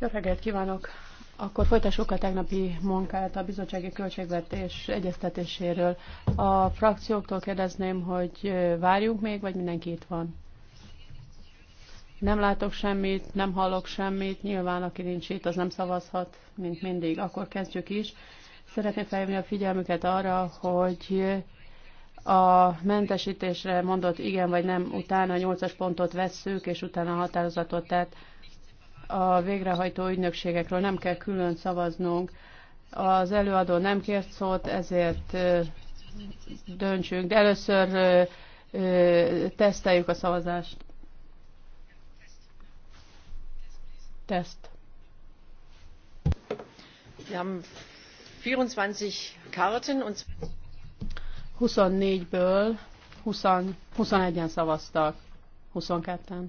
Jó reggelt kívánok! Akkor folytassuk a tegnapi munkát a bizottsági költségvetés egyeztetéséről. A frakcióktól kérdezném, hogy várjunk még, vagy mindenki itt van? Nem látok semmit, nem hallok semmit, nyilván aki nincs itt, az nem szavazhat, mint mindig. Akkor kezdjük is. Szeretném felhívni a figyelmüket arra, hogy a mentesítésre mondott igen vagy nem, utána a nyolcas pontot vesszük, és utána a határozatot, tehát a végrehajtó ügynökségekről nem kell külön szavaznunk. Az előadó nem kért szót, ezért döntsünk, de először teszteljük a szavazást. Teszt. Wir haben 24 Karten und 24-ből 21-en szavaztak. 22-en.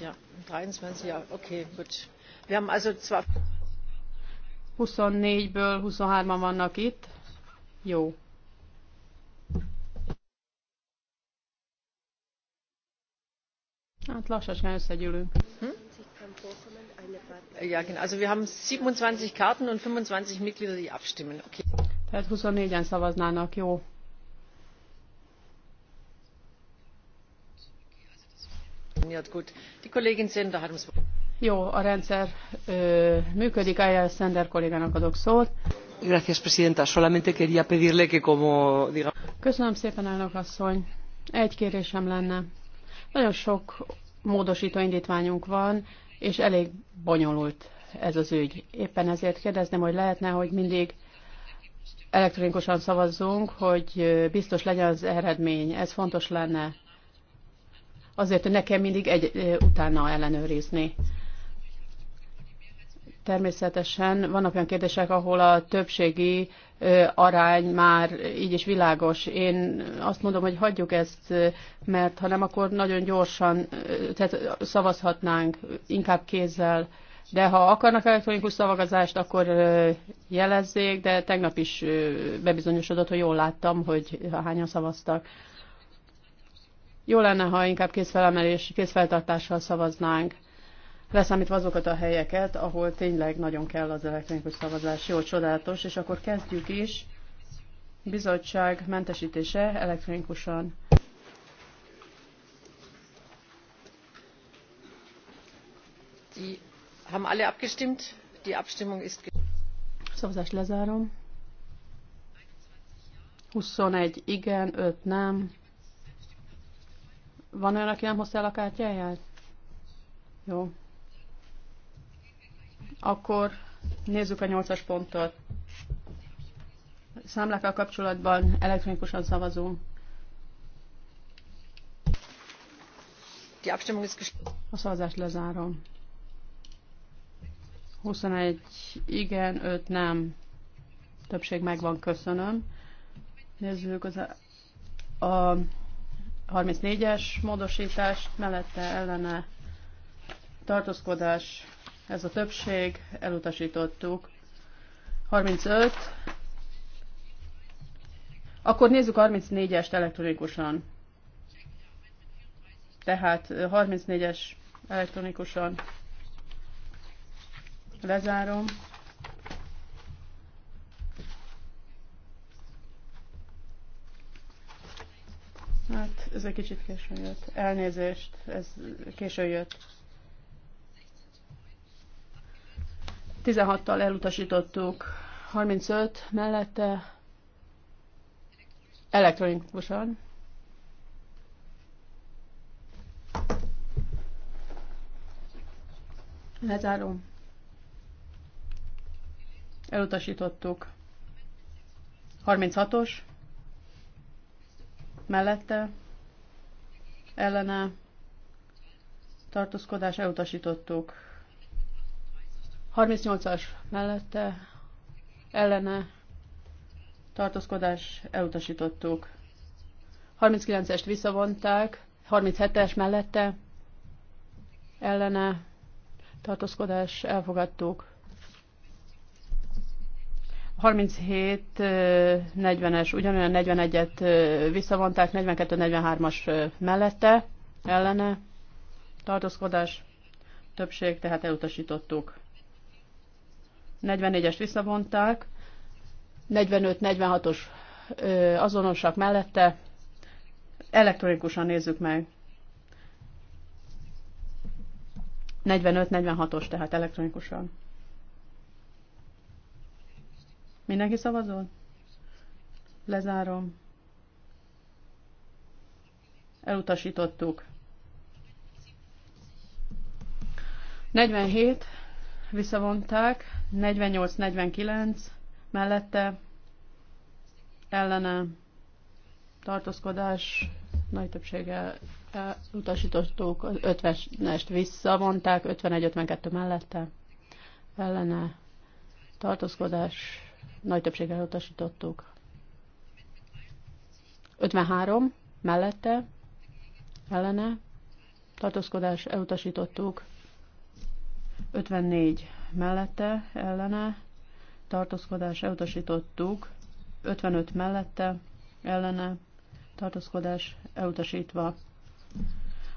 ja. 23, ja, okay, gut. 24-ből 23-an vannak itt. Jó. Hát lassacskán összegyűlünk. Hm? Ja, genau. Also wir haben 27 Karten und 25 Mitglieder, die abstimmen. Okay. Tehát jó. a rendszer működik. Ayala Sender kollégának adok szót. presidenta. Solamente quería pedirle que como... Köszönöm szépen, elnök asszony. Egy kérésem lenne. Nagyon sok módosító indítványunk van és elég bonyolult ez az ügy. Éppen ezért kérdezném, hogy lehetne, hogy mindig elektronikusan szavazzunk, hogy biztos legyen az eredmény. Ez fontos lenne. Azért, hogy nekem mindig egy utána ellenőrizni. Természetesen vannak olyan kérdések, ahol a többségi arány már így is világos. Én azt mondom, hogy hagyjuk ezt, mert ha nem, akkor nagyon gyorsan tehát szavazhatnánk, inkább kézzel. De ha akarnak elektronikus szavazást, akkor jelezzék, de tegnap is bebizonyosodott, hogy jól láttam, hogy hányan szavaztak. Jó lenne, ha inkább készfelemelés, készfeltartással szavaznánk leszámítva azokat a helyeket, ahol tényleg nagyon kell az elektronikus szavazás. Jó, csodálatos, és akkor kezdjük is. Bizottság mentesítése elektronikusan. Die haben alle abgestimmt. Die Abstimmung ist Szavazást lezárom. 21 igen, 5 nem. Van olyan, aki nem hozta el a kártyáját? Jó. Akkor nézzük a nyolcas pontot. Számlákkal kapcsolatban elektronikusan szavazunk. A szavazást lezárom. 21 igen, 5 nem. Többség megvan, köszönöm. Nézzük az a 34-es módosítást, mellette ellene tartózkodás ez a többség, elutasítottuk. 35. Akkor nézzük 34-est elektronikusan. Tehát 34-es elektronikusan lezárom. Hát ez egy kicsit későn jött. Elnézést, ez későn jött. 16-tal elutasítottuk, 35 mellette elektronikusan. Lezárom. Elutasítottuk. 36-os. Mellette. Ellene. Tartózkodás elutasítottuk. 38-as mellette ellene tartózkodás elutasítottuk. 39-est visszavonták, 37-es mellette ellene tartózkodás elfogadtuk. 37-40-es, ugyanolyan 41-et visszavonták, 42-43-as mellette ellene tartózkodás többség, tehát elutasítottuk. 44-est visszavonták, 45-46-os azonosak mellette. Elektronikusan nézzük meg. 45-46-os, tehát elektronikusan. Mindenki szavazol? Lezárom. Elutasítottuk. 47, visszavonták. 48-49 mellette ellene tartózkodás nagy többsége utasítottuk, 50-est visszavonták, 51-52 mellette ellene tartózkodás nagy többséggel utasítottuk. 53 mellette ellene tartózkodás elutasítottuk. 54 mellette, ellene, tartózkodás elutasítottuk, 55 mellette, ellene, tartózkodás elutasítva.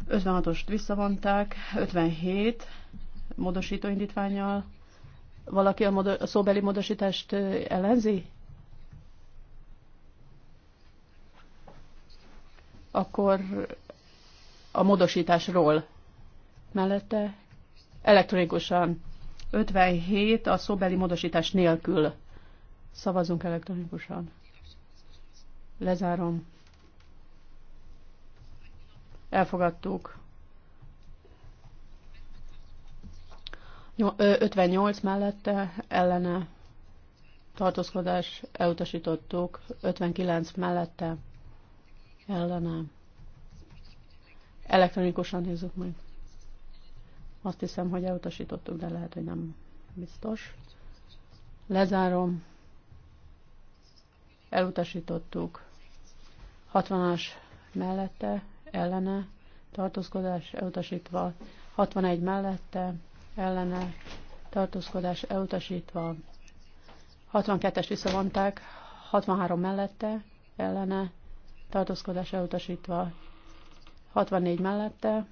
56-ost visszavonták, 57 módosító indítványjal. Valaki a, a szóbeli módosítást ellenzi? Akkor a módosításról mellette elektronikusan 57 a szóbeli módosítás nélkül. Szavazunk elektronikusan. Lezárom. Elfogadtuk. 58 mellette ellene tartózkodás elutasítottuk, 59 mellette ellene. Elektronikusan nézzük majd. Azt hiszem, hogy elutasítottuk, de lehet, hogy nem biztos. Lezárom. Elutasítottuk. 60-as mellette, ellene, tartózkodás elutasítva. 61 mellette, ellene, tartózkodás elutasítva. 62-es visszavonták, 63 mellette, ellene, tartózkodás elutasítva. 64 mellette,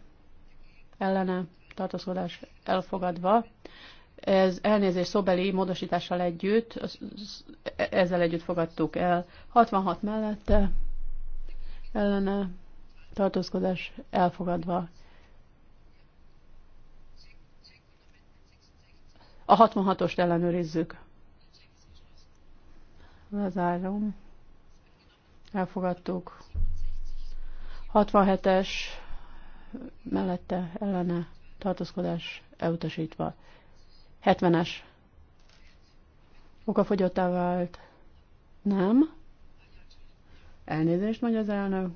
ellene, tartózkodás elfogadva. Ez elnézés szobeli módosítással együtt, ezzel együtt fogadtuk el. 66 mellette ellene tartózkodás elfogadva. A 66-ost ellenőrizzük. Lezárom. Elfogadtuk. 67-es mellette ellene tartózkodás elutasítva. 70-es okafogyottá vált. Nem. Elnézést mondja az elnök.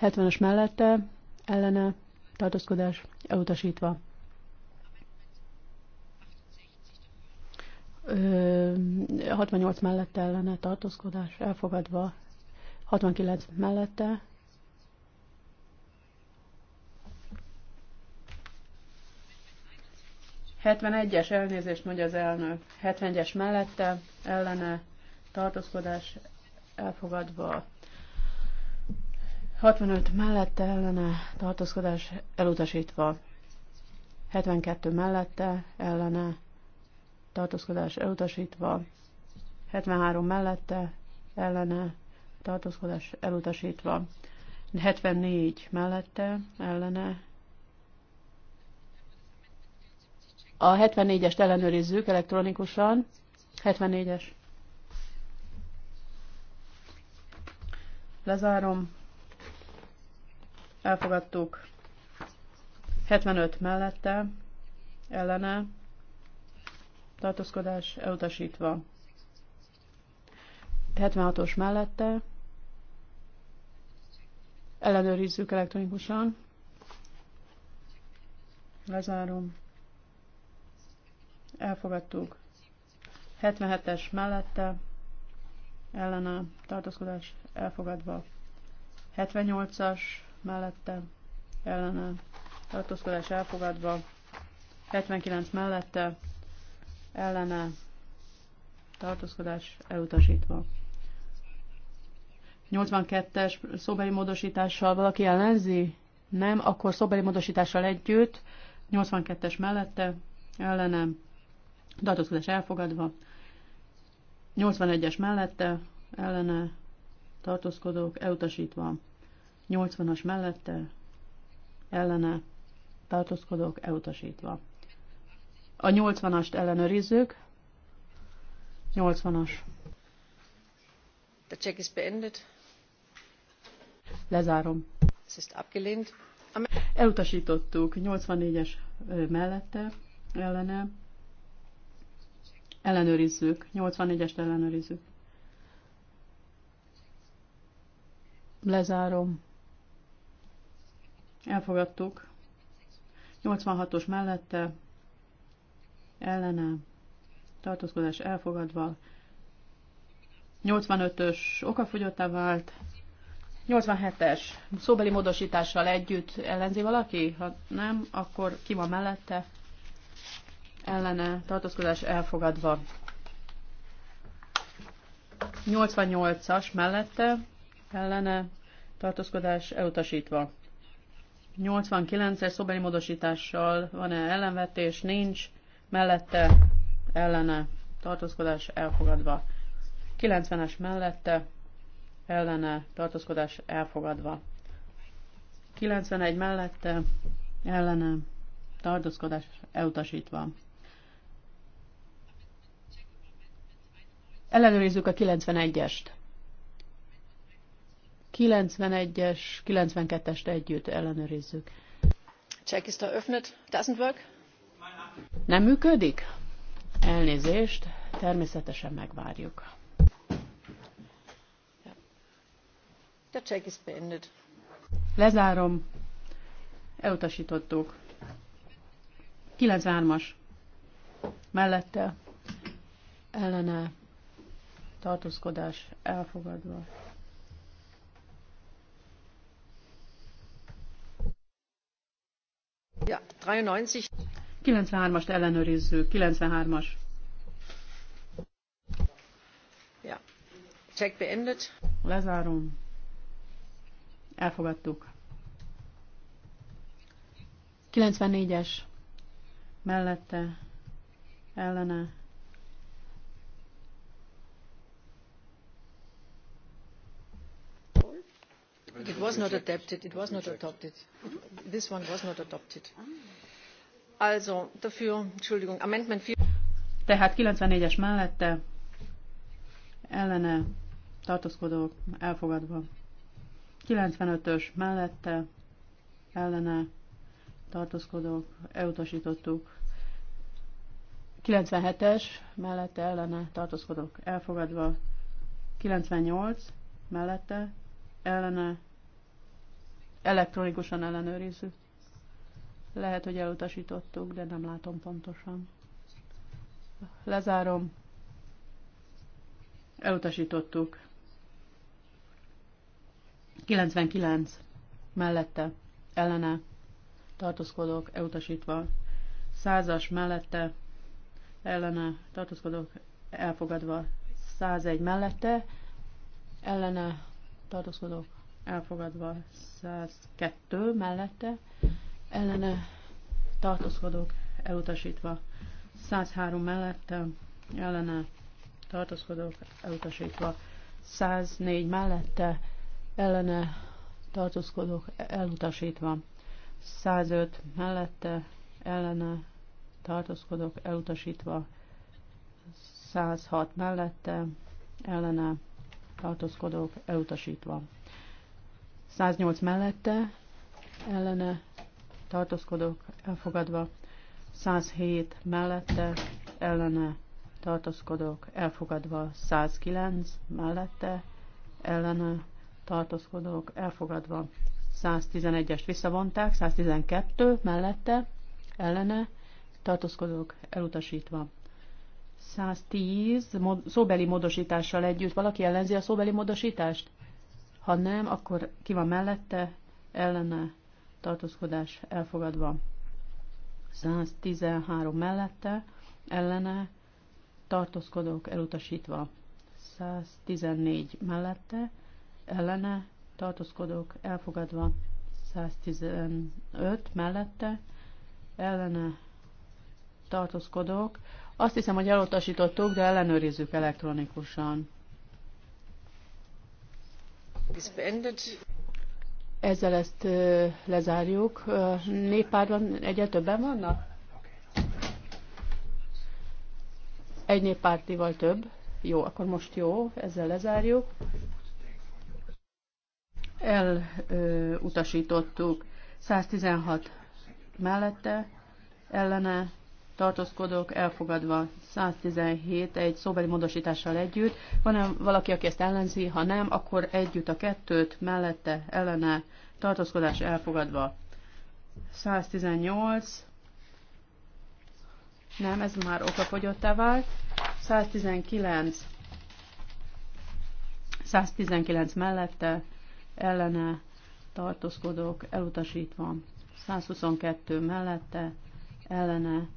70-es mellette, ellene, tartózkodás elutasítva. Ö, 68 mellette ellene tartózkodás elfogadva, 69 mellette 71-es elnézést mondja az elnök. 71-es mellette, ellene, tartózkodás elfogadva. 65 mellette, ellene, tartózkodás elutasítva. 72 mellette, ellene, tartózkodás elutasítva. 73 mellette, ellene, tartózkodás elutasítva. 74 mellette, ellene, A 74-est ellenőrizzük elektronikusan. 74-es. Lezárom. Elfogadtuk. 75 mellette, ellene, tartózkodás elutasítva. 76-os mellette, ellenőrizzük elektronikusan. Lezárom elfogadtuk. 77-es mellette a tartózkodás elfogadva. 78-as mellette a tartózkodás elfogadva. 79 mellette ellene tartózkodás elutasítva. 82-es szóbeli módosítással valaki ellenzi? Nem, akkor szóbeli módosítással együtt, 82-es mellette, ellenem, tartózkodás elfogadva, 81-es mellette, ellene tartózkodók elutasítva, 80-as mellette, ellene tartózkodók elutasítva. A 80-ast ellenőrizzük. 80-as. A Check is beendet. Lezárom. Es ist abgelehnt. Elutasítottuk 84-es mellette, ellene Ellenőrizzük. 84-est ellenőrizzük. Lezárom. Elfogadtuk. 86-os mellette. Ellene. Tartózkodás elfogadva. 85-ös okafogyottá vált. 87-es szóbeli módosítással együtt ellenzi valaki? Ha nem, akkor ki van mellette? ellene tartózkodás elfogadva. 88-as mellette ellene tartózkodás elutasítva. 89-es szobeli módosítással van-e ellenvetés? Nincs. Mellette ellene tartózkodás elfogadva. 90-es mellette ellene tartózkodás elfogadva. 91 mellette ellene tartózkodás elutasítva. Ellenőrizzük a 91-est. 91-es, 92-est együtt ellenőrizzük. Check is öffnet? Doesn't work? Nem működik? Elnézést, természetesen megvárjuk. The check is beendet. Lezárom. Elutasítottuk. 93-as. Mellette. Ellene tartózkodás elfogadva. Ja, 93. 93-ast ellenőrizzük, 93-as. Ja. Check beendet. Lezárom. Elfogadtuk. 94-es. Mellette. Ellene was not adapted. It was not adopted. This one was not adopted. Also, dafür, Entschuldigung, Amendment 4. Tehát 94-es mellette ellene tartózkodók elfogadva. 95-ös mellette ellene tartózkodók elutasítottuk. 97-es mellette ellene tartózkodók elfogadva. 98 mellette ellene elektronikusan ellenőrizzük. Lehet, hogy elutasítottuk, de nem látom pontosan. Lezárom. Elutasítottuk. 99. Mellette. Ellene. Tartózkodok. Elutasítva. Százas mellette. Ellene. Tartózkodok. Elfogadva. 101 mellette. Ellene. Tartózkodok elfogadva 102 mellette, ellene tartózkodók elutasítva 103 mellette, ellene tartózkodók elutasítva 104 mellette, ellene tartózkodók elutasítva 105 mellette, ellene tartózkodók elutasítva 106 mellette, ellene tartózkodók elutasítva. 108 mellette, ellene tartózkodok elfogadva, 107 mellette, ellene tartózkodok elfogadva, 109 mellette, ellene tartózkodok elfogadva, 111-est visszavonták, 112 mellette, ellene tartózkodok elutasítva. 110 szóbeli módosítással együtt. Valaki ellenzi a szóbeli módosítást? Ha nem, akkor ki van mellette, ellene, tartózkodás elfogadva. 113 mellette, ellene, tartózkodók elutasítva. 114 mellette, ellene, tartózkodók elfogadva. 115 mellette, ellene, tartózkodók. Azt hiszem, hogy elutasítottuk, de ellenőrizzük elektronikusan. Ezzel ezt lezárjuk. Néppárban egyre többen vannak? Egy néppártival több. Jó, akkor most jó, ezzel lezárjuk. Elutasítottuk 116 mellette, ellene tartózkodók elfogadva 117 egy szóbeli módosítással együtt. Van-e valaki, aki ezt ellenzi? Ha nem, akkor együtt a kettőt, mellette, ellene, tartózkodás elfogadva. 118, nem, ez már okafogyottá vált. 119, 119 mellette, ellene, tartózkodók elutasítva. 122 mellette, ellene,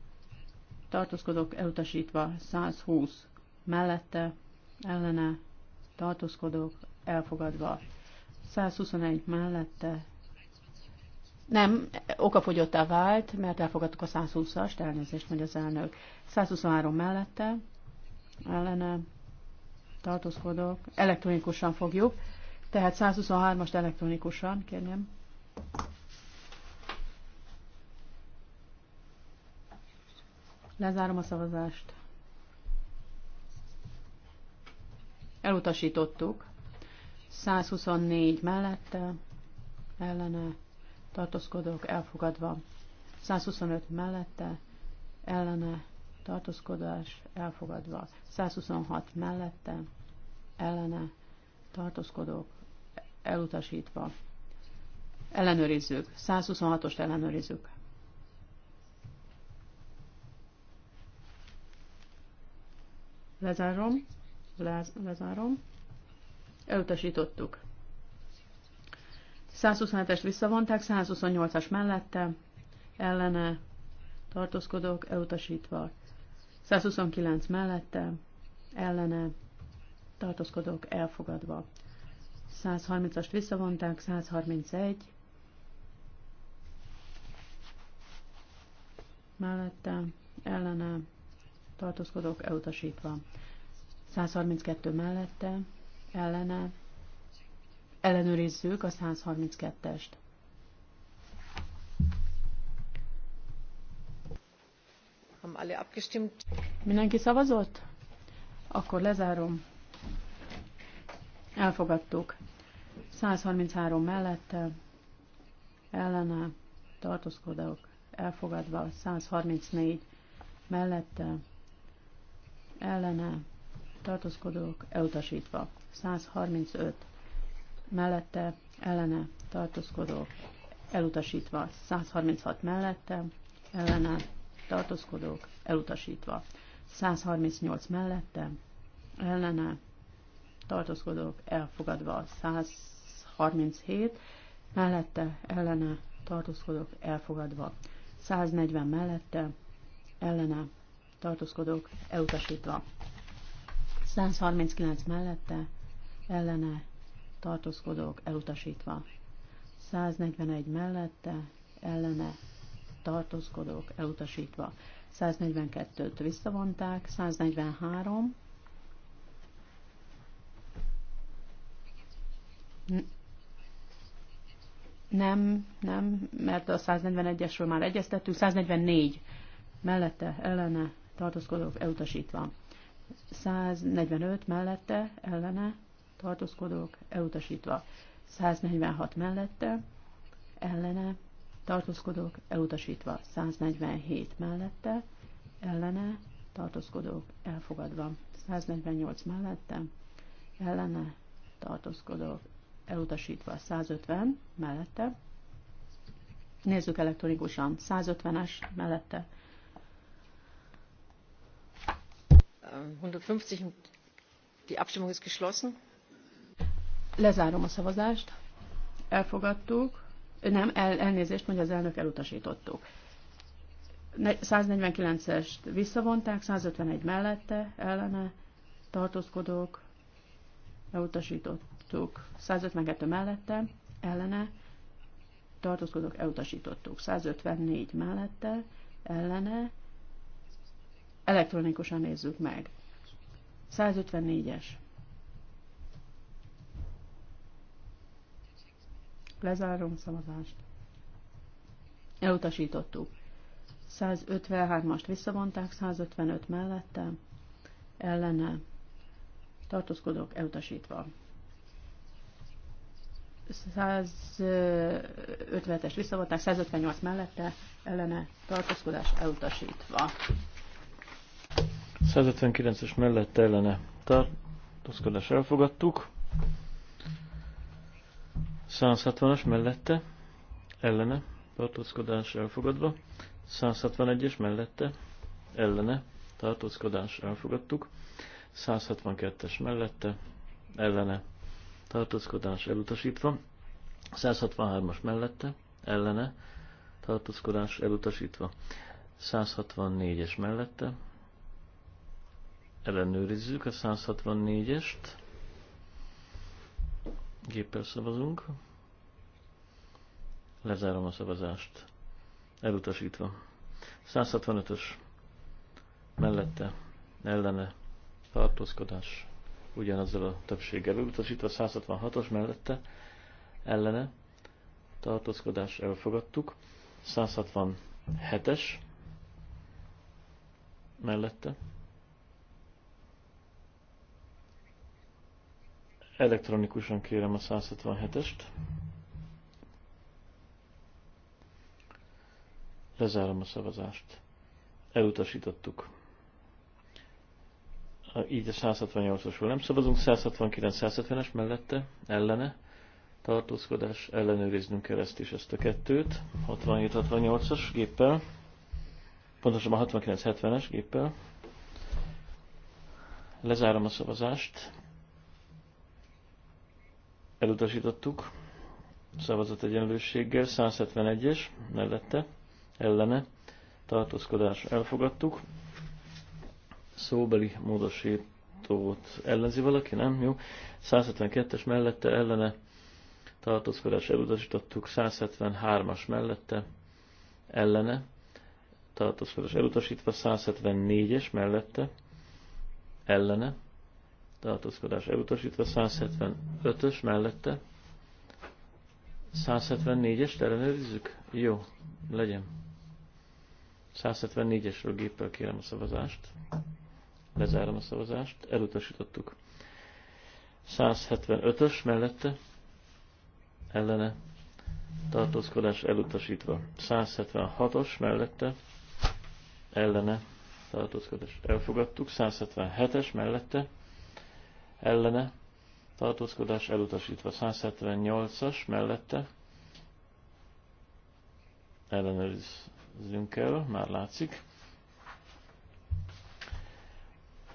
tartózkodok elutasítva 120 mellette, ellene tartózkodok elfogadva 121 mellette. Nem, okafogyottá vált, mert elfogadtuk a 120-ast, elnézést megy az elnök. 123 mellette, ellene tartózkodok, elektronikusan fogjuk, tehát 123-ast elektronikusan, kérjem. Lezárom a szavazást. Elutasítottuk. 124 mellette, ellene, tartózkodok, elfogadva. 125 mellette, ellene, tartózkodás elfogadva. 126 mellette, ellene, tartózkodok, elutasítva. Ellenőrizzük. 126-ost ellenőrizzük. Lezárom. Lez, lezárom. Elutasítottuk. 127-est visszavonták, 128-as mellette, ellene, tartózkodok, elutasítva. 129 mellette, ellene, tartózkodok, elfogadva. 130-ast visszavonták, 131 mellette, ellene, tartózkodók elutasítva. 132 mellette, ellene, ellenőrizzük a 132-est. Mindenki szavazott? Akkor lezárom. Elfogadtuk. 133 mellette, ellene, tartózkodók, elfogadva, 134 mellette, ellene tartózkodók elutasítva. 135 mellette ellene tartózkodók elutasítva. 136 mellette ellene tartózkodók elutasítva. 138 mellette ellene tartózkodók elfogadva. 137 mellette ellene tartózkodók elfogadva. 140 mellette ellene tartózkodók elutasítva. 139 mellette ellene tartózkodók elutasítva. 141 mellette ellene tartózkodók elutasítva. 142-t visszavonták, 143 nem, nem, mert a 141-esről már egyeztettünk, 144 mellette, ellene tartózkodók elutasítva. 145 mellette, ellene, tartózkodók elutasítva. 146 mellette, ellene, tartózkodók elutasítva. 147 mellette, ellene, tartózkodók elfogadva. 148 mellette, ellene, tartózkodók elutasítva. 150 mellette, Nézzük elektronikusan. 150-es mellette 150. Die Abstimmung ist geschlossen. Lezárom a szavazást. Elfogadtuk. Nem, el, elnézést, mondja az elnök, elutasítottuk. 149-est visszavonták, 151 mellette, ellene, tartózkodók, elutasítottuk. 152 mellette, ellene, tartózkodók, elutasítottuk. 154 mellette, ellene, Elektronikusan nézzük meg. 154-es. Lezárom szavazást. Elutasítottuk. 153-ast visszavonták, 155 mellette, ellene tartózkodok elutasítva. 157-es visszavonták, 158 mellette, ellene tartózkodás elutasítva. 159-es mellette ellene tartózkodás elfogadtuk. 160-as mellette ellene tartózkodás elfogadva. 161-es mellette ellene tartózkodás elfogadtuk. 162-es mellette ellene tartózkodás elutasítva. 163-as mellette ellene tartózkodás elutasítva. 164-es mellette ellenőrizzük a 164-est. Géppel szavazunk. Lezárom a szavazást. Elutasítva. 165-ös. Mellette. Ellene. Tartózkodás. Ugyanazzal a többséggel elutasítva. 166-os mellette. Ellene. Tartózkodás elfogadtuk. 167-es. Mellette Elektronikusan kérem a 167-est. Lezárom a szavazást. Elutasítottuk. Így a 168-osról nem szavazunk. 169-170-es mellette, ellene. Tartózkodás, ellenőriznünk kell ezt is, ezt a kettőt. 67-68-as géppel. a 69-70-es géppel. Lezárom a szavazást elutasítottuk szavazat egyenlőséggel, 171-es mellette, ellene, tartózkodás elfogadtuk, szóbeli módosítót ellenzi valaki, nem? Jó. 172-es mellette, ellene, tartózkodás elutasítottuk, 173-as mellette, ellene, tartózkodás elutasítva, 174-es mellette, ellene, tartózkodás elutasítva, 175-ös mellette. 174-est ellenőrizzük? Jó, legyen. 174-esről géppel kérem a szavazást. Lezárom a szavazást. Elutasítottuk. 175-ös mellette. Ellene. Tartózkodás elutasítva. 176-os mellette. Ellene. Tartózkodás elfogadtuk. 177-es mellette ellene tartózkodás elutasítva 178-as mellette ellenőrizzünk el, már látszik.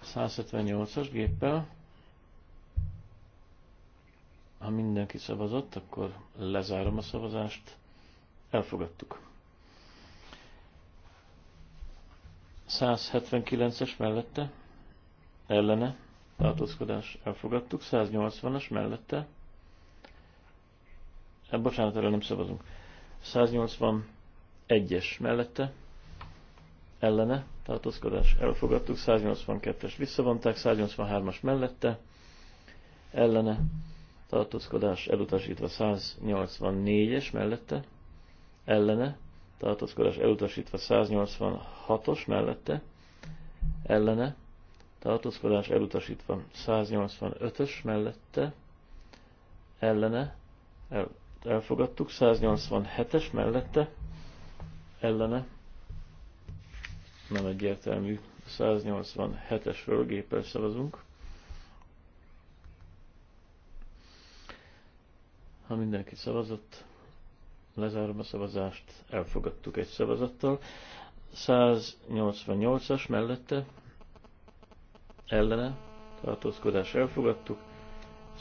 178-as géppel. Ha mindenki szavazott, akkor lezárom a szavazást. Elfogadtuk. 179-es mellette, ellene, tartózkodás elfogadtuk, 180-as mellette, e, bocsánat, erre nem szavazunk, 181-es mellette, ellene, tartózkodás elfogadtuk, 182-es visszavonták, 183-as mellette, ellene, tartózkodás elutasítva, 184-es mellette, ellene, tartózkodás elutasítva, 186-os mellette, ellene, tartózkodás elutasítva. 185-ös mellette ellene el, elfogadtuk, 187-es mellette ellene nem egyértelmű 187 es fölgéppel szavazunk. Ha mindenki szavazott, lezárom a szavazást, elfogadtuk egy szavazattal. 188-as mellette ellene tartózkodás elfogadtuk,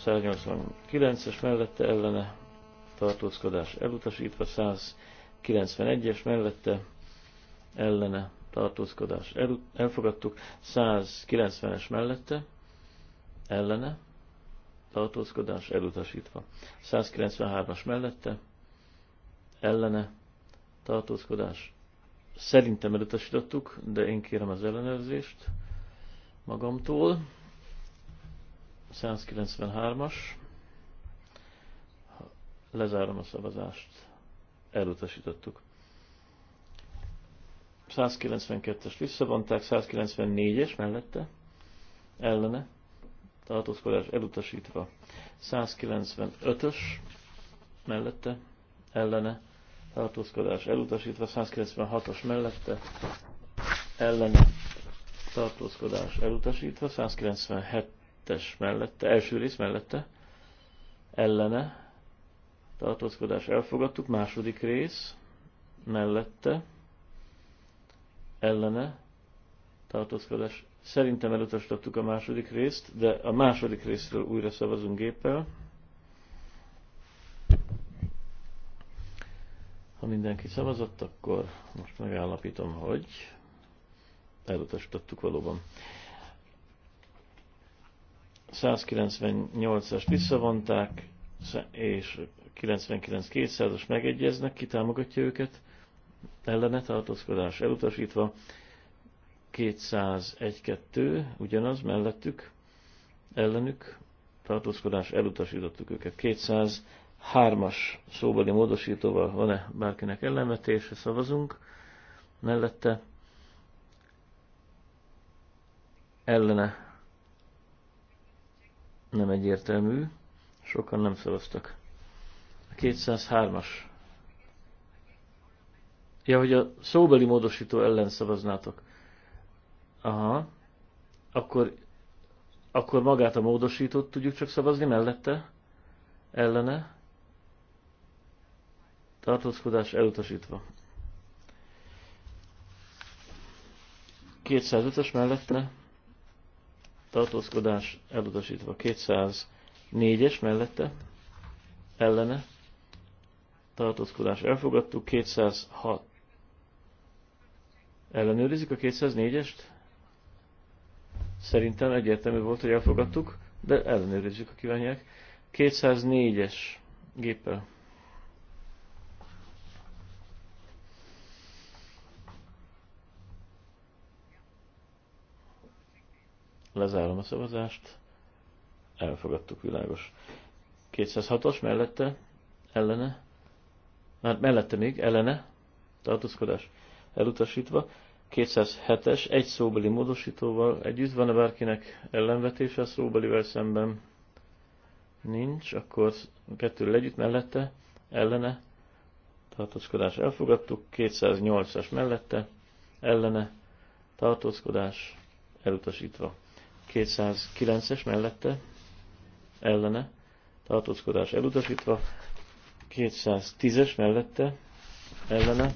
189-es mellette ellene tartózkodás elutasítva, 191-es mellette ellene tartózkodás el, elfogadtuk, 190-es mellette ellene tartózkodás elutasítva, 193-as mellette ellene tartózkodás szerintem elutasítottuk, de én kérem az ellenőrzést, magamtól. 193-as. Lezárom a szavazást. Elutasítottuk. 192-es visszavonták, 194-es mellette, ellene, tartózkodás elutasítva. 195-ös mellette, ellene, tartózkodás elutasítva, 196-os mellette, ellene, tartózkodás elutasítva, 197-es mellette, első rész mellette, ellene, tartózkodás elfogadtuk, második rész mellette, ellene, tartózkodás. Szerintem elutasítottuk a második részt, de a második részről újra szavazunk géppel. Ha mindenki szavazott, akkor most megállapítom, hogy elutasítottuk valóban. 198 as visszavonták, és 99-200-as megegyeznek, ki támogatja őket, ellene tartózkodás elutasítva, 201-2, ugyanaz mellettük, ellenük, tartózkodás elutasítottuk őket. 203-as szóbeli módosítóval van-e bárkinek ellenvetése, szavazunk, mellette ellene nem egyértelmű, sokan nem szavaztak. A 203-as. Ja, hogy a szóbeli módosító ellen szavaznátok. Aha. Akkor, akkor magát a módosítót tudjuk csak szavazni mellette? Ellene? Tartózkodás elutasítva. 205-ös mellette? tartózkodás elutasítva 204-es mellette, ellene, tartózkodás elfogadtuk, 206 ellenőrizik a 204-est, szerintem egyértelmű volt, hogy elfogadtuk, de ellenőrizzük, ha kívánják. 204-es géppel. Lezárom a szavazást. Elfogadtuk, világos. 206-os mellette, ellene, már mellette még, ellene, tartózkodás elutasítva. 207-es, egy szóbeli módosítóval együtt van-e bárkinek ellenvetése a szóbelivel szemben? Nincs, akkor kettő együtt mellette, ellene, tartózkodás elfogadtuk, 208-as mellette, ellene, tartózkodás elutasítva. 209-es mellette ellene tartózkodás elutasítva, 210-es mellette ellene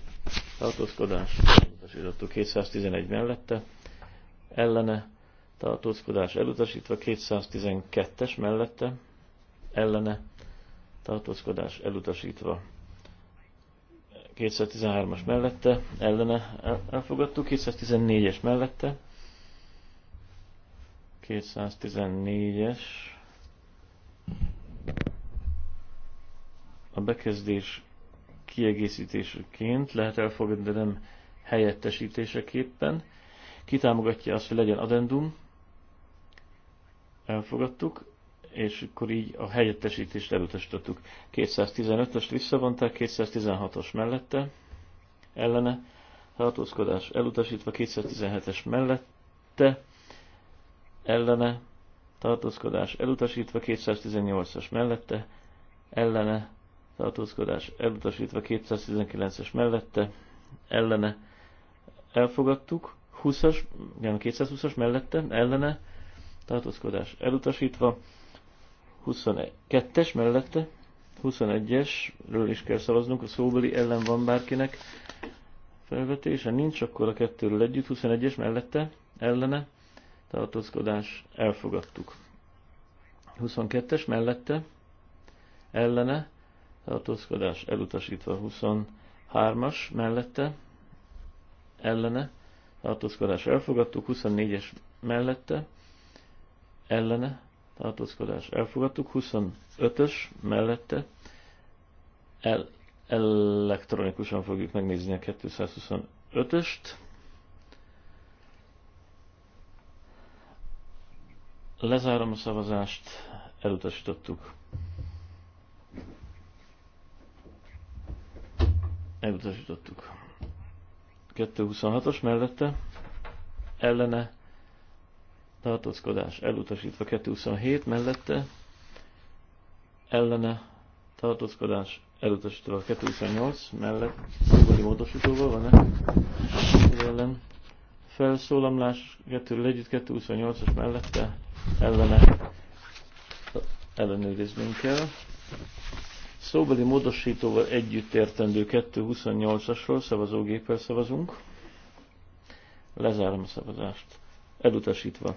tartózkodás elutasítottuk, 211 mellette ellene tartózkodás elutasítva, 212-es mellette ellene tartózkodás elutasítva. 213-as mellette, ellene elfogadtuk, 214-es mellette, 214-es. A bekezdés kiegészítésként lehet elfogadni, de nem helyettesítéseképpen. Kitámogatja azt, hogy legyen addendum. Elfogadtuk és akkor így a helyettesítést elutasítottuk. 215-öst visszavonták, 216-os mellette, ellene, tartózkodás elutasítva, 217-es mellette, ellene, tartózkodás elutasítva 218-as mellette, ellene, tartózkodás elutasítva 219-es mellette, ellene, elfogadtuk, 20-as, igen, 220-as mellette, ellene, tartózkodás elutasítva, 22-es mellette, 21-esről is kell szavaznunk, a szóbeli ellen van bárkinek felvetése, nincs, akkor a kettőről együtt, 21-es mellette, ellene, tartózkodás, elfogadtuk. 22-es mellette, ellene, tartózkodás, elutasítva. 23-as mellette, ellene, tartózkodás, elfogadtuk. 24-es mellette, ellene, tartózkodás, elfogadtuk. 25-ös mellette, el, elektronikusan fogjuk megnézni a 225-öst. Lezárom a szavazást, elutasítottuk. Elutasítottuk. 226-os mellette, ellene, tartózkodás elutasítva 227 mellette, ellene, tartózkodás elutasítva 228 mellett, szóbeli módosítóval van-e? ellen felszólamlás, kettőről együtt 228-as mellette ellene ellenőriznünk kell. Szóbeli módosítóval együtt értendő 228-asról szavazógéppel szavazunk. Lezárom a szavazást. Elutasítva.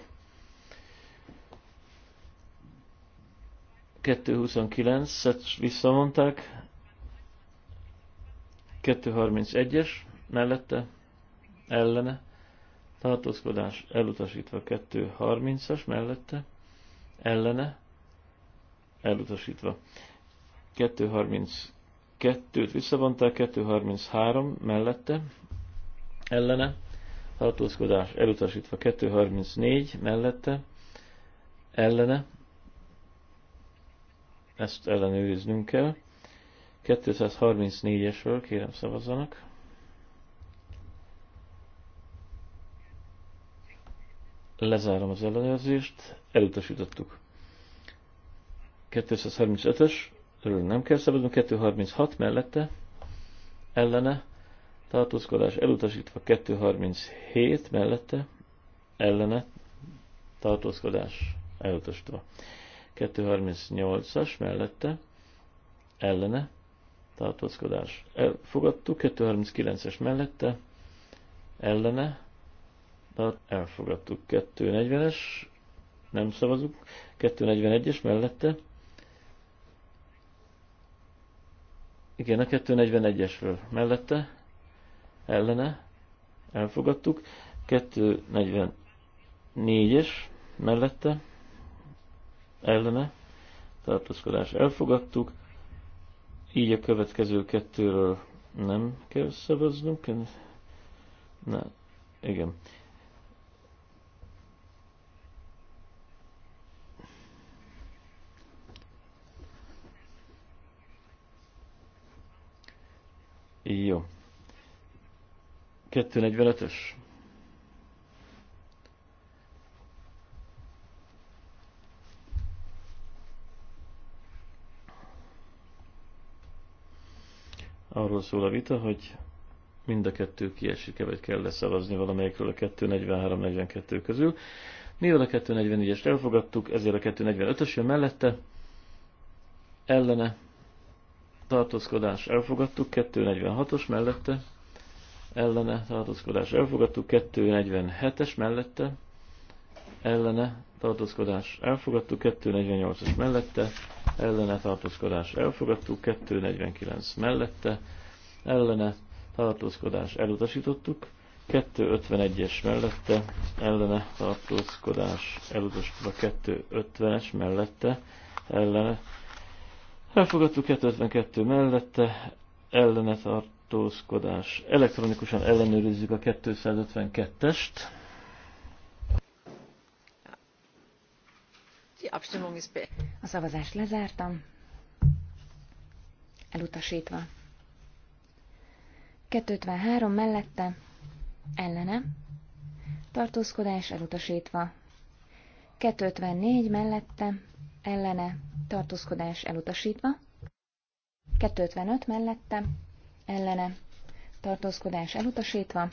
229-et visszamondták. 231-es mellette, ellene, tartózkodás elutasítva 2.30-as mellette, ellene elutasítva. 2.32-t visszavonták, 2.33 mellette, ellene tartózkodás elutasítva 2.34 mellette, ellene, ezt ellenőriznünk kell. 234-esről kérem szavazzanak. Lezárom az ellenőrzést, elutasítottuk. 235-ös, örül nem kell szabadulni, 236 mellette, ellene, tartózkodás elutasítva, 237 mellette, ellene, tartózkodás elutasítva. 238-as mellette, ellene, tartózkodás elfogadtuk, 239-es mellette, ellene, tehát elfogadtuk. 240-es, nem szavazunk. 241-es mellette. Igen, a 241-esről mellette, ellene, elfogadtuk. 244-es mellette, ellene, tartózkodás elfogadtuk. Így a következő kettőről nem kell szavaznunk. Na, igen. jó. 245-ös. Arról szól a vita, hogy mind a kettő kiesik-e, vagy kell leszavazni valamelyikről a 243-42 közül. Mivel a 244-est elfogadtuk, ezért a 245-ös jön mellette, ellene tartózkodás elfogadtuk, 246-os mellette, ellene tartózkodás elfogadtuk, 247-es mellette, ellene tartózkodás elfogadtuk, 248-as mellette, ellene tartózkodás elfogadtuk, 249 mellette, ellene tartózkodás elutasítottuk, 251-es mellette, ellene tartózkodás elutasítva 250-es mellette, ellene Elfogadtuk 252 mellette, ellene tartózkodás. Elektronikusan ellenőrizzük a 252-est. A szavazást lezártam. Elutasítva. 253 mellette, ellene, tartózkodás elutasítva. 254 mellette, ellene tartózkodás elutasítva, 255 mellette ellene tartózkodás elutasítva,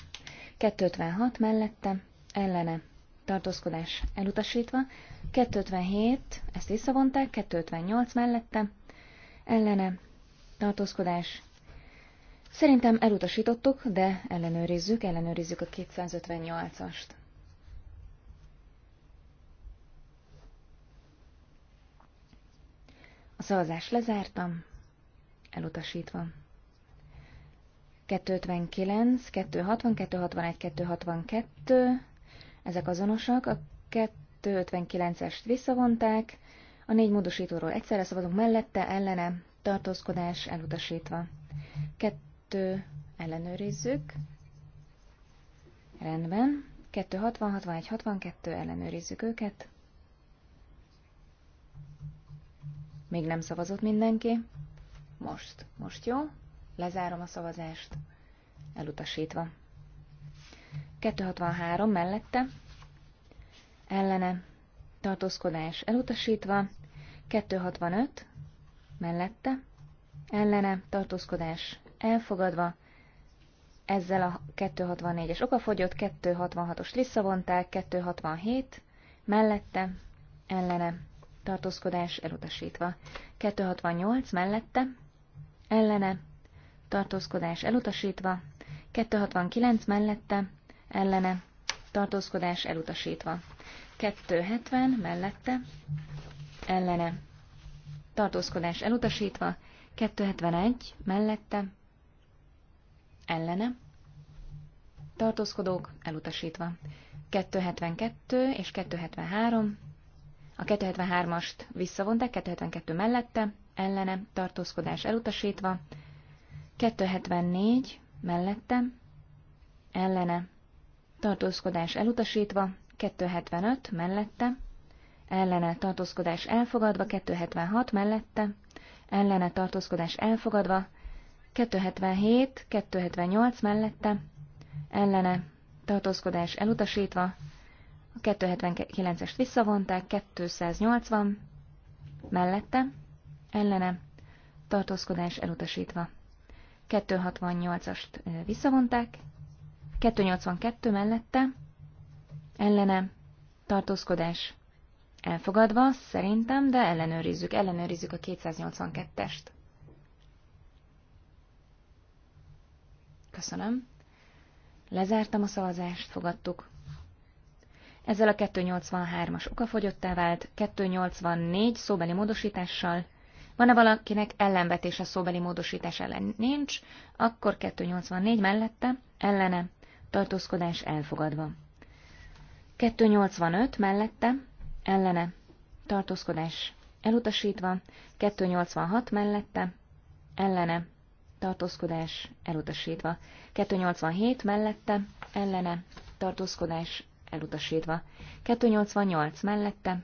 256 mellette ellene tartózkodás elutasítva, 257, ezt visszavonták, 258 mellette ellene tartózkodás Szerintem elutasítottuk, de ellenőrizzük, ellenőrizzük a 258-ast. A szavazást lezártam, elutasítva. 259, 262, 61, 262, ezek azonosak, a 259-est visszavonták, a négy módosítóról egyszerre szavazunk mellette, ellene, tartózkodás elutasítva. Kettő ellenőrizzük. Rendben. 260, 61, 62 ellenőrizzük őket. Még nem szavazott mindenki? Most. Most jó? Lezárom a szavazást. Elutasítva. 263 mellette. Ellene. Tartózkodás elutasítva. 265 mellette. Ellene. Tartózkodás elfogadva. Ezzel a 264-es okafogyott, 266-ost visszavonták, 267 mellette. Ellene tartózkodás elutasítva. 268 mellette, ellene, tartózkodás elutasítva. 269 mellette, ellene, tartózkodás elutasítva. 270 mellette, ellene, tartózkodás elutasítva. 271 mellette, ellene, tartózkodók elutasítva. 272 és 273 a 273-ast visszavonták, 272 mellette, ellene, tartózkodás elutasítva, 274 mellette, ellene, tartózkodás elutasítva, 275 mellette, ellene tartózkodás elfogadva, 276 mellette, ellene tartózkodás elfogadva, 277, 278 mellette, ellene tartózkodás elutasítva, a 279-est visszavonták, 280 mellette, ellene, tartózkodás elutasítva. 268-ast visszavonták, 282 mellette, ellene, tartózkodás elfogadva, szerintem, de ellenőrizzük, ellenőrizzük a 282-est. Köszönöm. Lezártam a szavazást, fogadtuk. Ezzel a 283-as okafogyottá vált, 284 szóbeli módosítással. Van-e valakinek ellenvetése szóbeli módosítás ellen? Nincs, akkor 284 mellette, ellene, tartózkodás elfogadva. 285 mellette, ellene, tartózkodás elutasítva, 286 mellette, ellene, tartózkodás elutasítva, 287 mellette, ellene, tartózkodás elutasítva. 288 mellette.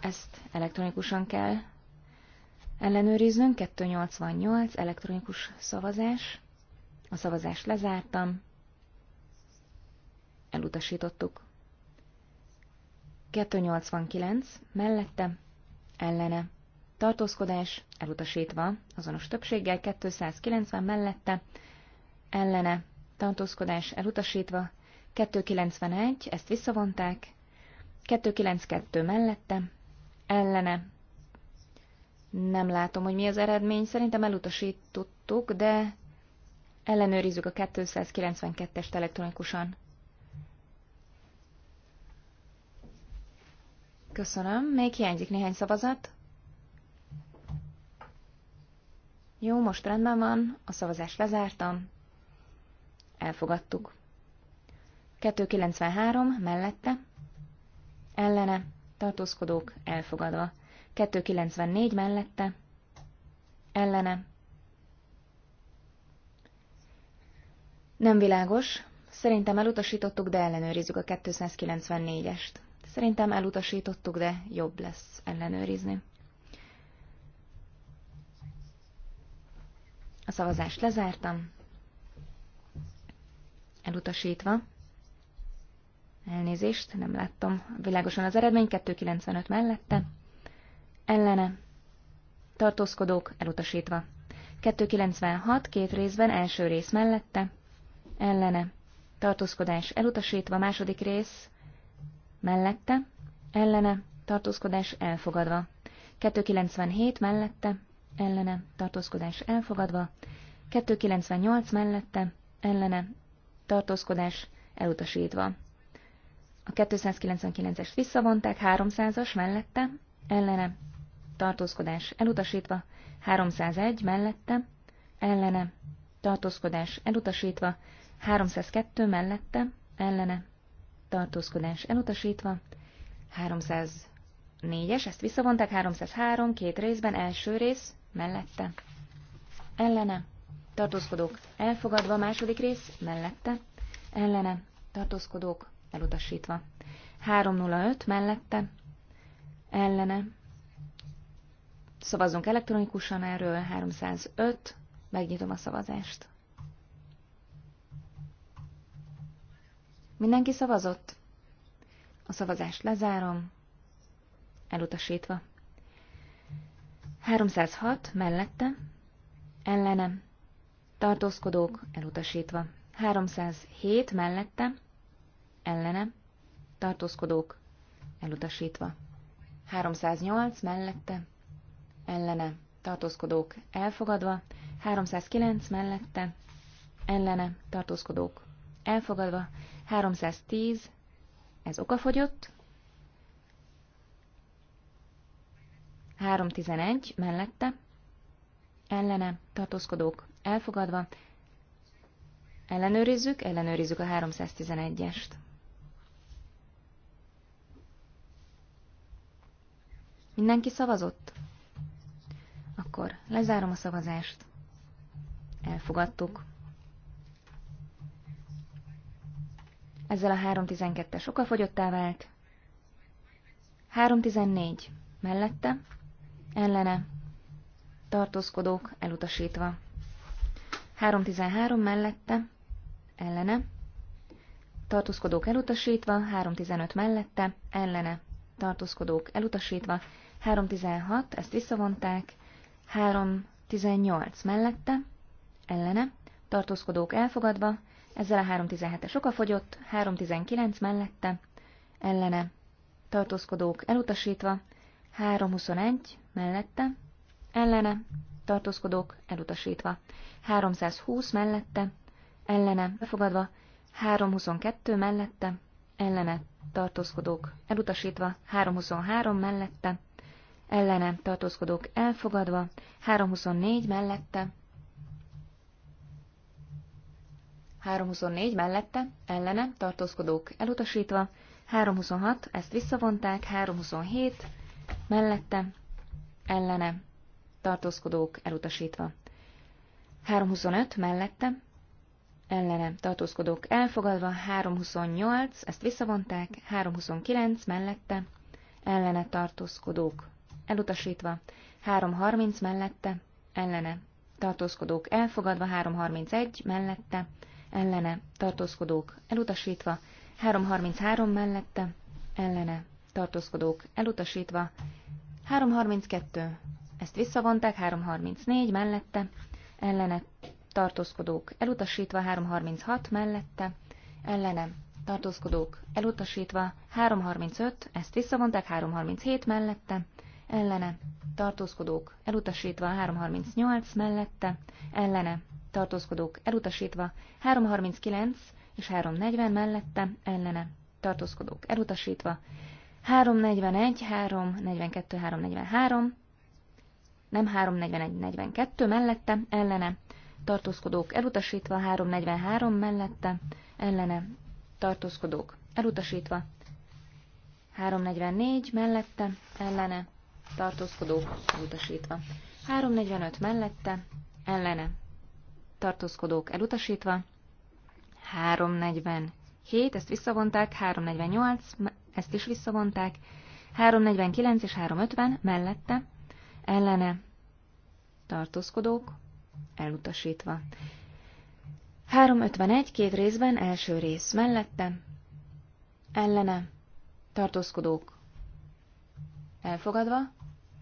Ezt elektronikusan kell ellenőriznünk. 288 elektronikus szavazás. A szavazást lezártam. Elutasítottuk. 289 mellette. Ellene. Tartózkodás elutasítva, azonos többséggel 290 mellette, ellene, tartózkodás elutasítva, 291, ezt visszavonták, 292 mellette, ellene. Nem látom, hogy mi az eredmény, szerintem elutasítottuk, de ellenőrizzük a 292-est elektronikusan. Köszönöm, még hiányzik néhány szavazat. Jó, most rendben van, a szavazást lezártam. Elfogadtuk. 293 mellette, ellene, tartózkodók elfogadva. 294 mellette, ellene. Nem világos, szerintem elutasítottuk, de ellenőrizzük a 294-est. Szerintem elutasítottuk, de jobb lesz ellenőrizni. A szavazást lezártam. Elutasítva. Elnézést, nem láttam világosan az eredmény. 295 mellette. Ellene. Tartózkodók elutasítva. 296 két részben első rész mellette. Ellene. Tartózkodás elutasítva második rész mellette. Ellene. Tartózkodás elfogadva. 297 mellette. Ellene. Tartózkodás elfogadva. 298 mellette. Ellene. Tartózkodás elutasítva. A 299-est visszavonták, 300-as mellette, ellene, tartózkodás elutasítva, 301 mellette, ellene, tartózkodás elutasítva, 302 mellette, ellene, tartózkodás elutasítva, 304-es, ezt visszavonták, 303, két részben, első rész, mellette, ellene, tartózkodók elfogadva, második rész, mellette, ellene, tartózkodók elutasítva. 305 mellette, ellene. Szavazzunk elektronikusan erről, 305, megnyitom a szavazást. Mindenki szavazott? A szavazást lezárom, elutasítva. 306 mellette, ellene, tartózkodók elutasítva. 307 mellette, ellene, tartózkodók elutasítva. 308 mellette, ellene, tartózkodók elfogadva, 309 mellette, ellene, tartózkodók elfogadva, 310, ez okafogyott, 311 mellette, ellene, tartózkodók elfogadva, ellenőrizzük, ellenőrizzük a 311-est. Mindenki szavazott? Akkor lezárom a szavazást. Elfogadtuk. Ezzel a 3.12-es okafogyottá vált. 3.14. Mellette. Ellene. Tartózkodók elutasítva. 3.13 mellette. Ellene. Tartózkodók elutasítva. 3.15 mellette. Ellene. Tartózkodók elutasítva. 316, ezt visszavonták, 318 mellette, ellene, tartózkodók elfogadva, ezzel a 317 e soka fogyott, 319 mellette, ellene, tartózkodók elutasítva, 321 mellette, ellene, tartózkodók elutasítva, 320 mellette, ellene, befogadva, 322 mellette, ellene, tartózkodók elutasítva, 323 mellette, ellene tartózkodók elfogadva, 324 mellette, 324 mellette, ellene tartózkodók elutasítva, 326, ezt visszavonták, 327 mellette, ellene tartózkodók elutasítva, 325 mellette, ellene tartózkodók elfogadva, 328, ezt visszavonták, 329 mellette, ellene tartózkodók elutasítva, 3.30 mellette, ellene, tartózkodók elfogadva, 3.31 mellette, ellene, tartózkodók elutasítva, 3.33 mellette, ellene, tartózkodók elutasítva, 3.32, ezt visszavonták, 3.34 mellette, ellene, tartózkodók elutasítva, 3.36 mellette, ellene, tartózkodók elutasítva, 3.35, ezt visszavonták, 3.37 mellette, ellene, tartózkodók elutasítva, 338 mellette, ellene, tartózkodók elutasítva, 339 és 340 mellette, ellene, tartózkodók elutasítva, 341, 342, 343, nem 341, 42 mellette, ellene, tartózkodók elutasítva, 343 mellette, ellene, tartózkodók elutasítva, 344 mellette, ellene, tartózkodó elutasítva. 345 mellette, ellene, tartózkodók elutasítva. 347, ezt visszavonták, 348, ezt is visszavonták. 349 és 350 mellette, ellene, tartózkodók elutasítva. 351 két részben, első rész mellette, ellene, tartózkodók elfogadva,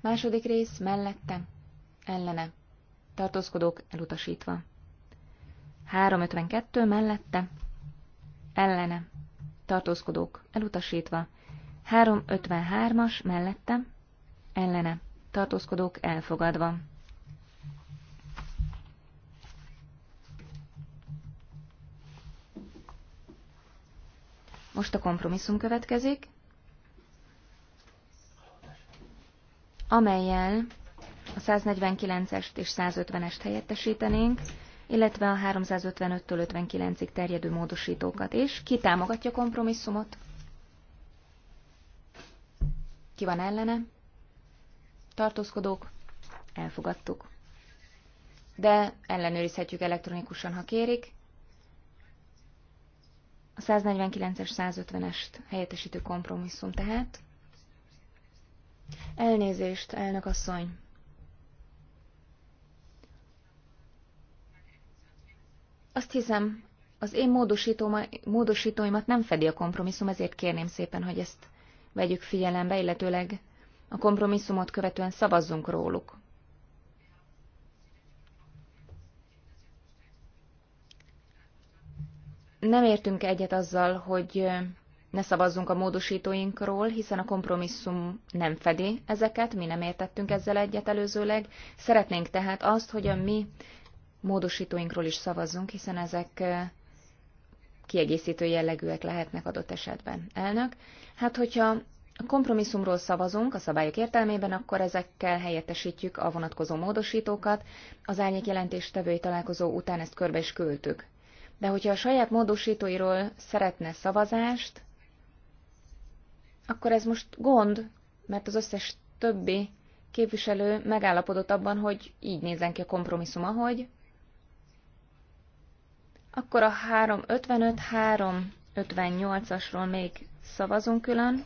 Második rész mellette, ellene, tartózkodók elutasítva. 352 mellette, ellene, tartózkodók elutasítva. 353-as mellette, ellene, tartózkodók elfogadva. Most a kompromisszum következik. amelyel a 149-est és 150-est helyettesítenénk, illetve a 355-től 59-ig terjedő módosítókat is. Ki támogatja kompromisszumot? Ki van ellene? Tartózkodók? Elfogadtuk. De ellenőrizhetjük elektronikusan, ha kérik. A 149-es 150-est helyettesítő kompromisszum tehát. Elnézést, elnök asszony. Azt hiszem, az én módosítóimat nem fedi a kompromisszum, ezért kérném szépen, hogy ezt vegyük figyelembe, illetőleg a kompromisszumot követően szavazzunk róluk. Nem értünk egyet azzal, hogy ne szavazzunk a módosítóinkról, hiszen a kompromisszum nem fedi ezeket, mi nem értettünk ezzel egyet előzőleg. Szeretnénk tehát azt, hogy a mi módosítóinkról is szavazzunk, hiszen ezek kiegészítő jellegűek lehetnek adott esetben. Elnök, hát hogyha a kompromisszumról szavazunk a szabályok értelmében, akkor ezekkel helyettesítjük a vonatkozó módosítókat, az árnyék jelentéstevői találkozó után ezt körbe is küldtük. De hogyha a saját módosítóiról szeretne szavazást, akkor ez most gond, mert az összes többi képviselő megállapodott abban, hogy így nézzen ki a kompromisszum, ahogy. Akkor a 355-358-asról még szavazunk külön,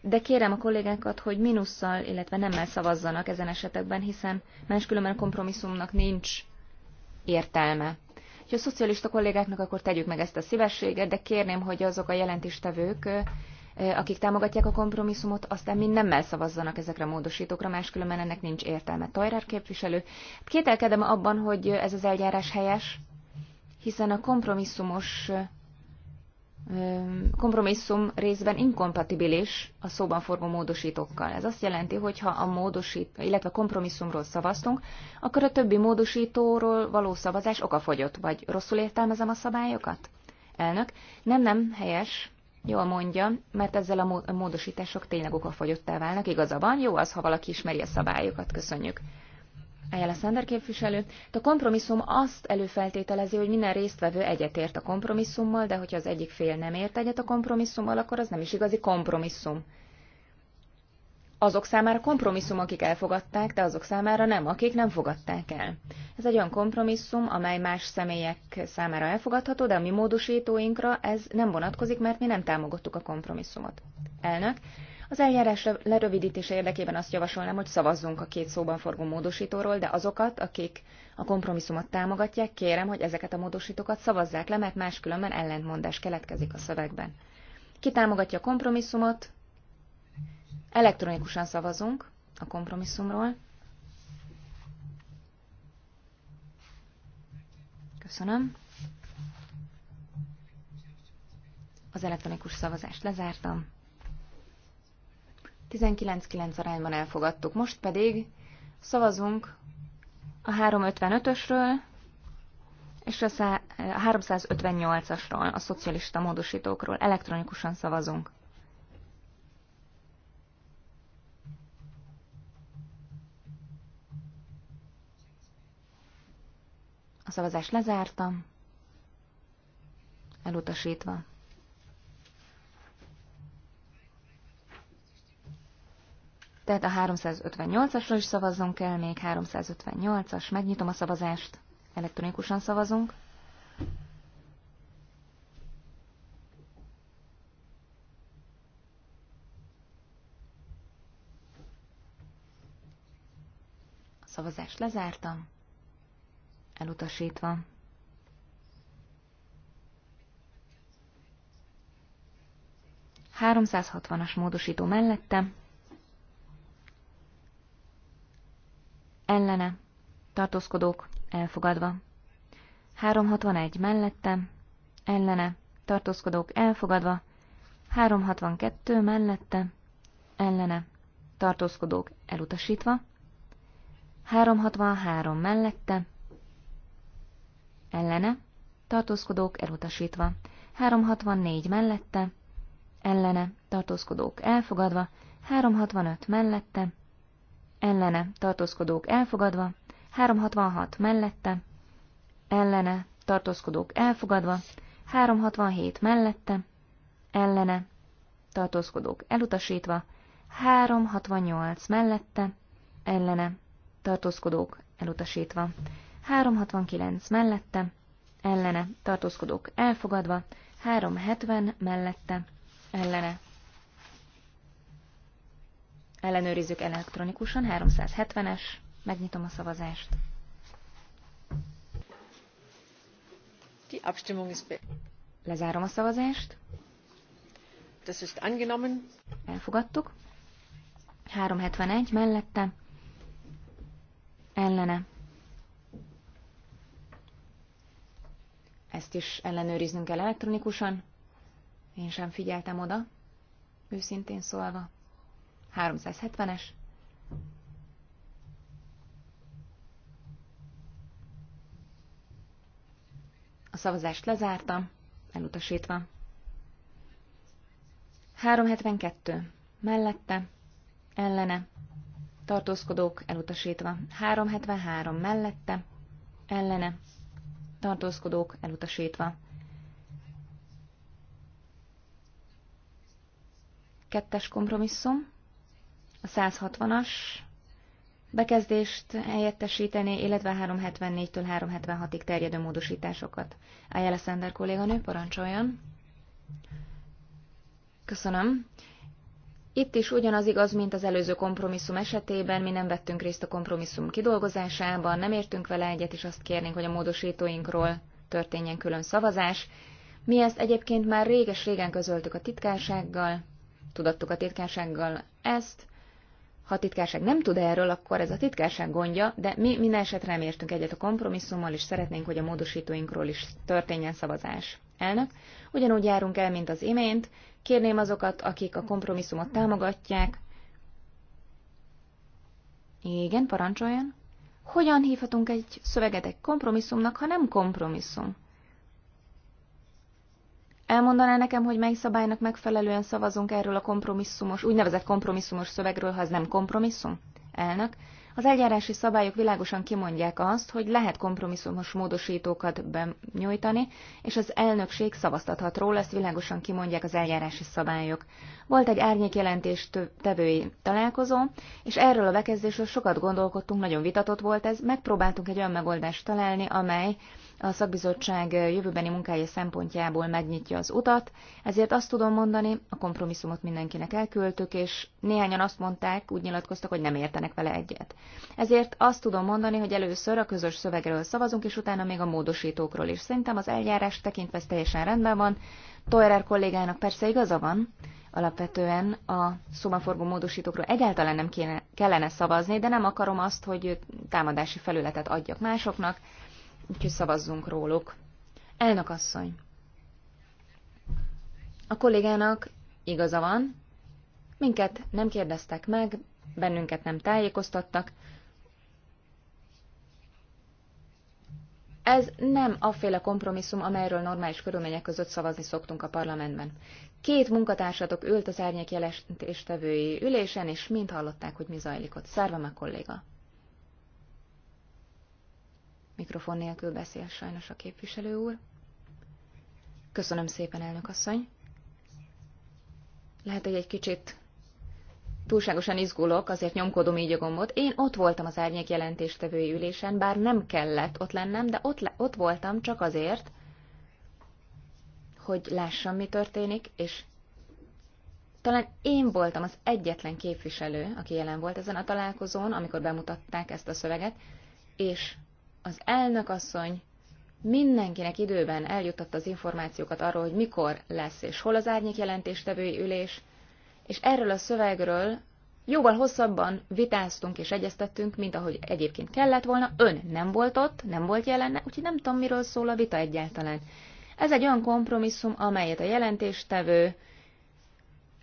de kérem a kollégákat, hogy minusszal, illetve nemmel szavazzanak ezen esetekben, hiszen máskülönben a kompromisszumnak nincs értelme. Ha a szocialista kollégáknak, akkor tegyük meg ezt a szívességet, de kérném, hogy azok a jelentéstevők, akik támogatják a kompromisszumot, aztán mind nemmel szavazzanak ezekre a módosítókra, máskülönben ennek nincs értelme. Tajrár képviselő, kételkedem abban, hogy ez az eljárás helyes, hiszen a kompromisszumos kompromisszum részben inkompatibilis a szóban forgó módosítókkal. Ez azt jelenti, hogy ha a módosít, illetve a kompromisszumról szavaztunk, akkor a többi módosítóról való szavazás okafogyott, vagy rosszul értelmezem a szabályokat? Elnök, nem, nem, helyes. Jól mondja, mert ezzel a módosítások tényleg okafogyottá válnak. Igaza van, jó az, ha valaki ismeri a szabályokat. Köszönjük. Ejjel a Szender képviselő. A kompromisszum azt előfeltételezi, hogy minden résztvevő egyetért a kompromisszummal, de hogyha az egyik fél nem ért egyet a kompromisszummal, akkor az nem is igazi kompromisszum azok számára kompromisszum, akik elfogadták, de azok számára nem, akik nem fogadták el. Ez egy olyan kompromisszum, amely más személyek számára elfogadható, de a mi módosítóinkra ez nem vonatkozik, mert mi nem támogattuk a kompromisszumot. Elnök, az eljárás lerövidítése érdekében azt javasolnám, hogy szavazzunk a két szóban forgó módosítóról, de azokat, akik a kompromisszumot támogatják, kérem, hogy ezeket a módosítókat szavazzák le, mert máskülönben ellentmondás keletkezik a szövegben. Ki támogatja a kompromisszumot, Elektronikusan szavazunk a kompromisszumról. Köszönöm. Az elektronikus szavazást lezártam. 19-9 arányban elfogadtuk. Most pedig szavazunk a 355-ösről és a 358-asról, a szocialista módosítókról. Elektronikusan szavazunk. A szavazást lezártam. Elutasítva. Tehát a 358 asról is szavazzon kell, még 358-as. Megnyitom a szavazást. Elektronikusan szavazunk. A szavazást lezártam elutasítva. Háromszázhatvanas módosító mellette, ellene, tartózkodók, elfogadva. 361 mellette, ellene, tartózkodók, elfogadva. 362 mellette, ellene, tartózkodók, elutasítva. 363 mellette, ellene, tartózkodók elutasítva, 364 mellette, ellene, tartózkodók elfogadva, 365 mellette, ellene, tartózkodók elfogadva, 366 mellette, ellene, tartózkodók elfogadva, 367 mellette, ellene, tartózkodók elutasítva, 368 mellette, ellene, tartózkodók elutasítva, 369 mellette, ellene tartózkodók elfogadva, 370 mellette, ellene. Ellenőrizzük elektronikusan, 370-es, megnyitom a szavazást. Die Abstimmung ist Lezárom a szavazást. Das ist angenommen. Elfogadtuk. 371 mellette, ellene Ezt is ellenőriznünk kell elektronikusan. Én sem figyeltem oda, őszintén szólva. 370-es. A szavazást lezártam, elutasítva. 372. Mellette, ellene, tartózkodók elutasítva. 373. Mellette, ellene, tartózkodók elutasítva. Kettes kompromisszum, a 160-as bekezdést helyettesíteni, illetve 374-től 376-ig terjedő módosításokat. Ájjel Szender kolléganő, parancsoljon! Köszönöm. Itt is ugyanaz igaz, mint az előző kompromisszum esetében, mi nem vettünk részt a kompromisszum kidolgozásában, nem értünk vele egyet, és azt kérnénk, hogy a módosítóinkról történjen külön szavazás. Mi ezt egyébként már réges-régen közöltük a titkársággal, tudattuk a titkársággal ezt. Ha a titkárság nem tud erről, akkor ez a titkárság gondja, de mi minden esetre nem értünk egyet a kompromisszummal, és szeretnénk, hogy a módosítóinkról is történjen szavazás. Elnök, ugyanúgy járunk el, mint az imént. Kérném azokat, akik a kompromisszumot támogatják. Igen, parancsoljon. Hogyan hívhatunk egy szöveget egy kompromisszumnak, ha nem kompromisszum? Elmondaná nekem, hogy mely szabálynak megfelelően szavazunk erről a kompromisszumos, úgynevezett kompromisszumos szövegről, ha ez nem kompromisszum? Elnök, az eljárási szabályok világosan kimondják azt, hogy lehet kompromisszumos módosítókat benyújtani, és az elnökség szavaztathat róla, ezt világosan kimondják az eljárási szabályok. Volt egy árnyékjelentés tevői találkozó, és erről a bekezdésről sokat gondolkodtunk, nagyon vitatott volt ez, megpróbáltunk egy olyan megoldást találni, amely a szakbizottság jövőbeni munkája szempontjából megnyitja az utat, ezért azt tudom mondani, a kompromisszumot mindenkinek elküldtük, és néhányan azt mondták, úgy nyilatkoztak, hogy nem értenek vele egyet. Ezért azt tudom mondani, hogy először a közös szövegről szavazunk, és utána még a módosítókról is. Szerintem az eljárás tekintve teljesen rendben van. Toerer kollégának persze igaza van, alapvetően a szobaforgó módosítókról egyáltalán nem kéne, kellene szavazni, de nem akarom azt, hogy támadási felületet adjak másoknak, úgyhogy szavazzunk róluk. Elnök asszony. A kollégának igaza van, minket nem kérdeztek meg, bennünket nem tájékoztattak. Ez nem aféle kompromisszum, amelyről normális körülmények között szavazni szoktunk a parlamentben. Két munkatársatok ült az árnyék jelentéstevői ülésen, és mind hallották, hogy mi zajlik ott. Szerve meg kolléga. Mikrofon nélkül beszél sajnos a képviselő úr. Köszönöm szépen, elnök asszony. Lehet, hogy egy kicsit túlságosan izgulok, azért nyomkodom így a gombot. Én ott voltam az árnyék jelentéstevői ülésen, bár nem kellett ott lennem, de ott, ott voltam csak azért, hogy lássam, mi történik, és talán én voltam az egyetlen képviselő, aki jelen volt ezen a találkozón, amikor bemutatták ezt a szöveget, és az elnökasszony mindenkinek időben eljuttatta az információkat arról, hogy mikor lesz és hol az árnyék jelentéstevői ülés, és erről a szövegről jóval hosszabban vitáztunk és egyeztettünk, mint ahogy egyébként kellett volna. Ön nem volt ott, nem volt jelen, úgyhogy nem tudom, miről szól a vita egyáltalán. Ez egy olyan kompromisszum, amelyet a jelentéstevő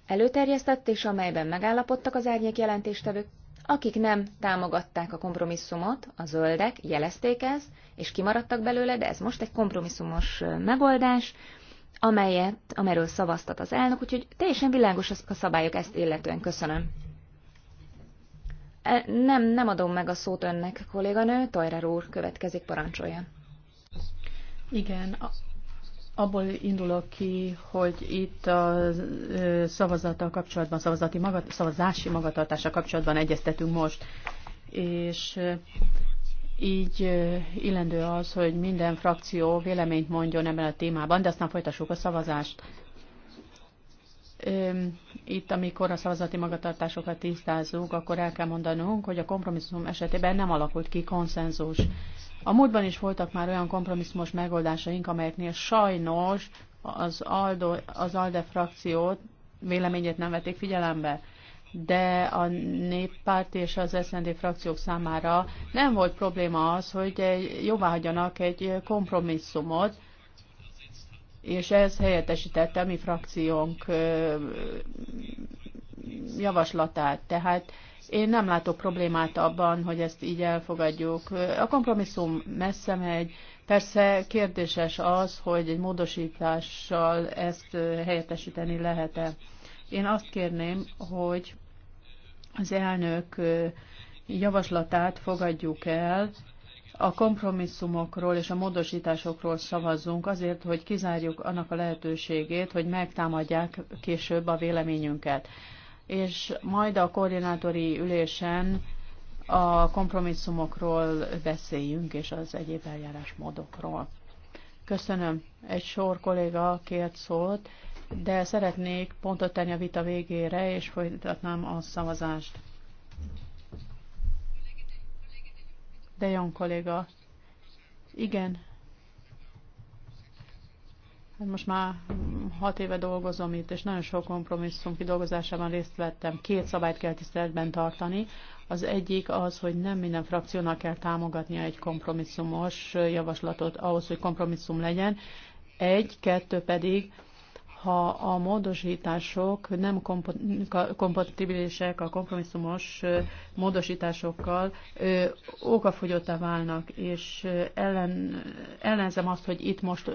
előterjesztett, és amelyben megállapodtak az árnyék jelentéstevők, akik nem támogatták a kompromisszumot, a zöldek jelezték ezt, és kimaradtak belőle, de ez most egy kompromisszumos megoldás, amelyet, amelyről szavaztat az elnök, úgyhogy teljesen világos a szabályok ezt illetően. Köszönöm. E, nem, nem adom meg a szót önnek, kolléganő. Tajrer úr következik, parancsolja. Igen, Abból indulok ki, hogy itt a szavazattal kapcsolatban, szavazati magat, szavazási magatartása kapcsolatban egyeztetünk most, és így illendő az, hogy minden frakció véleményt mondjon ebben a témában, de aztán folytassuk a szavazást. Itt, amikor a szavazati magatartásokat tisztázzuk, akkor el kell mondanunk, hogy a kompromisszum esetében nem alakult ki konszenzus. A múltban is voltak már olyan kompromisszumos megoldásaink, amelyeknél sajnos az, Aldo, az ALDE frakciót véleményét nem vették figyelembe, de a néppárt és az SZND frakciók számára nem volt probléma az, hogy jóvá hagyjanak egy kompromisszumot, és ez helyettesítette a mi frakciónk javaslatát. Tehát én nem látok problémát abban, hogy ezt így elfogadjuk. A kompromisszum messze megy. Persze kérdéses az, hogy egy módosítással ezt helyettesíteni lehet-e. Én azt kérném, hogy az elnök javaslatát fogadjuk el, a kompromisszumokról és a módosításokról szavazzunk azért, hogy kizárjuk annak a lehetőségét, hogy megtámadják később a véleményünket és majd a koordinátori ülésen a kompromisszumokról beszéljünk, és az egyéb eljárásmódokról. Köszönöm. Egy sor kolléga kért szót, de szeretnék pontot tenni a vita végére, és folytatnám a szavazást. De Jong kolléga. Igen, most már hat éve dolgozom itt, és nagyon sok kompromisszum kidolgozásában részt vettem. Két szabályt kell tiszteletben tartani. Az egyik az, hogy nem minden frakciónak kell támogatnia egy kompromisszumos javaslatot ahhoz, hogy kompromisszum legyen. Egy, kettő pedig, ha a módosítások nem kompatibilisek a kompromisszumos módosításokkal, okafogyottá válnak, és ellen, ellenzem azt, hogy itt most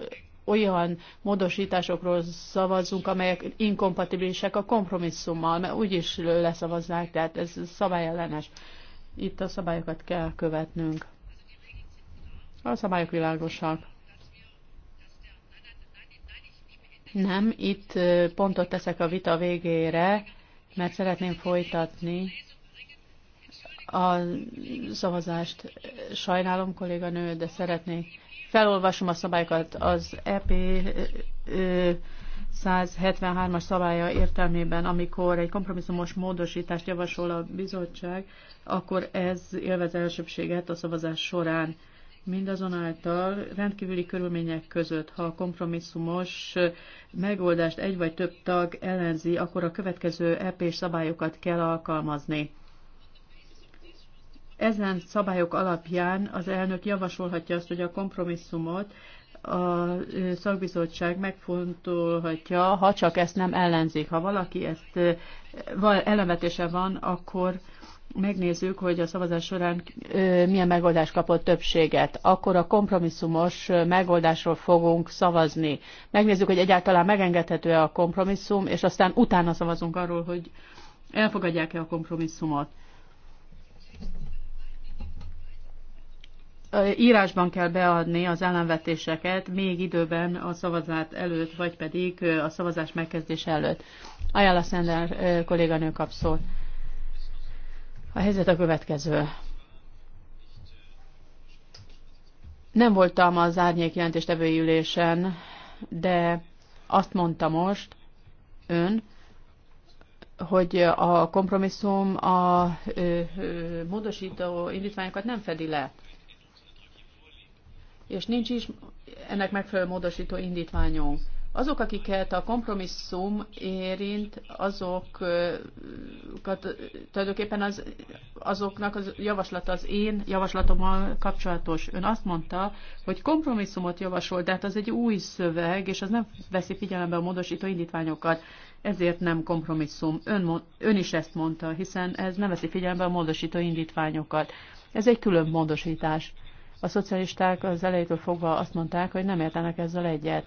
olyan módosításokról szavazzunk, amelyek inkompatibilisek a kompromisszummal, mert úgyis leszavaznák, tehát ez szabályellenes. Itt a szabályokat kell követnünk. A szabályok világosak. Nem, itt pontot teszek a vita végére, mert szeretném folytatni a szavazást. Sajnálom, kolléganő, de szeretnék Felolvasom a szabályokat az EP 173-as szabálya értelmében, amikor egy kompromisszumos módosítást javasol a bizottság, akkor ez élvez elsőbséget a szavazás során. Mindazonáltal rendkívüli körülmények között, ha a kompromisszumos megoldást egy vagy több tag ellenzi, akkor a következő EP-s szabályokat kell alkalmazni. Ezen szabályok alapján az elnök javasolhatja azt, hogy a kompromisszumot a szakbizottság megfontolhatja, ha csak ezt nem ellenzik. Ha valaki ezt ellenvetése van, akkor megnézzük, hogy a szavazás során milyen megoldás kapott többséget. Akkor a kompromisszumos megoldásról fogunk szavazni. Megnézzük, hogy egyáltalán megengedhető-e a kompromisszum, és aztán utána szavazunk arról, hogy elfogadják-e a kompromisszumot. írásban kell beadni az ellenvetéseket még időben a szavazát előtt, vagy pedig a szavazás megkezdés előtt. Ajánl a Szender kolléganő kap szót. A helyzet a következő. Nem voltam az árnyék jelentéstevői ülésen, de azt mondta most ön, hogy a kompromisszum a módosító indítványokat nem fedi le és nincs is ennek megfelelő módosító indítványunk. Azok, akiket a kompromisszum érint, azokat tulajdonképpen az, azoknak az javaslat az én javaslatommal kapcsolatos. Ön azt mondta, hogy kompromisszumot javasol, de hát az egy új szöveg, és az nem veszi figyelembe a módosító indítványokat. Ezért nem kompromisszum. Ön, ön is ezt mondta, hiszen ez nem veszi figyelembe a módosító indítványokat. Ez egy külön módosítás. A szocialisták az elejétől fogva azt mondták, hogy nem értenek ezzel egyet.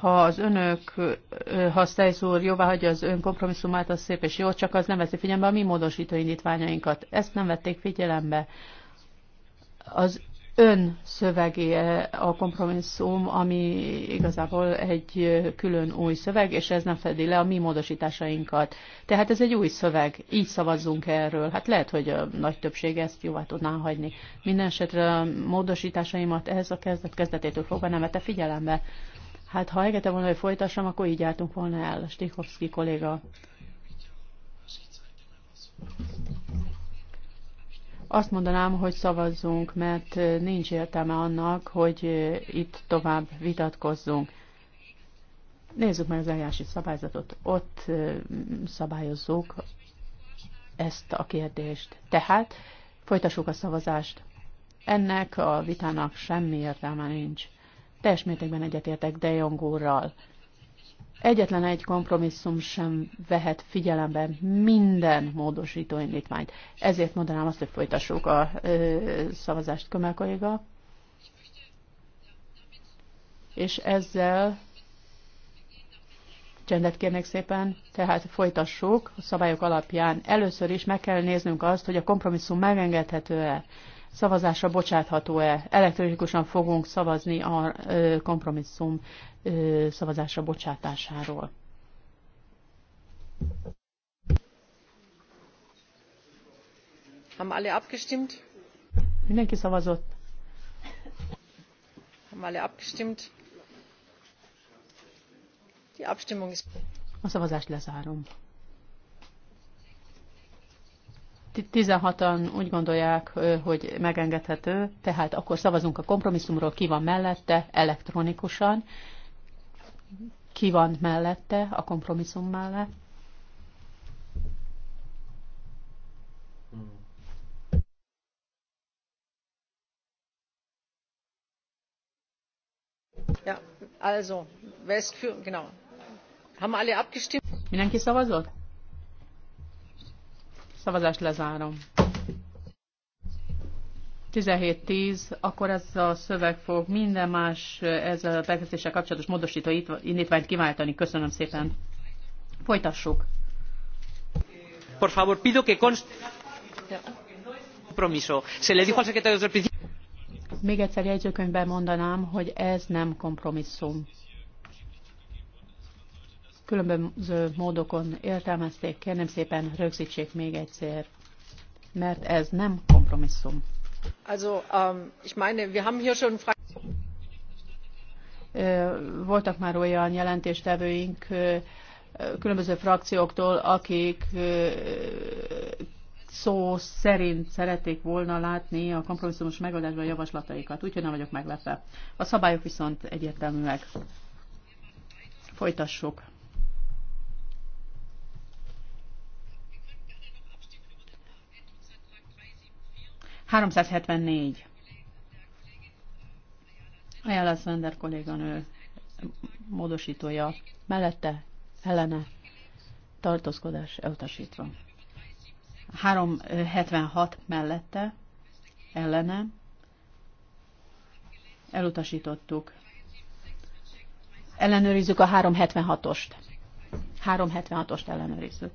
ha az önök, ha Stejsz úr jóvá hagyja az ön kompromisszumát, az szép és jó, csak az nem veszi figyelembe a mi módosító indítványainkat. Ezt nem vették figyelembe. Az ön szövegé a kompromisszum, ami igazából egy külön új szöveg, és ez nem fedi le a mi módosításainkat. Tehát ez egy új szöveg, így szavazzunk erről. Hát lehet, hogy a nagy többség ezt jóvá tudná hagyni. Mindenesetre a módosításaimat ez a kezdet kezdetétől fogva nem vette figyelembe. Hát ha engedte volna, hogy folytassam, akkor így álltunk volna el, Stichowski kolléga. Azt mondanám, hogy szavazzunk, mert nincs értelme annak, hogy itt tovább vitatkozzunk. Nézzük meg az eljárási szabályzatot. Ott szabályozzuk ezt a kérdést. Tehát folytassuk a szavazást. Ennek a vitának semmi értelme nincs. Teljes mértékben egyetértek De Jong úrral egyetlen egy kompromisszum sem vehet figyelembe minden módosító indítványt. Ezért mondanám azt, hogy folytassuk a ö, szavazást Kömel kolléga. És ezzel csendet kérnék szépen, tehát folytassuk a szabályok alapján. Először is meg kell néznünk azt, hogy a kompromisszum megengedhető-e szavazásra bocsátható-e. Elektronikusan fogunk szavazni a kompromisszum szavazásra bocsátásáról. Haben alle abgestimmt? Mindenki szavazott. Haben alle abgestimmt? Die Abstimmung ist... A szavazást lezárom. 16-an úgy gondolják, hogy megengedhető, tehát akkor szavazunk a kompromisszumról, ki van mellette elektronikusan, ki van mellette a kompromisszum mellett. Ja, also, West, genau. Haben alle abgestimmt? Mindenki szavazott? Szavazást lezárom. 17 akkor ez a szöveg fog minden más ezzel a bekezdéssel kapcsolatos módosító indítványt kiváltani. Köszönöm szépen. Folytassuk. Por favor, pido que const... Compromiso. Se le dijo al secretario desde Még egyszer jegyzőkönyvben mondanám, hogy ez nem kompromisszum különböző módokon értelmezték, kérném szépen rögzítsék még egyszer, mert ez nem kompromisszum. Also, um, ich meine, wir haben hier schon voltak már olyan jelentéstevőink különböző frakcióktól, akik szó szerint szerették volna látni a kompromisszumos megoldásban a javaslataikat. Úgyhogy nem vagyok meglepve. A szabályok viszont egyértelműek. Folytassuk. 374. Ajala Szvender kolléganő módosítója mellette, ellene, tartózkodás elutasítva. 376 mellette, ellene, elutasítottuk. Ellenőrizzük a 376-ost. 376-ost ellenőrizzük.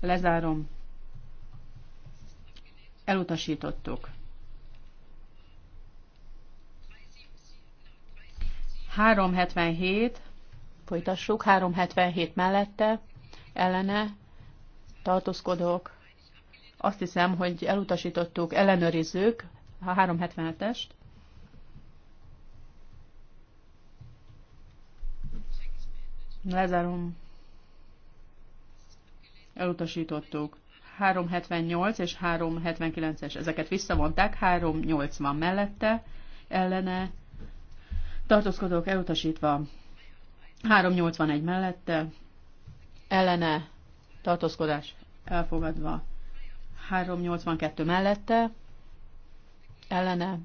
Lezárom. Elutasítottuk. 377, folytassuk, 377 mellette, ellene, tartózkodók. Azt hiszem, hogy elutasítottuk, ellenőrizzük a 377-est. Lezárom elutasítottuk. 378 és 379-es, ezeket visszavonták, 380 mellette, ellene, tartózkodók elutasítva, 381 mellette, ellene, tartózkodás elfogadva, 382 mellette, ellene,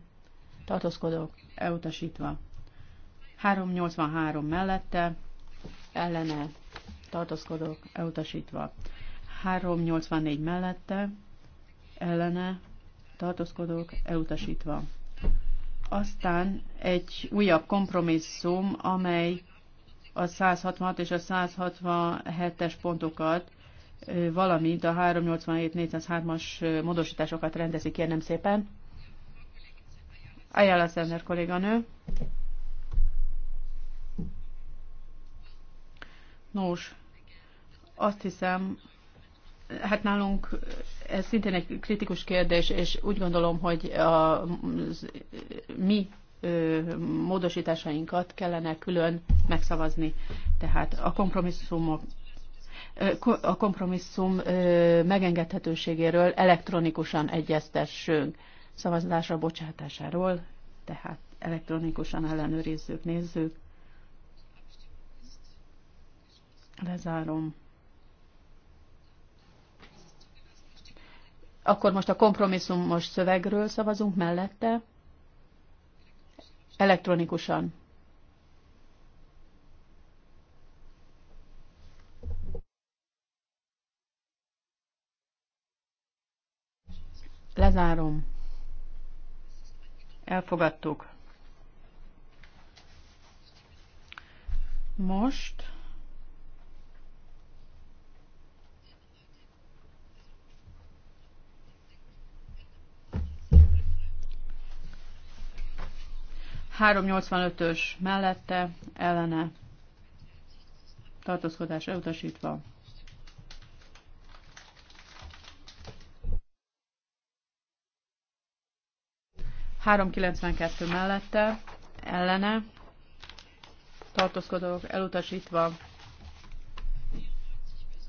tartózkodók elutasítva, 383 mellette, ellene, tartózkodók elutasítva, 384 mellette ellene tartózkodók elutasítva. Aztán egy újabb kompromisszum, amely a 166 és a 167-es pontokat, valamint a 387-403-as módosításokat rendezi, kérnem szépen. Ajánl a Szender kolléganő. Nos, azt hiszem, Hát nálunk ez szintén egy kritikus kérdés, és úgy gondolom, hogy a, mi módosításainkat kellene külön megszavazni. Tehát a kompromisszumok a kompromisszum megengedhetőségéről elektronikusan egyeztessünk szavazásra bocsátásáról, tehát elektronikusan ellenőrizzük, nézzük. Lezárom. Akkor most a kompromisszumos szövegről szavazunk mellette. Elektronikusan. Lezárom. Elfogadtuk. Most 385-ös mellette ellene tartózkodás elutasítva. Három kilencvenkettő mellette ellene tartózkodók elutasítva.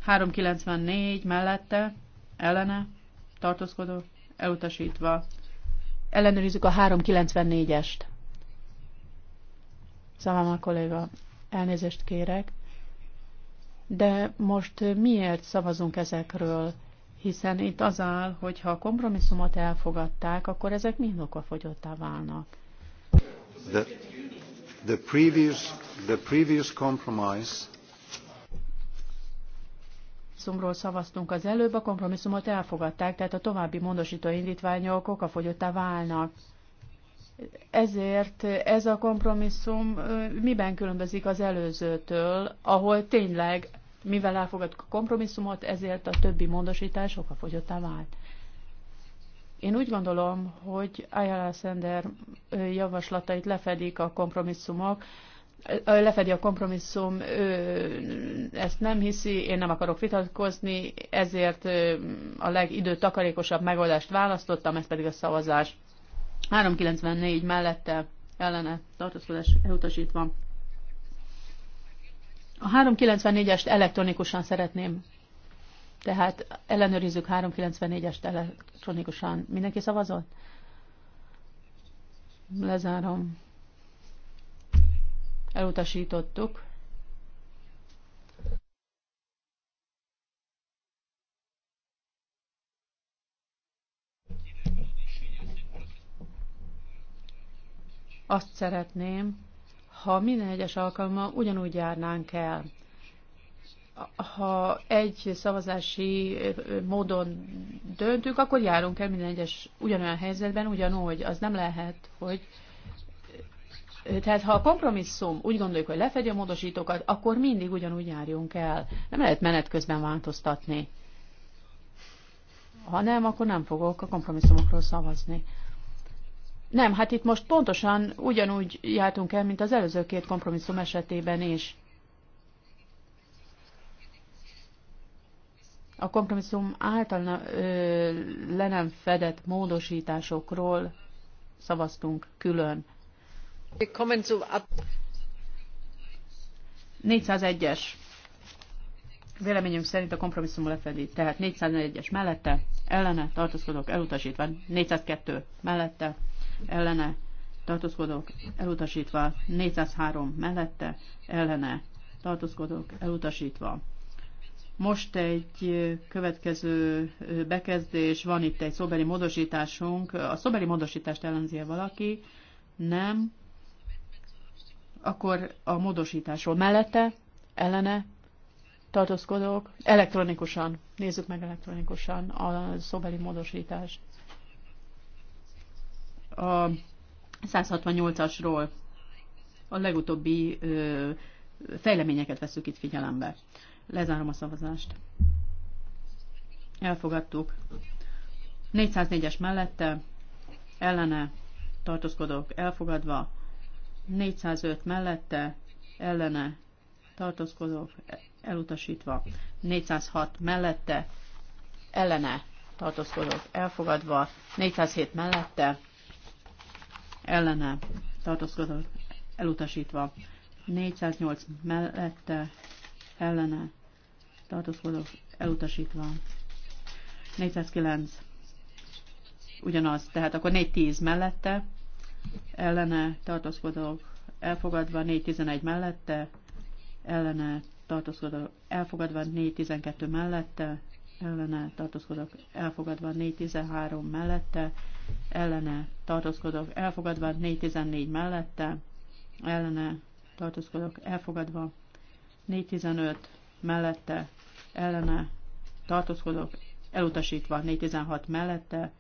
Három kilencvennégy mellette ellene tartózkodók elutasítva. Ellenőrizzük a három est szavam a kolléga, elnézést kérek, de most miért szavazunk ezekről? Hiszen itt az áll, hogy ha a kompromisszumot elfogadták, akkor ezek mind okafogyottá válnak. The, the previous, the previous compromise kompromisszumról szavaztunk az előbb, a kompromisszumot elfogadták, tehát a további módosító indítványok okafogyottá válnak. Ezért ez a kompromisszum miben különbözik az előzőtől, ahol tényleg, mivel elfogadtuk a kompromisszumot, ezért a többi módosítás okafogyottá vált. Én úgy gondolom, hogy Ayala Sender javaslatait lefedik a kompromisszumok, lefedi a kompromisszum, ezt nem hiszi, én nem akarok vitatkozni, ezért a legidőtakarékosabb megoldást választottam, ez pedig a szavazás. 394 mellette ellene tartózkodás elutasítva. A 394-est elektronikusan szeretném. Tehát ellenőrizzük 394-est elektronikusan. Mindenki szavazott? Lezárom. Elutasítottuk. Azt szeretném, ha minden egyes alkalommal ugyanúgy járnánk el. Ha egy szavazási módon döntünk, akkor járunk el minden egyes ugyanolyan helyzetben, ugyanúgy. Az nem lehet, hogy tehát ha a kompromisszum úgy gondoljuk, hogy lefedje a módosítókat, akkor mindig ugyanúgy járjunk el. Nem lehet menet közben változtatni. Ha nem, akkor nem fogok a kompromisszumokról szavazni. Nem, hát itt most pontosan ugyanúgy jártunk el, mint az előző két kompromisszum esetében is. A kompromisszum által le nem fedett módosításokról szavaztunk külön. 401-es. Véleményünk szerint a kompromisszum lefedi. Tehát 401-es mellette, ellene tartózkodok elutasítva. 402 mellette, ellene tartózkodok, elutasítva, 403 mellette ellene tartózkodok, elutasítva. Most egy következő bekezdés, van itt egy szobeli módosításunk. A szobeli módosítást ellenzi -e valaki? Nem. Akkor a módosításról mellette, ellene tartózkodok, Elektronikusan, nézzük meg elektronikusan a szobeli módosítást a 168-asról a legutóbbi ö, fejleményeket veszük itt figyelembe. Lezárom a szavazást. Elfogadtuk. 404-es mellette, ellene, tartózkodok elfogadva, 405 mellette, ellene, tartózkodok elutasítva, 406 mellette, ellene, tartózkodok elfogadva, 407 mellette, ellene tartózkodott elutasítva. 408 mellette ellene tartózkodott elutasítva. 409 ugyanaz, tehát akkor 410 mellette ellene tartózkodók elfogadva, 411 mellette ellene tartózkodók elfogadva, 412 mellette ellene tartózkodók elfogadva, 413 mellette ellene tartózkodok elfogadva, 414 mellette ellene tartózkodok elfogadva, 415 mellette ellene tartózkodok elutasítva, 416 mellette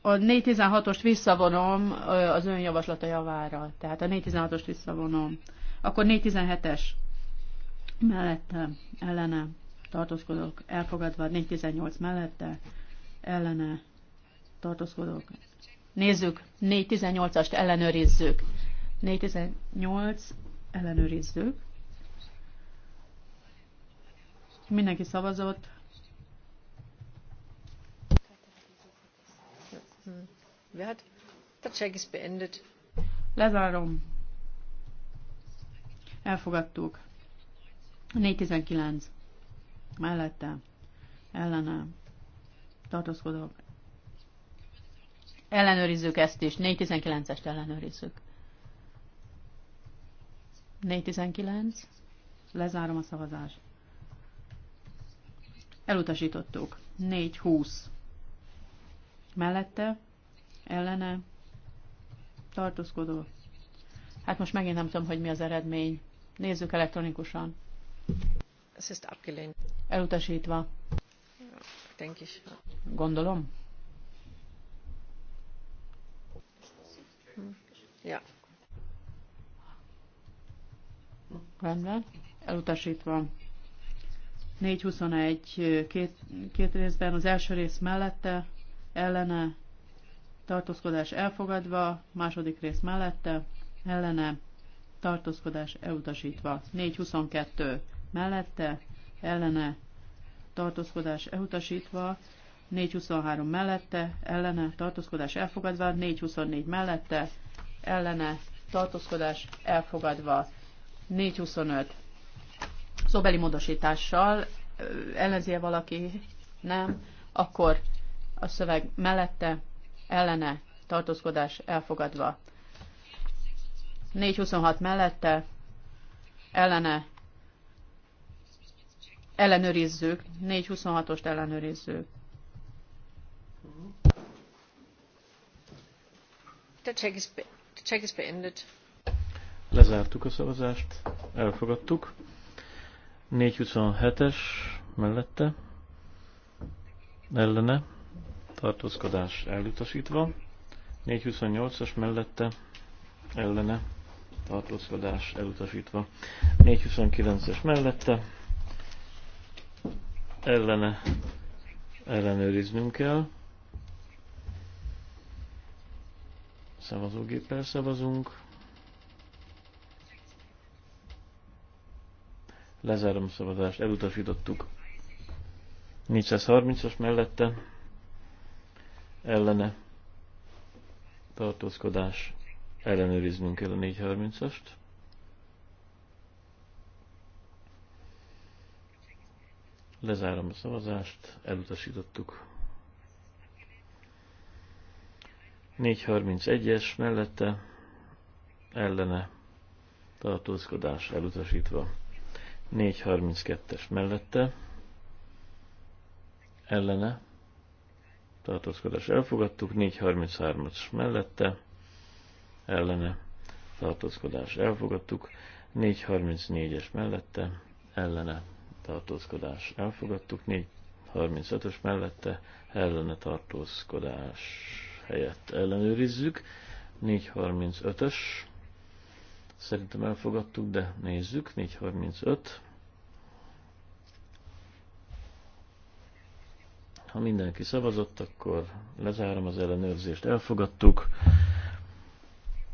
a 416-ost visszavonom az ön javaslata javára. Tehát a 416-ost visszavonom. Akkor 417-es mellette, ellene, tartózkodok, elfogadva, 418 mellette, ellene, tartózkodok. Nézzük, 418-ast ellenőrizzük. 418 ellenőrizzük. Mindenki szavazott. Wer hat? Der Check ist beendet. Lezárom. Elfogadtuk. 419 mellette ellene tartózkodok. Ellenőrizzük ezt is. 419-est ellenőrizzük. 419. Lezárom a szavazást. Elutasítottuk. 420. Mellette, ellene, tartózkodó. Hát most megint nem tudom, hogy mi az eredmény. Nézzük elektronikusan. Elutasítva. Gondolom. Ja. Rendben. Elutasítva. 4.21 két, két részben, az első rész mellette, ellene, tartózkodás elfogadva, második rész mellette, ellene, tartózkodás elutasítva. 4.22 mellette, ellene tartózkodás elutasítva, 423 mellette, ellene tartózkodás elfogadva, 424 mellette, ellene tartózkodás elfogadva, 425 szóbeli módosítással ellenzi -e valaki, nem, akkor a szöveg mellette, ellene tartózkodás elfogadva. 426 mellette, ellene ellenőrizzük, 426-ost ellenőrizzük. The check is, the check is beendet. Lezártuk a szavazást, elfogadtuk. 427-es mellette, ellene, tartózkodás elutasítva. 428-as mellette, ellene, tartózkodás elutasítva. 429-es mellette, ellene ellenőriznünk kell. Szavazógéppel szavazunk. Lezárom a szavazást, elutasítottuk. 430-as mellette ellene tartózkodás ellenőriznünk kell a 430-ast. Lezárom a szavazást, elutasítottuk. 431-es mellette ellene tartózkodás elutasítva. 432-es mellette ellene tartózkodás elfogadtuk, 433-as mellette ellene tartózkodás elfogadtuk, 434-es mellette ellene tartózkodás elfogadtuk, 435-ös mellette ellene tartózkodás helyett ellenőrizzük, 435-ös szerintem elfogadtuk, de nézzük, 435 ha mindenki szavazott, akkor lezárom az ellenőrzést, elfogadtuk.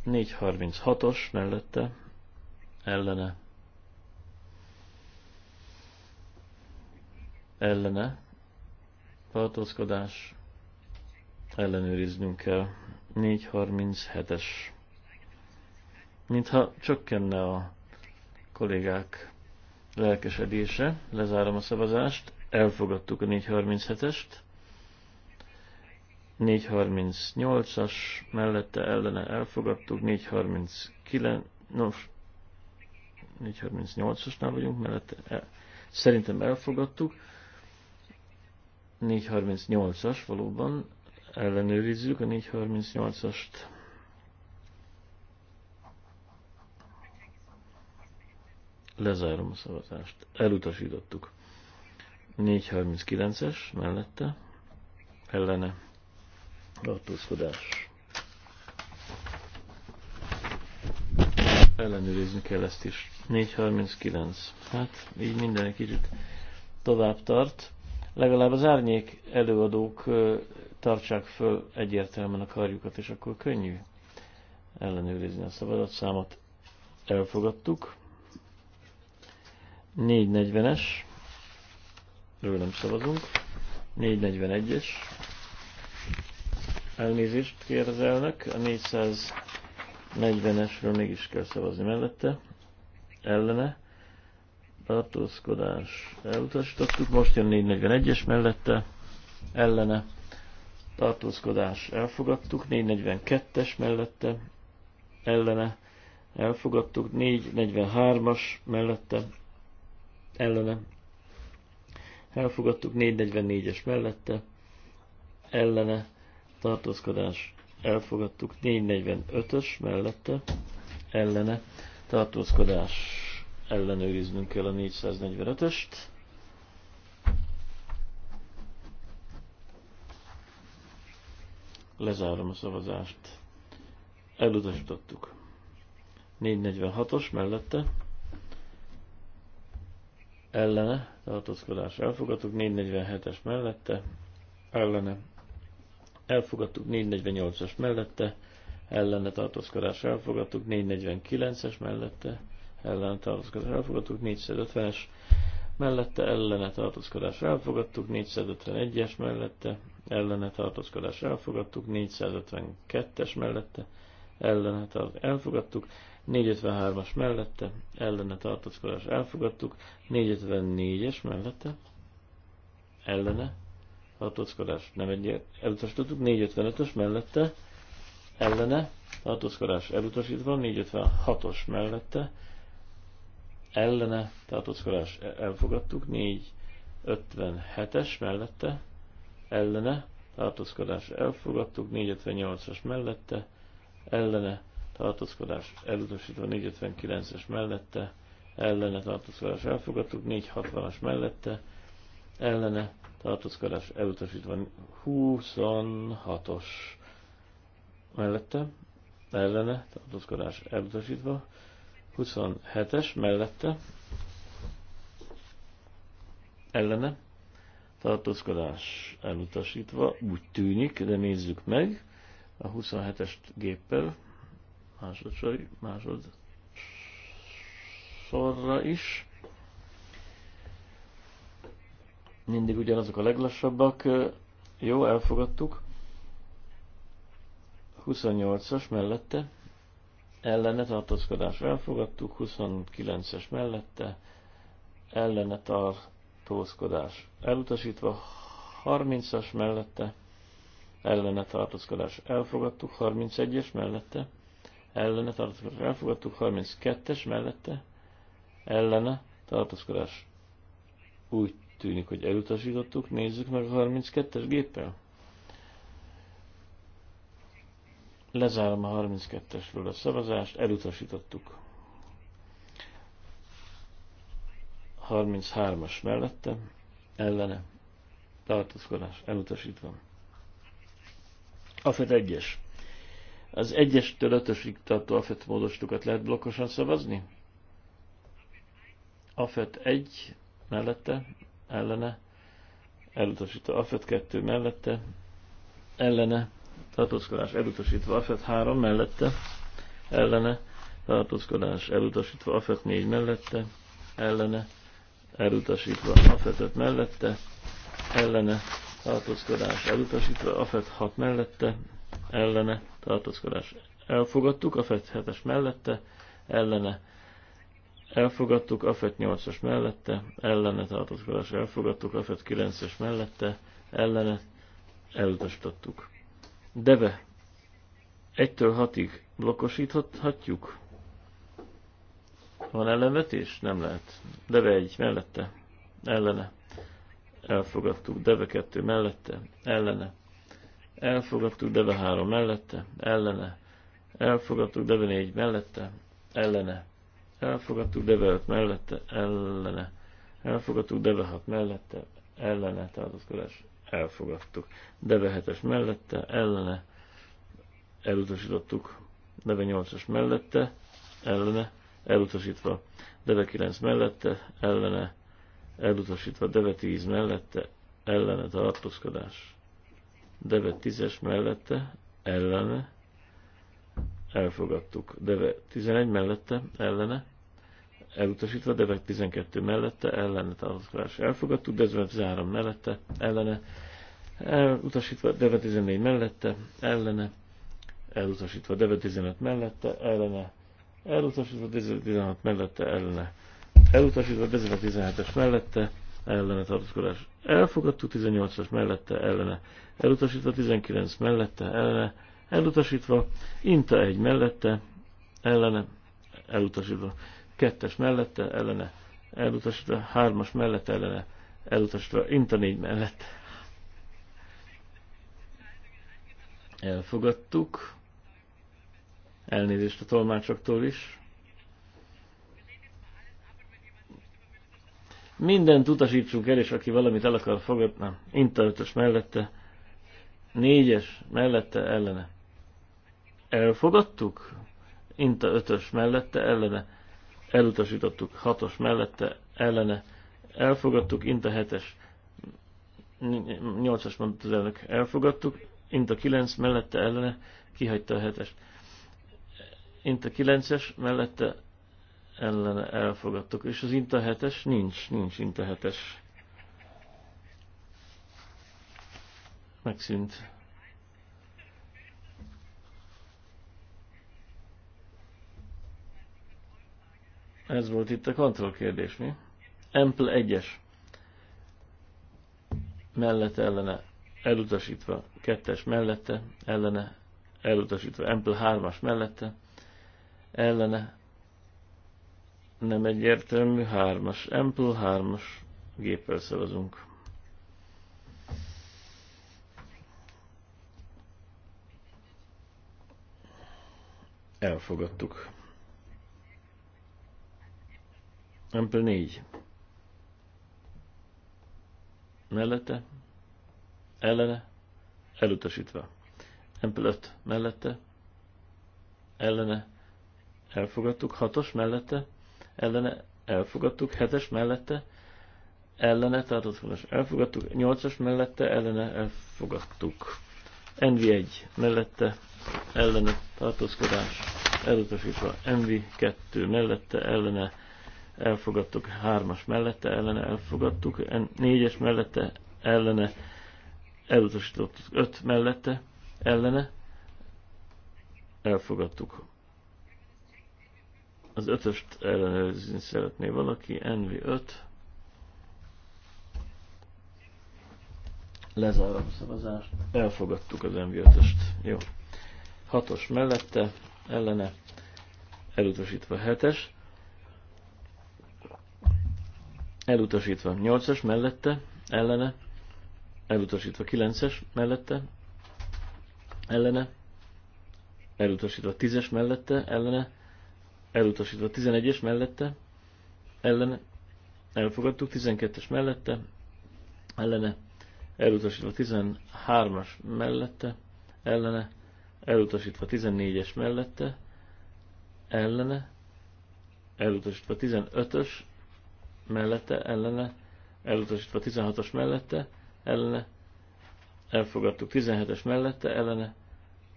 436-os mellette ellene ellene tartózkodás ellenőriznünk kell. 437-es. Mintha csökkenne a kollégák lelkesedése. Lezárom a szavazást. Elfogadtuk a 437-est. 438-as mellette ellene elfogadtuk. 439 nos, 438-asnál vagyunk mellette. E- szerintem elfogadtuk. 438-as valóban ellenőrizzük a 438-ast. Lezárom a szavazást. Elutasítottuk. 439-es mellette ellene tartózkodás. Ellenőrizni kell ezt is. 439. Hát így minden kicsit tovább tart legalább az árnyék előadók tartsák föl egyértelműen a karjukat, és akkor könnyű ellenőrizni a szavazatszámot. Elfogadtuk. 440-es. Ről nem szavazunk. 441-es. Elnézést kér az elnök. A 440-esről mégis kell szavazni mellette. Ellene tartózkodás elutasítottuk, most jön 441-es mellette, ellene tartózkodás elfogadtuk, 442-es mellette, ellene elfogadtuk, 443-as mellette, ellene elfogadtuk, 444-es mellette, ellene tartózkodás elfogadtuk, 445-ös mellette, ellene tartózkodás ellenőriznünk kell a 445-öst. Lezárom a szavazást. Elutasítottuk. 446-os mellette. Ellene, tartózkodás elfogadtuk. 447-es mellette. Ellene. Elfogadtuk 448-as mellette. Ellene tartózkodás elfogadtuk. 449-es mellette ellen tartózkodás elfogadtuk, 450-es mellette ellene tartózkodás elfogadtuk, 451-es mellette ellene tartózkodás elfogadtuk, 452-es mellette ellene tartózkodás elfogadtuk, 453-as mellette ellene tartózkodás elfogadtuk, 454-es mellette ellene tartózkodás nem egyért elutasítottuk, 455-ös mellette ellene tartózkodás elutasítva, 456-os mellette ellene tartózkodás e- elfogadtuk, 457-es mellette ellene tartózkodás elfogadtuk, 458-as mellette ellene tartózkodás elutasítva, 459-es mellette ellene tartózkodás elfogadtuk, 460-as mellette ellene tartózkodás elutasítva, 26-os mellette ellene tartózkodás elutasítva, 27-es mellette ellene tartózkodás elutasítva, úgy tűnik, de nézzük meg a 27 es géppel, másodszor, másod sorra is. Mindig ugyanazok a leglassabbak. Jó, elfogadtuk. 28-as mellette ellene tartózkodás elfogadtuk, 29-es mellette ellene tartózkodás elutasítva, 30-as mellette ellene tartózkodás elfogadtuk, 31-es mellette ellene tartózkodás elfogadtuk, 32-es mellette ellene tartózkodás úgy tűnik, hogy elutasítottuk, nézzük meg a 32-es géppel. Lezárom a 32-esről a szavazást, elutasítottuk. 33-as mellette, ellene, tartózkodás, elutasítva. Afet 1-es. Az 1-estől 5-ösig tartó afet módostukat lehet blokkosan szavazni? Afet 1 mellette, ellene, elutasítva. Afet 2 mellette, ellene, tartózkodás elutasítva, AFET 3 mellette, ellene, tartózkodás elutasítva, AFET 4 mellette, ellene, elutasítva, AFET 5 mellette, ellene, tartózkodás elutasítva, AFET 6 mellette, ellene, tartózkodás elfogadtuk, AFET 7-es mellette, ellene, elfogadtuk, AFET 8-as mellette, ellene tartózkodás elfogadtuk, AFET 9-es mellette, ellene elutasítottuk. Deve egytől hatig 6 blokkosíthatjuk? Van ellenvetés? Nem lehet. Deve egy mellette, ellene. Elfogadtuk. Deve kettő mellette, ellene. Elfogadtuk. Deve három mellette, ellene. Elfogadtuk. Deve négy mellette, ellene. Elfogadtuk. Deve öt mellette, ellene. Elfogadtuk. Deve hat mellette, ellene. az elfogadtuk. Devehetes mellette, ellene, elutasítottuk. Deve 8-as mellette, ellene, elutasítva. Deve 9 mellette, ellene, elutasítva. Deve 10 mellette, ellene tartózkodás. Deve 10-es mellette, ellene, elfogadtuk. Deve 11 mellette, ellene, elutasítva, de 12 mellette, ellene tartózkodás elfogadtuk, de 13 mellette, ellene elutasítva, de 14 mellette, ellene elutasítva, de 15 mellette, ellene elutasítva, de 16 mellette, ellene elutasítva, de 17-es mellette, ellene tartózkodás elfogadtuk, 18-as mellette, ellene elutasítva, 19 mellette, ellene elutasítva, Inta egy mellette, ellene elutasítva kettes mellette ellene elutasítva, hármas mellette ellene elutasítva, int a négy mellett. Elfogadtuk. Elnézést a tolmácsoktól is. Mindent utasítsunk el, és aki valamit el akar fogadni, Inta ötös mellette, négyes mellette ellene. Elfogadtuk? Inta ötös mellette ellene elutasítottuk, hatos mellette ellene elfogadtuk, int a hetes, nyolcas mondott az elnök, elfogadtuk, int a kilenc mellette ellene kihagyta a hetest. Int a kilences mellette ellene elfogadtuk, és az Inta 7-es nincs, nincs Inta 7-es. Megszűnt. Ez volt itt a kontroll kérdés, mi? Ample 1-es. Mellette ellene elutasítva. 2-es mellette ellene elutasítva. Ample 3-as mellette ellene nem egyértelmű, 3-as. Ample 3-as géppel szavazunk. Elfogadtuk. Ample 4. Mellette, ellene, elutasítva. Ample 5. Mellette, ellene, elfogadtuk. 6-os mellette, ellene, elfogadtuk. 7-es mellette, ellene, tartózkodás, elfogadtuk. 8-as mellette, ellene, elfogadtuk. Envi 1 mellette, ellene, tartózkodás, elutasítva. Envi 2 mellette, ellene, elfogadtuk, hármas mellette ellene elfogadtuk, négyes mellette ellene elutasítottuk, öt mellette ellene elfogadtuk. Az ötöst ellenőrizni szeretné valaki, NV5. Lezárom a szavazást. Elfogadtuk az NV5-öst. Jó. Hatos mellette, ellene, elutasítva hetes elutasítva 8-as mellette, ellene, elutasítva 9-es mellette, ellene, elutasítva 10-es mellette, ellene, elutasítva 11-es mellette, ellene, elfogadtuk 12-es mellette, ellene, elutasítva 13-as mellette, ellene, elutasítva 14-es mellette, ellene, elutasítva 15-ös mellette, ellene, elutasítva 16 as mellette, ellene, elfogadtuk 17-es mellette, ellene,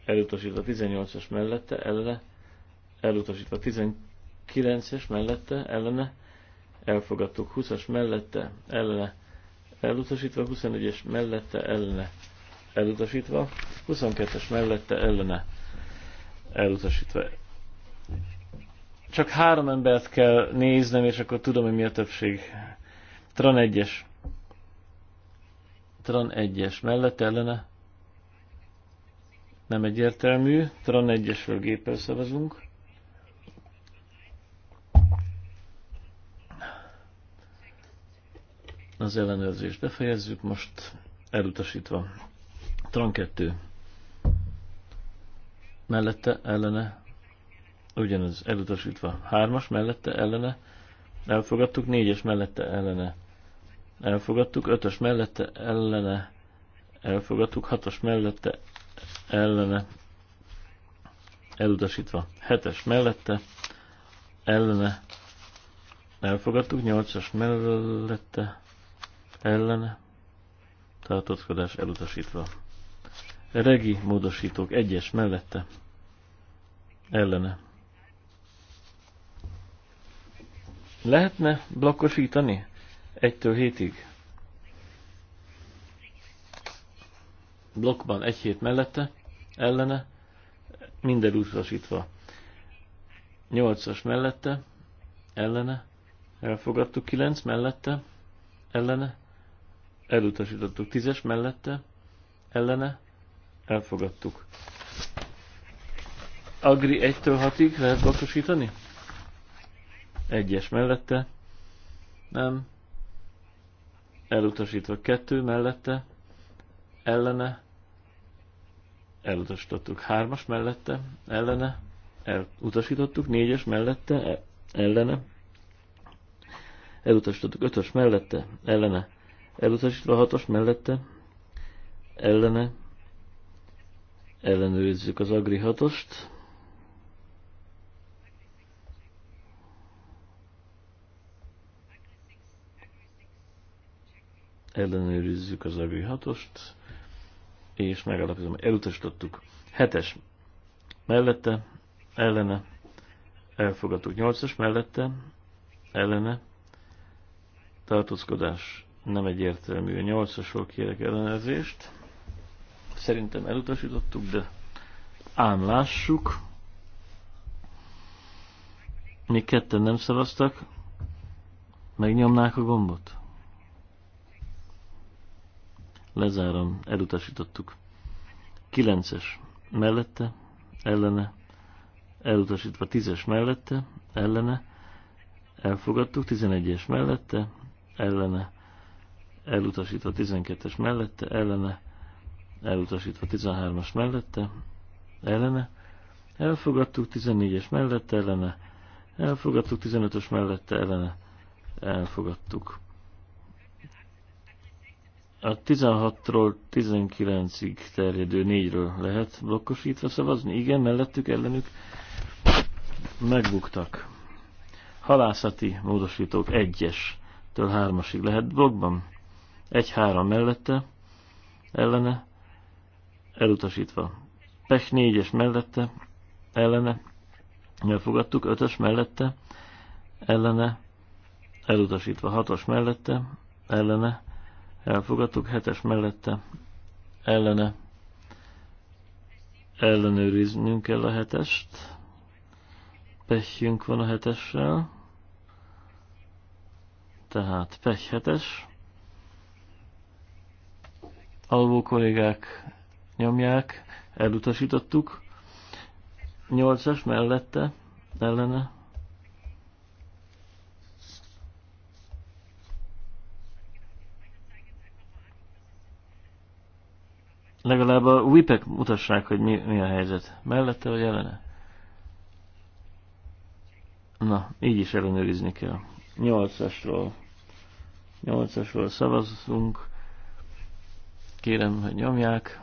elutasítva 18-as mellette, ellene, elutasítva 19-es mellette, ellene, elfogadtuk 20-as mellette, ellene, elutasítva 21-es mellette, ellene, elutasítva 22-es mellette, ellene, elutasítva csak három embert kell néznem, és akkor tudom, hogy mi a többség. Tran 1-es. Tran 1-es mellett ellene. Nem egyértelmű. Tran 1-esről géppel szavazunk. Az ellenőrzést befejezzük, most elutasítva. Tran 2. Mellette, ellene, ugyanaz elutasítva. Hármas mellette ellene elfogadtuk, négyes mellette ellene elfogadtuk, ötös mellette ellene elfogadtuk, hatos mellette ellene elutasítva. Hetes mellette ellene elfogadtuk, nyolcas mellette ellene tartózkodás elutasítva. Regi módosítók egyes mellette ellene Lehetne blokkosítani? egytől hétig? Blokkban egy hét mellette, ellene, minden utasítva. Nyolcas mellette, ellene, elfogadtuk Kilenc mellette, ellene, elutasítottuk Tízes mellette, ellene, elfogadtuk. Agri 1-től 6-ig lehet blokkosítani? egyes mellette, nem, elutasítva kettő mellette, ellene, elutasítottuk hármas mellette, ellene, elutasítottuk négyes mellette, e, ellene, elutasítottuk ötös mellette, ellene, elutasítva hatos mellette, ellene, ellenőrizzük az agrihatost. hatost, ellenőrizzük az agri hatost, és megalapítom, elutasítottuk. Hetes mellette, ellene, elfogadtuk. Nyolcas mellette, ellene, tartózkodás nem egyértelmű. A nyolcasról kérek ellenőrzést. Szerintem elutasítottuk, de ám lássuk. Még ketten nem szavaztak. Megnyomnák a gombot? Lezárom, elutasítottuk. 9-es mellette, ellene, elutasítva 10-es mellette, ellene, elfogadtuk, 11-es mellette, ellene, elutasítva 12-es mellette, ellene, elutasítva 13-as mellette, ellene, elfogadtuk 14-es mellette, ellene, elfogadtuk 15-ös mellette, ellene, elfogadtuk a 16-ról 19-ig terjedő négyről lehet blokkosítva szavazni? Igen, mellettük ellenük megbuktak. Halászati módosítók 1-estől 3-asig lehet blokkban? 1-3 mellette, ellene, elutasítva. Pech 4-es mellette, ellene, elfogadtuk, 5-ös mellette, ellene, elutasítva. 6-os mellette, ellene, elutasítva elfogadtuk, hetes mellette ellene ellenőriznünk kell a hetest, pehjünk van a hetessel, tehát peh hetes, alvó kollégák nyomják, elutasítottuk, nyolcas mellette, ellene, legalább a WIPek mutassák, hogy mi, mi a helyzet. Mellette vagy ellene? Na, így is ellenőrizni kell. 8-asról. 8-asról szavazunk. Kérem, hogy nyomják.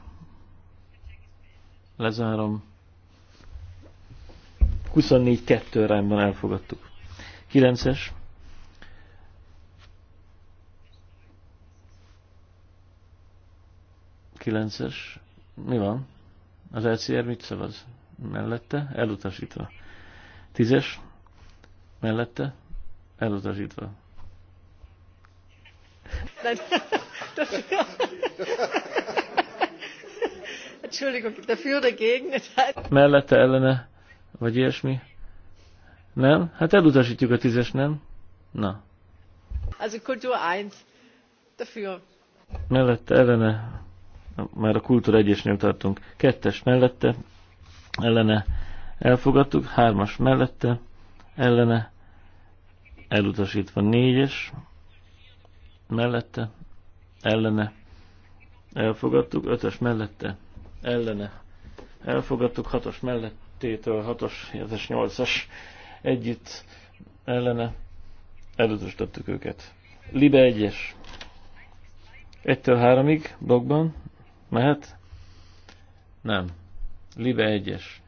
Lezárom. 24-2 arányban elfogadtuk. 9-es 9-es. Mi van? Az LCR mit szavaz? Mellette? Elutasítva. 10-es? Mellette? Elutasítva. Entschuldigung, dafür dagegen? Mellette, ellene, vagy ilyesmi? Nem? Hát elutasítjuk a tízes, nem? Na. Also Kultur 1. Dafür. Mellette, ellene, már a kultúra egyesnél tartunk, kettes mellette, ellene elfogadtuk, hármas mellette, ellene elutasítva, négyes mellette, ellene elfogadtuk, ötös mellette, ellene elfogadtuk, hatos mellettétől, hatos, hetes, nyolcas együtt ellene elutasítottuk őket. Libe egyes. 1-től 3-ig blogban Mehet? Nem. Libe egyes.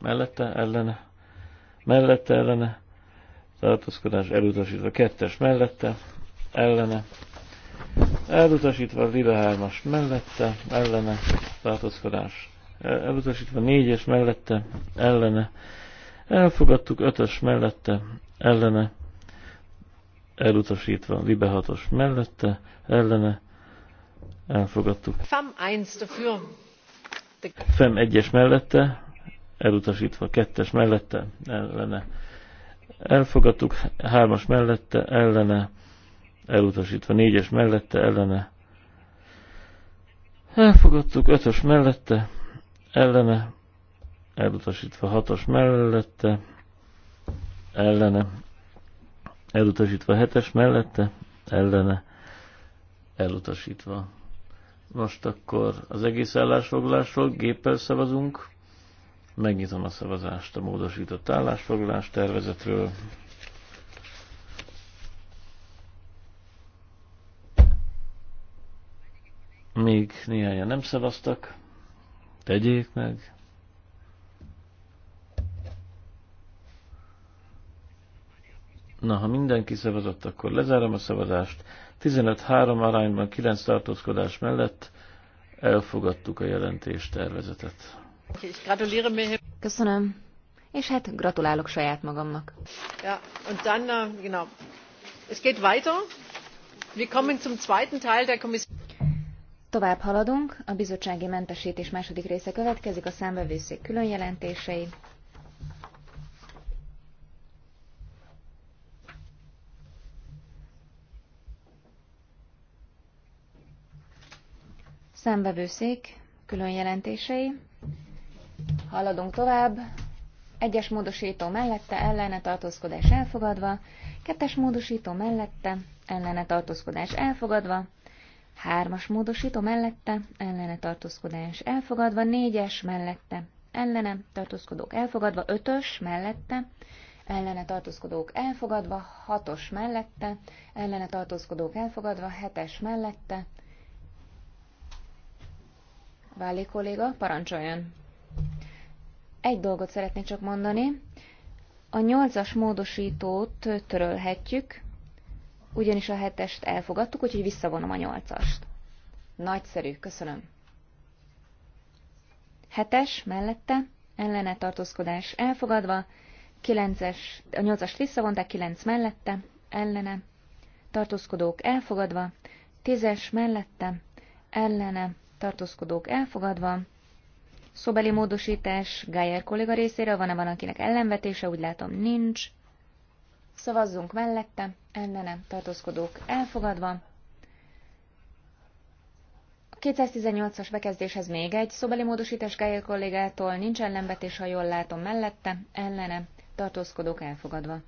Mellette, ellene. Mellette, ellene. Tartózkodás elutasítva. Kettes mellette, ellene. Elutasítva Libe hármas mellette, ellene. Tartózkodás elutasítva négyes mellette, ellene. Elfogadtuk ötös mellette, ellene. Elutasítva Libe hatos mellette, ellene elfogadtuk. Fem egyes mellette, elutasítva kettes mellette, ellene. Elfogadtuk hármas mellette, ellene, elutasítva négyes mellette, ellene. Elfogadtuk ötös mellette, ellene, elutasítva hatos mellette, ellene, elutasítva hetes mellette, ellene elutasítva. Most akkor az egész állásfoglalásról géppel szavazunk. Megnyitom a szavazást a módosított állásfoglalás tervezetről. Még néhányan nem szavaztak. Tegyék meg. Na, ha mindenki szavazott, akkor lezárom a szavazást. 15-3 arányban 9 tartózkodás mellett elfogadtuk a tervezetet. Köszönöm. És hát gratulálok saját magamnak. Ja, und dann, äh, genau. Es geht weiter. Wir kommen zum zweiten Teil der Kommission. Tovább haladunk, a bizottsági mentesítés második része következik, a számbevőszék jelentései. Szembevőszék külön jelentései. Haladunk tovább. Egyes módosító mellette ellene tartózkodás elfogadva, kettes módosító mellette ellene tartózkodás elfogadva, hármas módosító mellette ellene tartózkodás elfogadva, négyes mellette ellene tartózkodók elfogadva, ötös mellette ellene tartózkodók elfogadva, hatos mellette ellene tartózkodók elfogadva, hetes mellette Váli kolléga, parancsoljon. Egy dolgot szeretnék csak mondani. A nyolcas módosítót törölhetjük, ugyanis a hetest elfogadtuk, úgyhogy visszavonom a nyolcast. Nagyszerű, köszönöm. Hetes mellette, ellene tartózkodás elfogadva, 9-es, a nyolcast visszavonták, kilenc mellette, ellene, tartózkodók elfogadva, tízes mellette, ellene, tartózkodók elfogadva. Szobeli módosítás Gájer kolléga részéről van-e van, akinek ellenvetése? Úgy látom, nincs. Szavazzunk mellette, ellene tartózkodók elfogadva. 218-as bekezdéshez még egy szobeli módosítás Gájer kollégától nincs ellenvetés, ha jól látom mellette, ellene, tartózkodók elfogadva.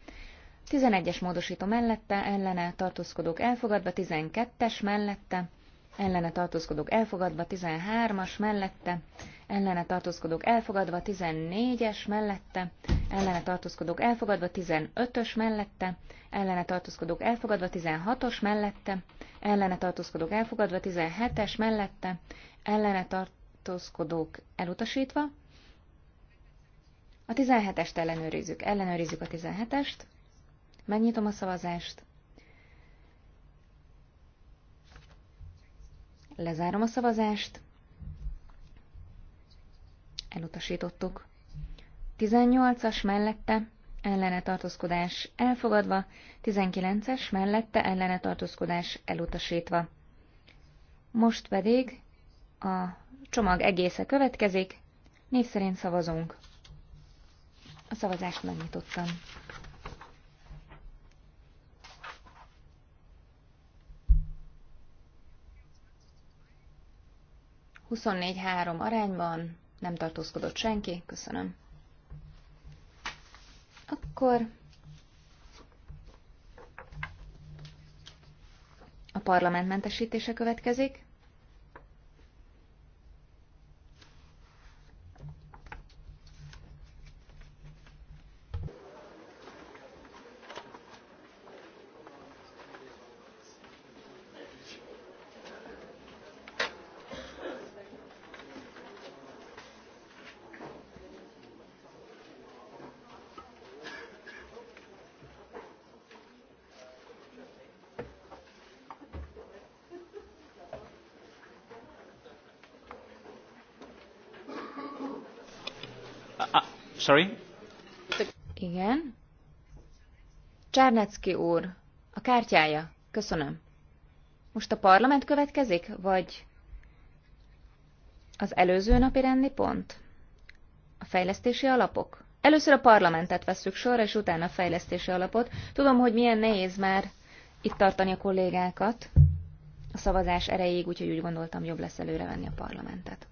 11-es módosító mellette, ellene, tartózkodók elfogadva, 12-es mellette, ellene tartózkodók elfogadva 13-as mellette, ellene tartózkodók elfogadva 14-es mellette, ellene tartózkodók elfogadva 15-ös mellette, ellene tartózkodók elfogadva 16-os mellette, ellene tartózkodók elfogadva 17-es mellette, ellene tartózkodók elutasítva. A 17-est ellenőrizzük, ellenőrizzük a 17-est, megnyitom a szavazást, Lezárom a szavazást. Elutasítottuk. 18-as mellette ellene tartózkodás elfogadva, 19-es mellette ellene tartózkodás elutasítva. Most pedig a csomag egésze következik, név szerint szavazunk. A szavazást megnyitottam. 24-3 arányban nem tartózkodott senki. Köszönöm. Akkor a parlament mentesítése következik. Sorry? Igen. Csárnecki úr, a kártyája. Köszönöm. Most a parlament következik, vagy az előző napi rendi pont? A fejlesztési alapok? Először a parlamentet vesszük sorra, és utána a fejlesztési alapot. Tudom, hogy milyen nehéz már itt tartani a kollégákat a szavazás erejéig, úgyhogy úgy gondoltam, jobb lesz előrevenni a parlamentet.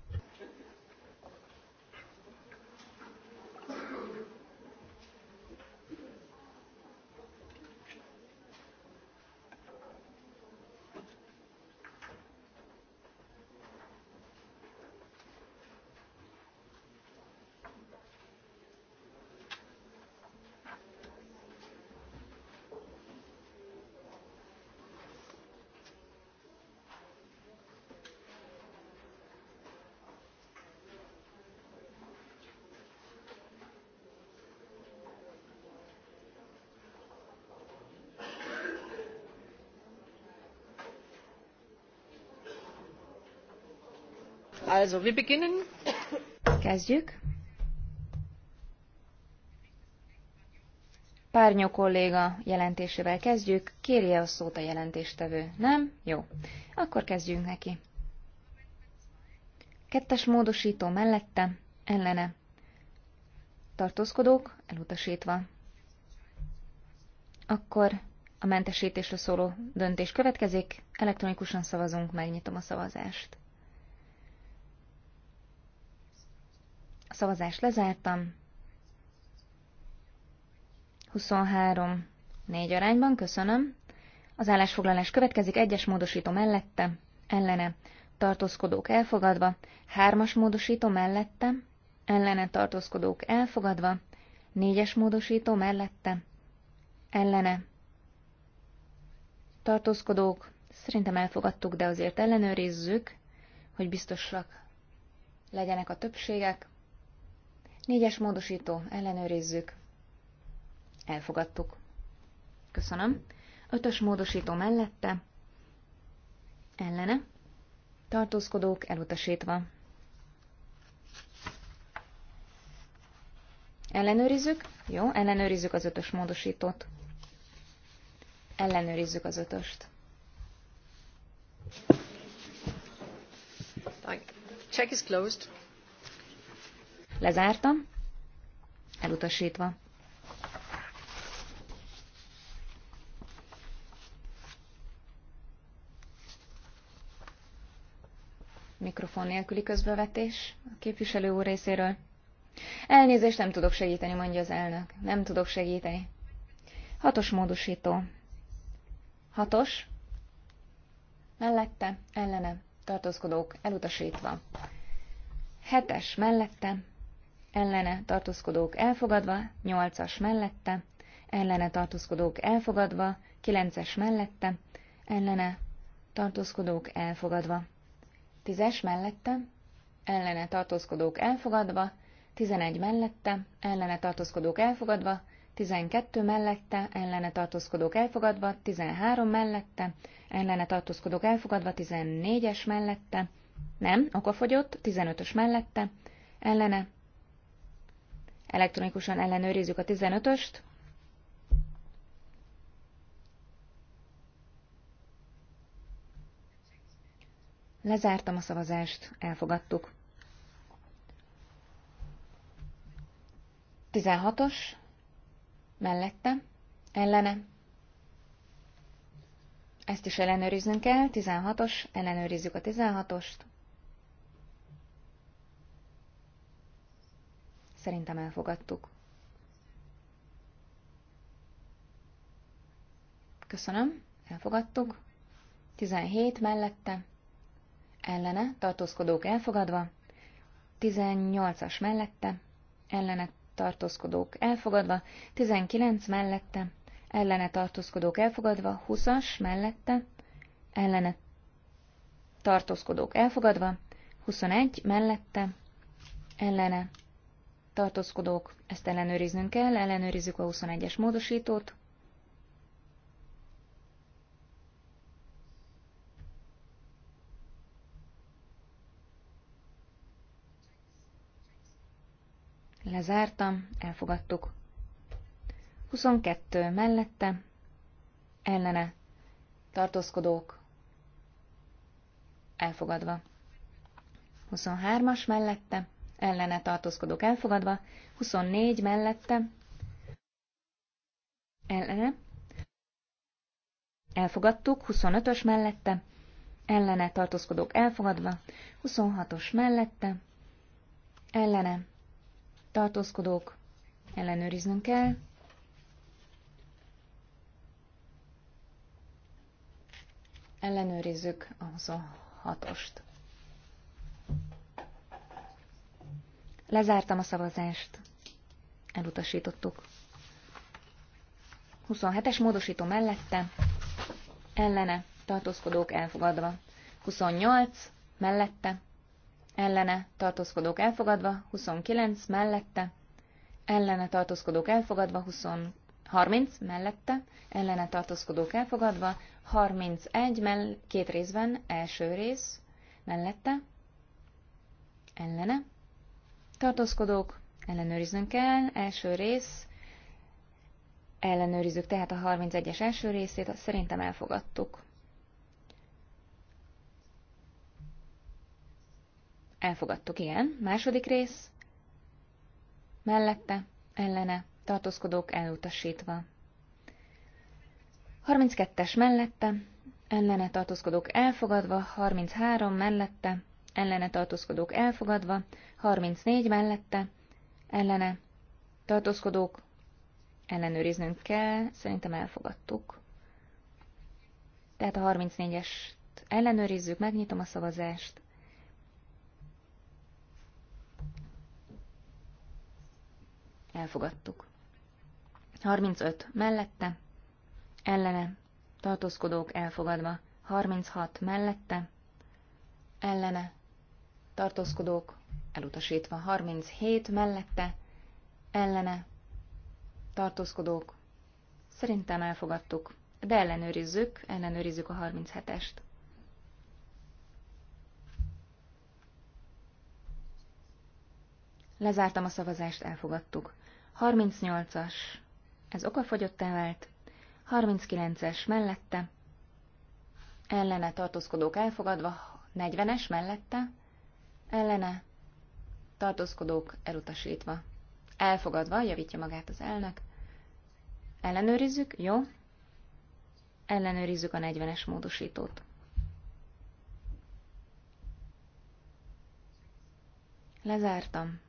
Also, wir beginnen. Kezdjük. Párnyó kolléga jelentésével kezdjük. Kérje a szót a jelentéstevő. Nem? Jó. Akkor kezdjünk neki. Kettes módosító mellette, ellene. Tartózkodók elutasítva. Akkor a mentesítésről szóló döntés következik. Elektronikusan szavazunk, megnyitom a szavazást. A szavazást lezártam. 23 4 arányban, köszönöm. Az állásfoglalás következik egyes módosító mellette, ellene, tartózkodók elfogadva, hármas módosító mellette, ellene tartózkodók elfogadva, négyes módosító mellette, ellene. Tartózkodók, szerintem elfogadtuk, de azért ellenőrizzük, hogy biztosak legyenek a többségek. Négyes módosító, ellenőrizzük. Elfogadtuk. Köszönöm. Ötös módosító mellette. Ellene. Tartózkodók elutasítva. Ellenőrizzük? Jó, ellenőrizzük az ötös módosítót. Ellenőrizzük az ötöst. Check is closed. Lezártam. Elutasítva. Mikrofon nélküli közbevetés a képviselő úr részéről. Elnézést nem tudok segíteni, mondja az elnök. Nem tudok segíteni. Hatos módosító. Hatos. Mellette, ellene, tartózkodók, elutasítva. Hetes mellette, ellene tartózkodók elfogadva, 8-as mellette, ellene tartózkodók elfogadva, 9-es mellette, ellene tartózkodók elfogadva, 10-es mellette, ellene tartózkodók elfogadva, 11 mellette, ellene tartózkodók elfogadva, 12 mellette, ellene tartózkodók elfogadva, 13 mellette, ellene tartózkodók elfogadva, 14-es mellette, nem, okafogyott, 15-ös mellette, ellene elektronikusan ellenőrizzük a 15-öst. Lezártam a szavazást, elfogadtuk. 16-os, mellette, ellene. Ezt is ellenőriznünk kell, 16-os, ellenőrizzük a 16-ost. Szerintem elfogadtuk. Köszönöm, elfogadtuk. 17 mellette, ellene, tartózkodók elfogadva. 18-as mellette, ellene, tartózkodók elfogadva. 19 mellette, ellene tartózkodók elfogadva, 20-as mellette, ellene tartózkodók elfogadva, 21 mellette, ellene tartózkodók, ezt ellenőriznünk kell, ellenőrizzük a 21-es módosítót. Lezártam, elfogadtuk. 22 mellette, ellene, tartózkodók, elfogadva. 23-as mellette, ellene tartózkodók elfogadva, 24 mellette ellene, elfogadtuk, 25-ös mellette, ellene tartózkodók elfogadva, 26-os mellette, ellene tartózkodók ellenőriznünk kell, ellenőrizzük a 26-ost. Lezártam a szavazást. Elutasítottuk. 27-es módosító mellette, ellene, tartózkodók elfogadva. 28 mellette, ellene, tartózkodók elfogadva. 29 mellette, ellene, tartózkodók elfogadva. 20, 30 mellette, ellene, tartózkodók elfogadva. 31 mell két részben, első rész mellette, ellene, tartózkodók, ellenőriznünk kell, első rész, ellenőrizzük tehát a 31-es első részét, azt szerintem elfogadtuk. Elfogadtuk, igen. Második rész, mellette, ellene, tartózkodók elutasítva. 32-es mellette, ellene tartózkodók elfogadva, 33 mellette, ellene tartózkodók elfogadva, 34 mellette, ellene tartózkodók ellenőriznünk kell, szerintem elfogadtuk. Tehát a 34-est ellenőrizzük, megnyitom a szavazást. Elfogadtuk. 35 mellette, ellene, tartózkodók elfogadva. 36 mellette, ellene, tartózkodók elutasítva. 37 mellette, ellene, tartózkodók, szerintem elfogadtuk, de ellenőrizzük, ellenőrizzük a 37-est. Lezártam a szavazást, elfogadtuk. 38-as, ez okafogyott elvált, 39-es mellette, ellene tartózkodók elfogadva, 40-es mellette, ellene, tartózkodók elutasítva. Elfogadva, javítja magát az elnök. Ellenőrizzük, jó? Ellenőrizzük a 40-es módosítót. Lezártam.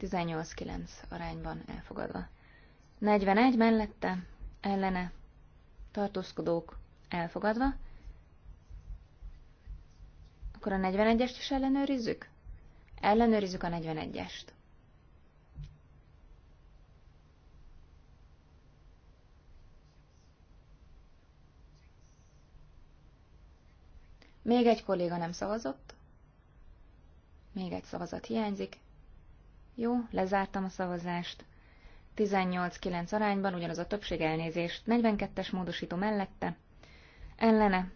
18-9 arányban elfogadva. 41 mellette, ellene, tartózkodók elfogadva, akkor a 41-est is ellenőrizzük? Ellenőrizzük a 41-est. Még egy kolléga nem szavazott. Még egy szavazat hiányzik. Jó, lezártam a szavazást. 18-9 arányban ugyanaz a többség elnézést. 42-es módosító mellette. Ellene.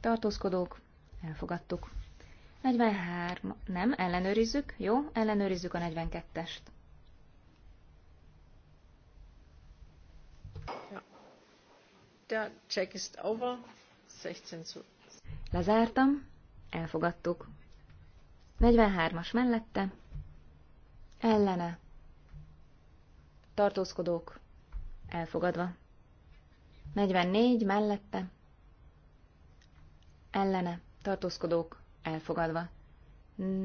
Tartózkodók. Elfogadtuk. 43. Nem, ellenőrizzük. Jó, ellenőrizzük a 42-est. Der check is over. 16 Lezártam. Elfogadtuk. 43-as mellette. Ellene. Tartózkodók. Elfogadva. 44 mellette. Ellene tartózkodók elfogadva.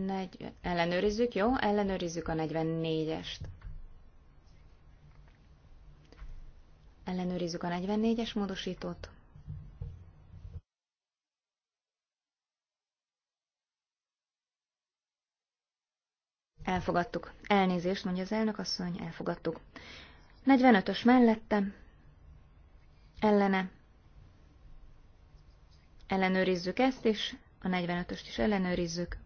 Negy... Ellenőrizzük, jó? Ellenőrizzük a 44-est. Ellenőrizzük a 44-es módosítót. Elfogadtuk. Elnézést, mondja az elnök asszony, elfogadtuk. 45-ös mellette, ellene, Ellenőrizzük ezt, és a 45-öst is ellenőrizzük.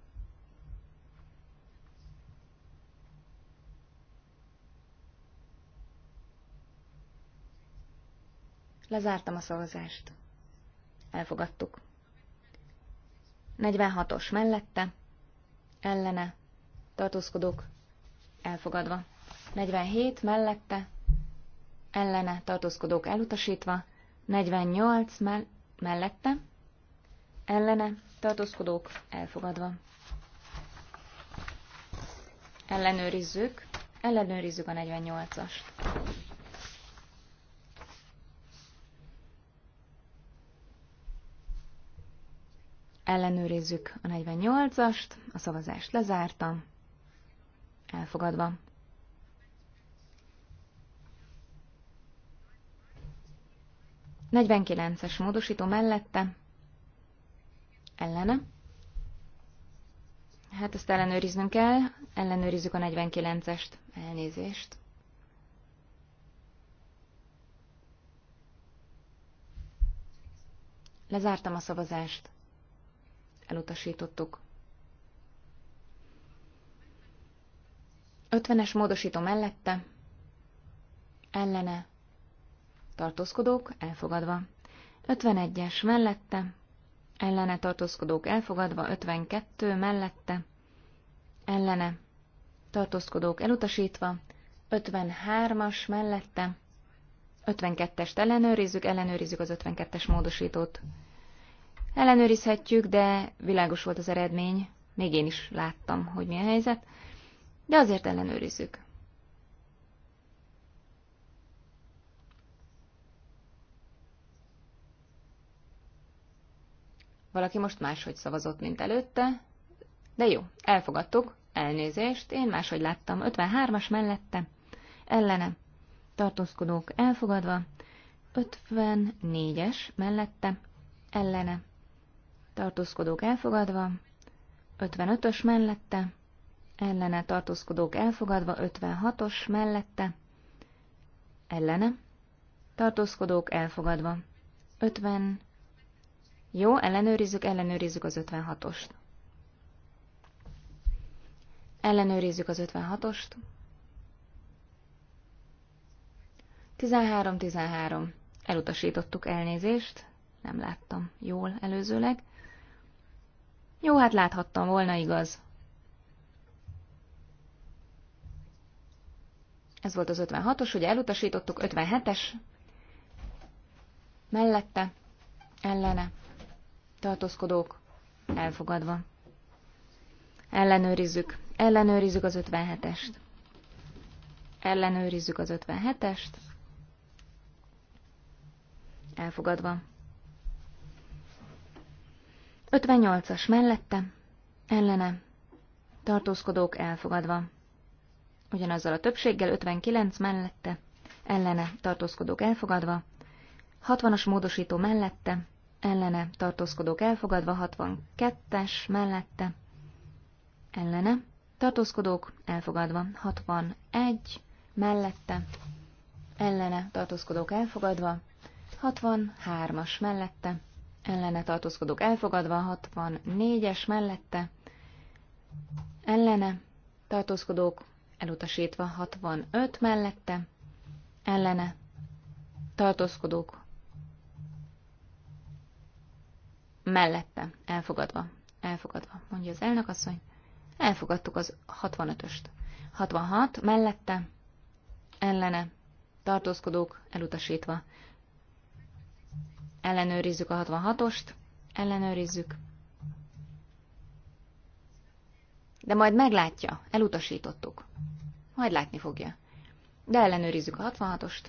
Lezártam a szavazást. Elfogadtuk. 46-os mellette, ellene, tartózkodók, elfogadva. 47 mellette, ellene, tartózkodók elutasítva. 48 mell mellette, ellene, tartózkodók elfogadva. Ellenőrizzük, ellenőrizzük a 48-ast. Ellenőrizzük a 48-ast, a szavazást lezártam, elfogadva. Negyvenkilences módosító mellette, ellene. Hát ezt ellenőriznünk kell, ellenőrizzük a 49-est, elnézést. Lezártam a szavazást. Elutasítottuk. 50-es módosító mellette, ellene, tartózkodók elfogadva. 51-es mellette, ellene tartózkodók elfogadva, 52 mellette, ellene tartózkodók elutasítva, 53-as mellette, 52-est ellenőrizzük, ellenőrizzük az 52-es módosítót. Ellenőrizhetjük, de világos volt az eredmény, még én is láttam, hogy mi a helyzet, de azért ellenőrizzük. Valaki most máshogy szavazott, mint előtte. De jó, elfogadtuk. Elnézést, én máshogy láttam. 53-as mellette. Ellene. Tartózkodók elfogadva. 54-es mellette. Ellene. Tartózkodók elfogadva. 55-ös mellette. Ellene tartózkodók elfogadva. 56-os mellette. Ellene. Tartózkodók elfogadva. 50 jó, ellenőrizzük, ellenőrizzük az 56-ost. Ellenőrizzük az 56-ost. 13-13. Elutasítottuk elnézést. Nem láttam jól előzőleg. Jó, hát láthattam volna, igaz. Ez volt az 56-os, ugye elutasítottuk, 57-es mellette, ellene tartózkodók, elfogadva. Ellenőrizzük. Ellenőrizzük az 57-est. Ellenőrizzük az 57-est. Elfogadva. 58-as mellette, ellene, tartózkodók elfogadva. Ugyanazzal a többséggel 59 mellette, ellene, tartózkodók elfogadva, 60-as módosító mellette, ellene tartózkodók elfogadva, 62-es mellette ellene tartózkodók elfogadva, 61 mellette ellene tartózkodók elfogadva, 63-as mellette ellene tartózkodók elfogadva, 64-es mellette ellene tartózkodók elutasítva, 65 mellette ellene tartózkodók mellette, elfogadva, elfogadva, mondja az elnök asszony. Elfogadtuk az 65-öst. 66 mellette, ellene, tartózkodók elutasítva. Ellenőrizzük a 66-ost, ellenőrizzük. De majd meglátja, elutasítottuk. Majd látni fogja. De ellenőrizzük a 66-ost.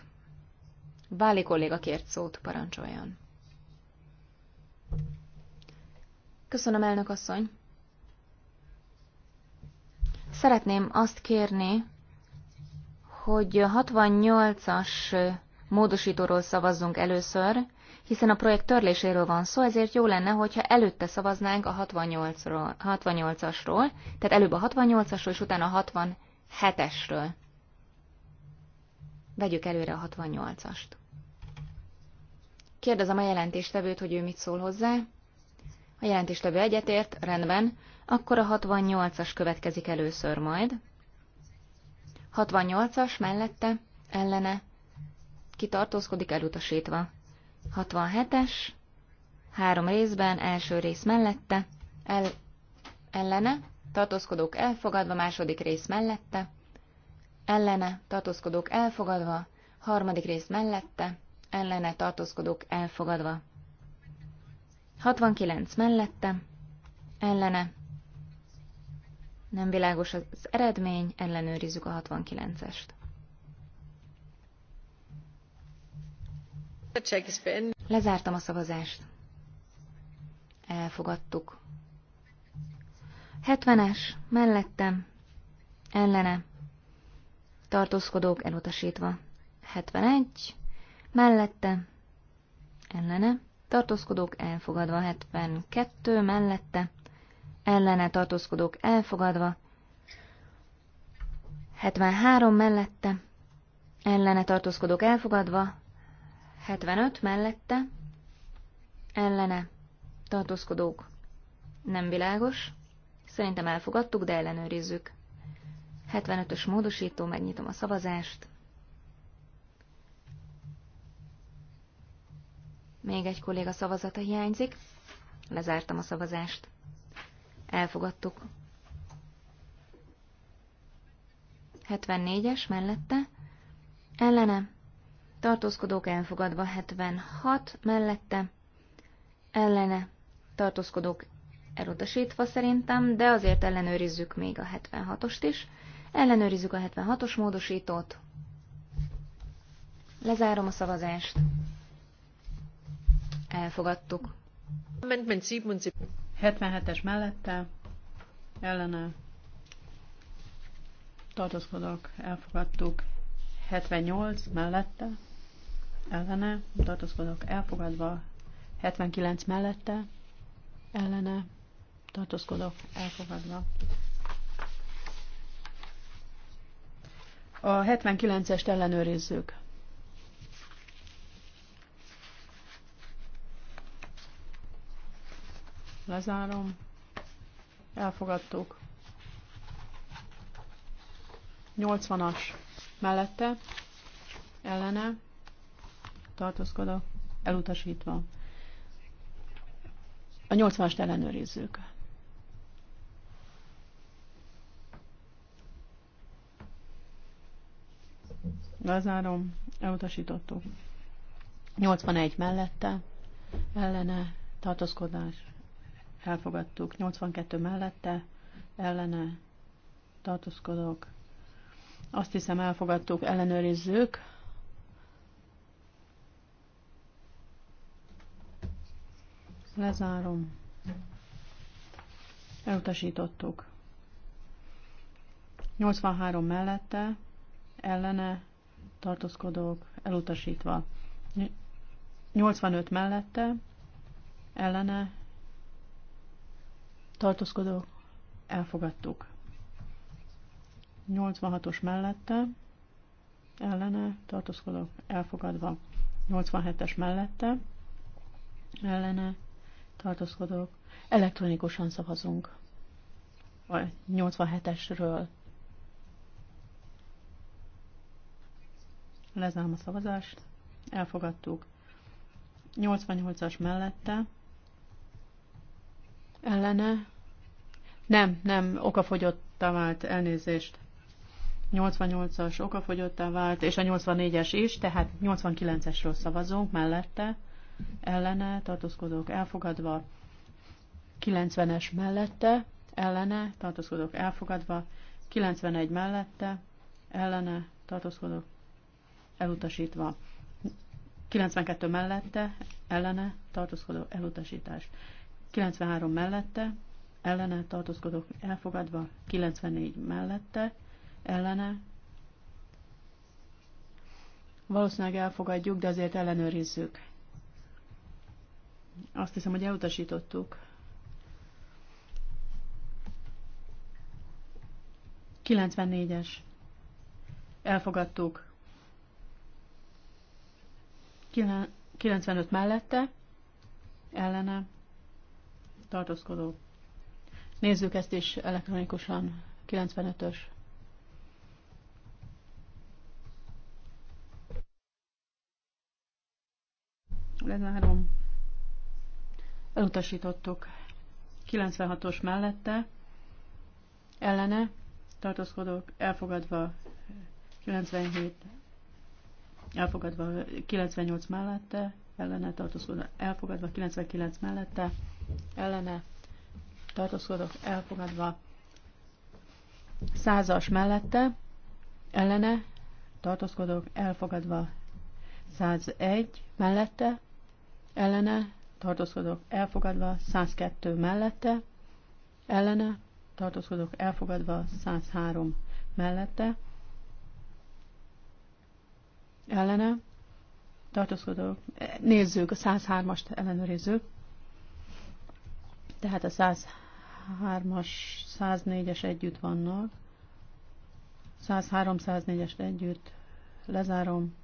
Báli kolléga kért szót, parancsoljon. Köszönöm, elnök asszony. Szeretném azt kérni, hogy 68-as módosítóról szavazzunk először, hiszen a projekt törléséről van szó, ezért jó lenne, hogyha előtte szavaznánk a 68-asról, 68 tehát előbb a 68-asról, és utána a 67-esről. Vegyük előre a 68-ast. Kérdezem a jelentéstevőt, hogy ő mit szól hozzá. A jelentéstevő egyetért, rendben. Akkor a 68-as következik először majd. 68-as mellette, ellene, kitartózkodik elutasítva. 67-es, három részben, első rész mellette, el, ellene, tartózkodók elfogadva, második rész mellette, ellene, tartózkodók elfogadva, harmadik rész mellette, ellene tartózkodók elfogadva. 69 mellette, ellene. Nem világos az eredmény, ellenőrizzük a 69-est. Lezártam a szavazást. Elfogadtuk. 70-es, mellettem, ellene. Tartózkodók elutasítva. 71, mellette, ellene tartózkodók elfogadva, 72 mellette, ellene tartózkodók elfogadva, 73 mellette, ellene tartózkodók elfogadva, 75 mellette, ellene tartózkodók nem világos, szerintem elfogadtuk, de ellenőrizzük. 75-ös módosító, megnyitom a szavazást. Még egy kolléga szavazata hiányzik. Lezártam a szavazást. Elfogadtuk. 74-es mellette. Ellene. Tartózkodók elfogadva 76 mellette. Ellene. Tartózkodók elutasítva szerintem, de azért ellenőrizzük még a 76-ost is. Ellenőrizzük a 76-os módosítót. Lezárom a szavazást. Elfogadtuk. 77-es mellette, ellene tartózkodok, elfogadtuk. 78 mellette, ellene tartózkodok, elfogadva. 79 mellette, ellene tartózkodok, elfogadva. A 79-est ellenőrizzük. Lezárom. Elfogadtuk. 80-as mellette, ellene, tartózkodok, elutasítva. A 80-ast ellenőrizzük. Lezárom, elutasítottuk. 81 mellette, ellene, tartózkodás, elfogadtuk. 82 mellette, ellene, tartózkodók. Azt hiszem elfogadtuk, ellenőrizzük. Lezárom. Elutasítottuk. 83 mellette, ellene, tartózkodók, elutasítva. 85 mellette, ellene, tartózkodók, elfogadtuk. 86-os mellette, ellene, tartózkodók, elfogadva. 87-es mellette, ellene, tartózkodók, elektronikusan szavazunk. 87-esről lezárom a szavazást, elfogadtuk. 88-as mellette, ellene. Nem, nem, okafogyottá vált elnézést. 88-as okafogyottá vált, és a 84-es is, tehát 89-esről szavazunk mellette, ellene, tartózkodók elfogadva, 90-es mellette, ellene, tartózkodók elfogadva, 91 mellette, ellene, tartózkodók elutasítva, 92 mellette, ellene, tartózkodó elutasítás. 93 mellette, ellene tartózkodok elfogadva, 94 mellette, ellene. Valószínűleg elfogadjuk, de azért ellenőrizzük. Azt hiszem, hogy elutasítottuk. 94-es. Elfogadtuk. 95 mellette, ellene tartózkodó. Nézzük ezt is elektronikusan. 95-ös. Lezárom. Elutasítottuk. 96-os mellette. Ellene. Tartózkodók. Elfogadva. 97. Elfogadva. 98 mellette. Ellene tartózkodók. Elfogadva. 99 mellette ellene tartózkodok elfogadva. Százas mellette ellene tartózkodok elfogadva. 101 mellette ellene tartózkodok elfogadva. 102 mellette ellene tartózkodok elfogadva. 103 mellette ellene tartózkodok. Nézzük, a 103-ast ellenőrizzük. Tehát a 103-as, 104-es együtt vannak. 103, 104-est együtt lezárom.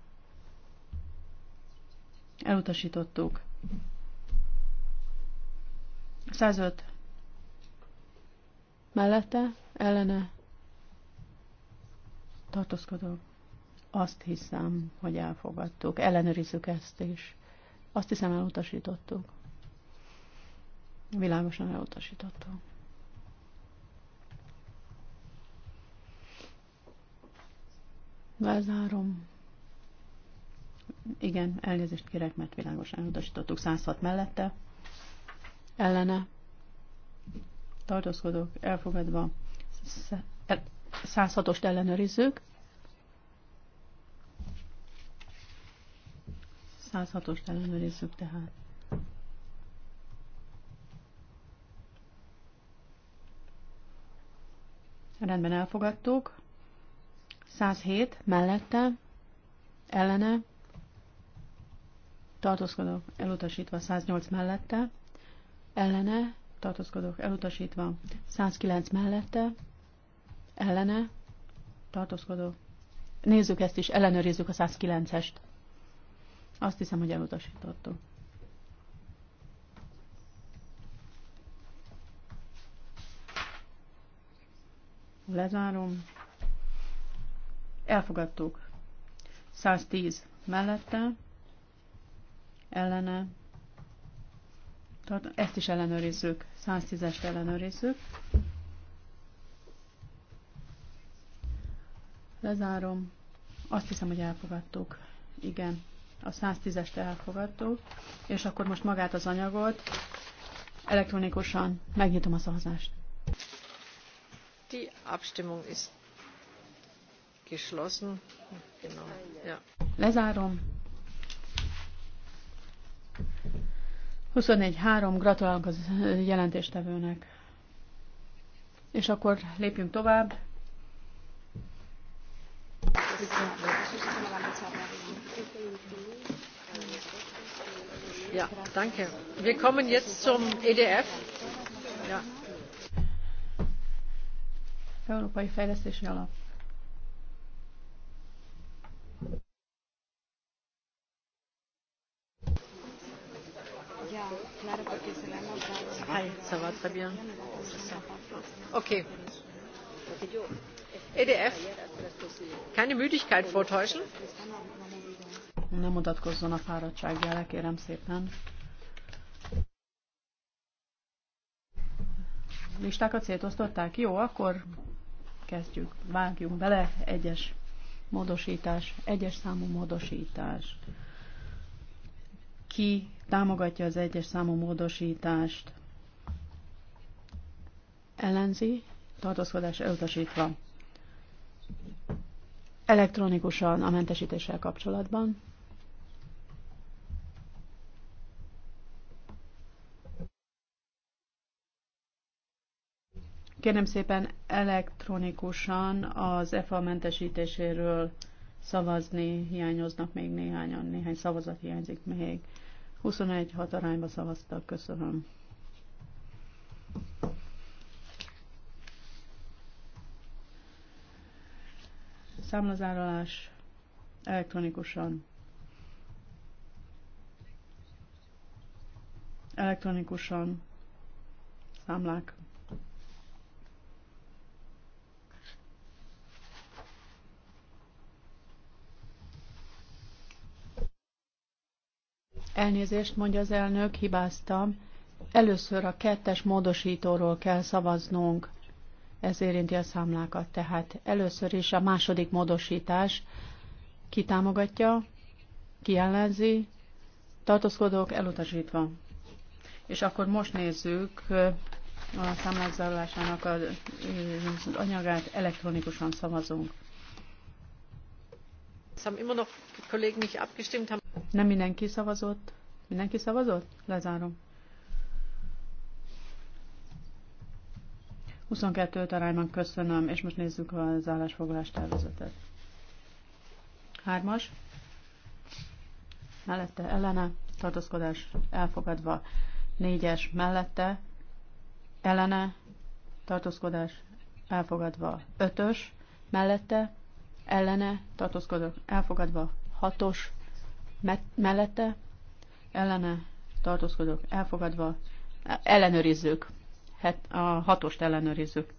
Elutasítottuk. 105. Mellette, ellene tartózkodok. Azt hiszem, hogy elfogadtuk. Ellenőrizzük ezt is. Azt hiszem, elutasítottuk. Világosan elutasítottuk. Lezárom. Igen, elnézést kérek, mert világosan elutasítottuk. 106 mellette. Ellene. Tartózkodok, elfogadva. 106-ost ellenőrizzük. 106-ost ellenőrizzük tehát. Rendben elfogadtuk. 107 mellette, ellene, tartózkodok elutasítva 108 mellette, ellene, tartózkodok elutasítva 109 mellette, ellene, tartózkodok. Nézzük ezt is, ellenőrizzük a 109-est. Azt hiszem, hogy elutasítottuk. Lezárom. Elfogadtuk. 110 mellette, ellene, ezt is ellenőrizzük, 110-est ellenőrizzük. Lezárom. Azt hiszem, hogy elfogadtuk. Igen, a 110-est elfogadtuk. És akkor most magát az anyagot elektronikusan megnyitom a szavazást. Die Abstimmung ist geschlossen. Genau. Ja. Lezárom. 24-3, gratulálok az jelentéstevőnek. És akkor lépjünk tovább. Ja, danke. Wir kommen jetzt zum EDF. Ja. Európai Fejlesztési Alap. Okay. EDF, keine Müdigkeit vortäuschen. Nem mutatkozzon a fáradtság jele, kérem szépen. Listákat szétosztották? Jó, akkor kezdjük, vágjunk bele, egyes módosítás, egyes számú módosítás. Ki támogatja az egyes számú módosítást? Ellenzi, tartózkodás elutasítva. Elektronikusan a mentesítéssel kapcsolatban. Kérem szépen elektronikusan az EFA mentesítéséről szavazni hiányoznak még néhányan, néhány szavazat hiányzik még. 21 hat arányba szavaztak, köszönöm. Számlazárolás elektronikusan. Elektronikusan számlák. Elnézést, mondja az elnök, hibáztam. Először a kettes módosítóról kell szavaznunk. Ez érinti a számlákat. Tehát először is a második módosítás. Ki támogatja, ki ellenzi, tartózkodók elutasítva. És akkor most nézzük a számlázzalásának az anyagát, elektronikusan szavazunk. Nem mindenki szavazott. Mindenki szavazott? Lezárom. 22 arányban köszönöm, és most nézzük az állásfoglalás tervezetet. Hármas. Mellette ellene, tartózkodás elfogadva. Négyes mellette, ellene, tartózkodás elfogadva. Ötös mellette, ellene tartózkodok elfogadva, hatos mellette, ellene tartózkodok elfogadva, ellenőrizzük, het, a hatost ellenőrizzük.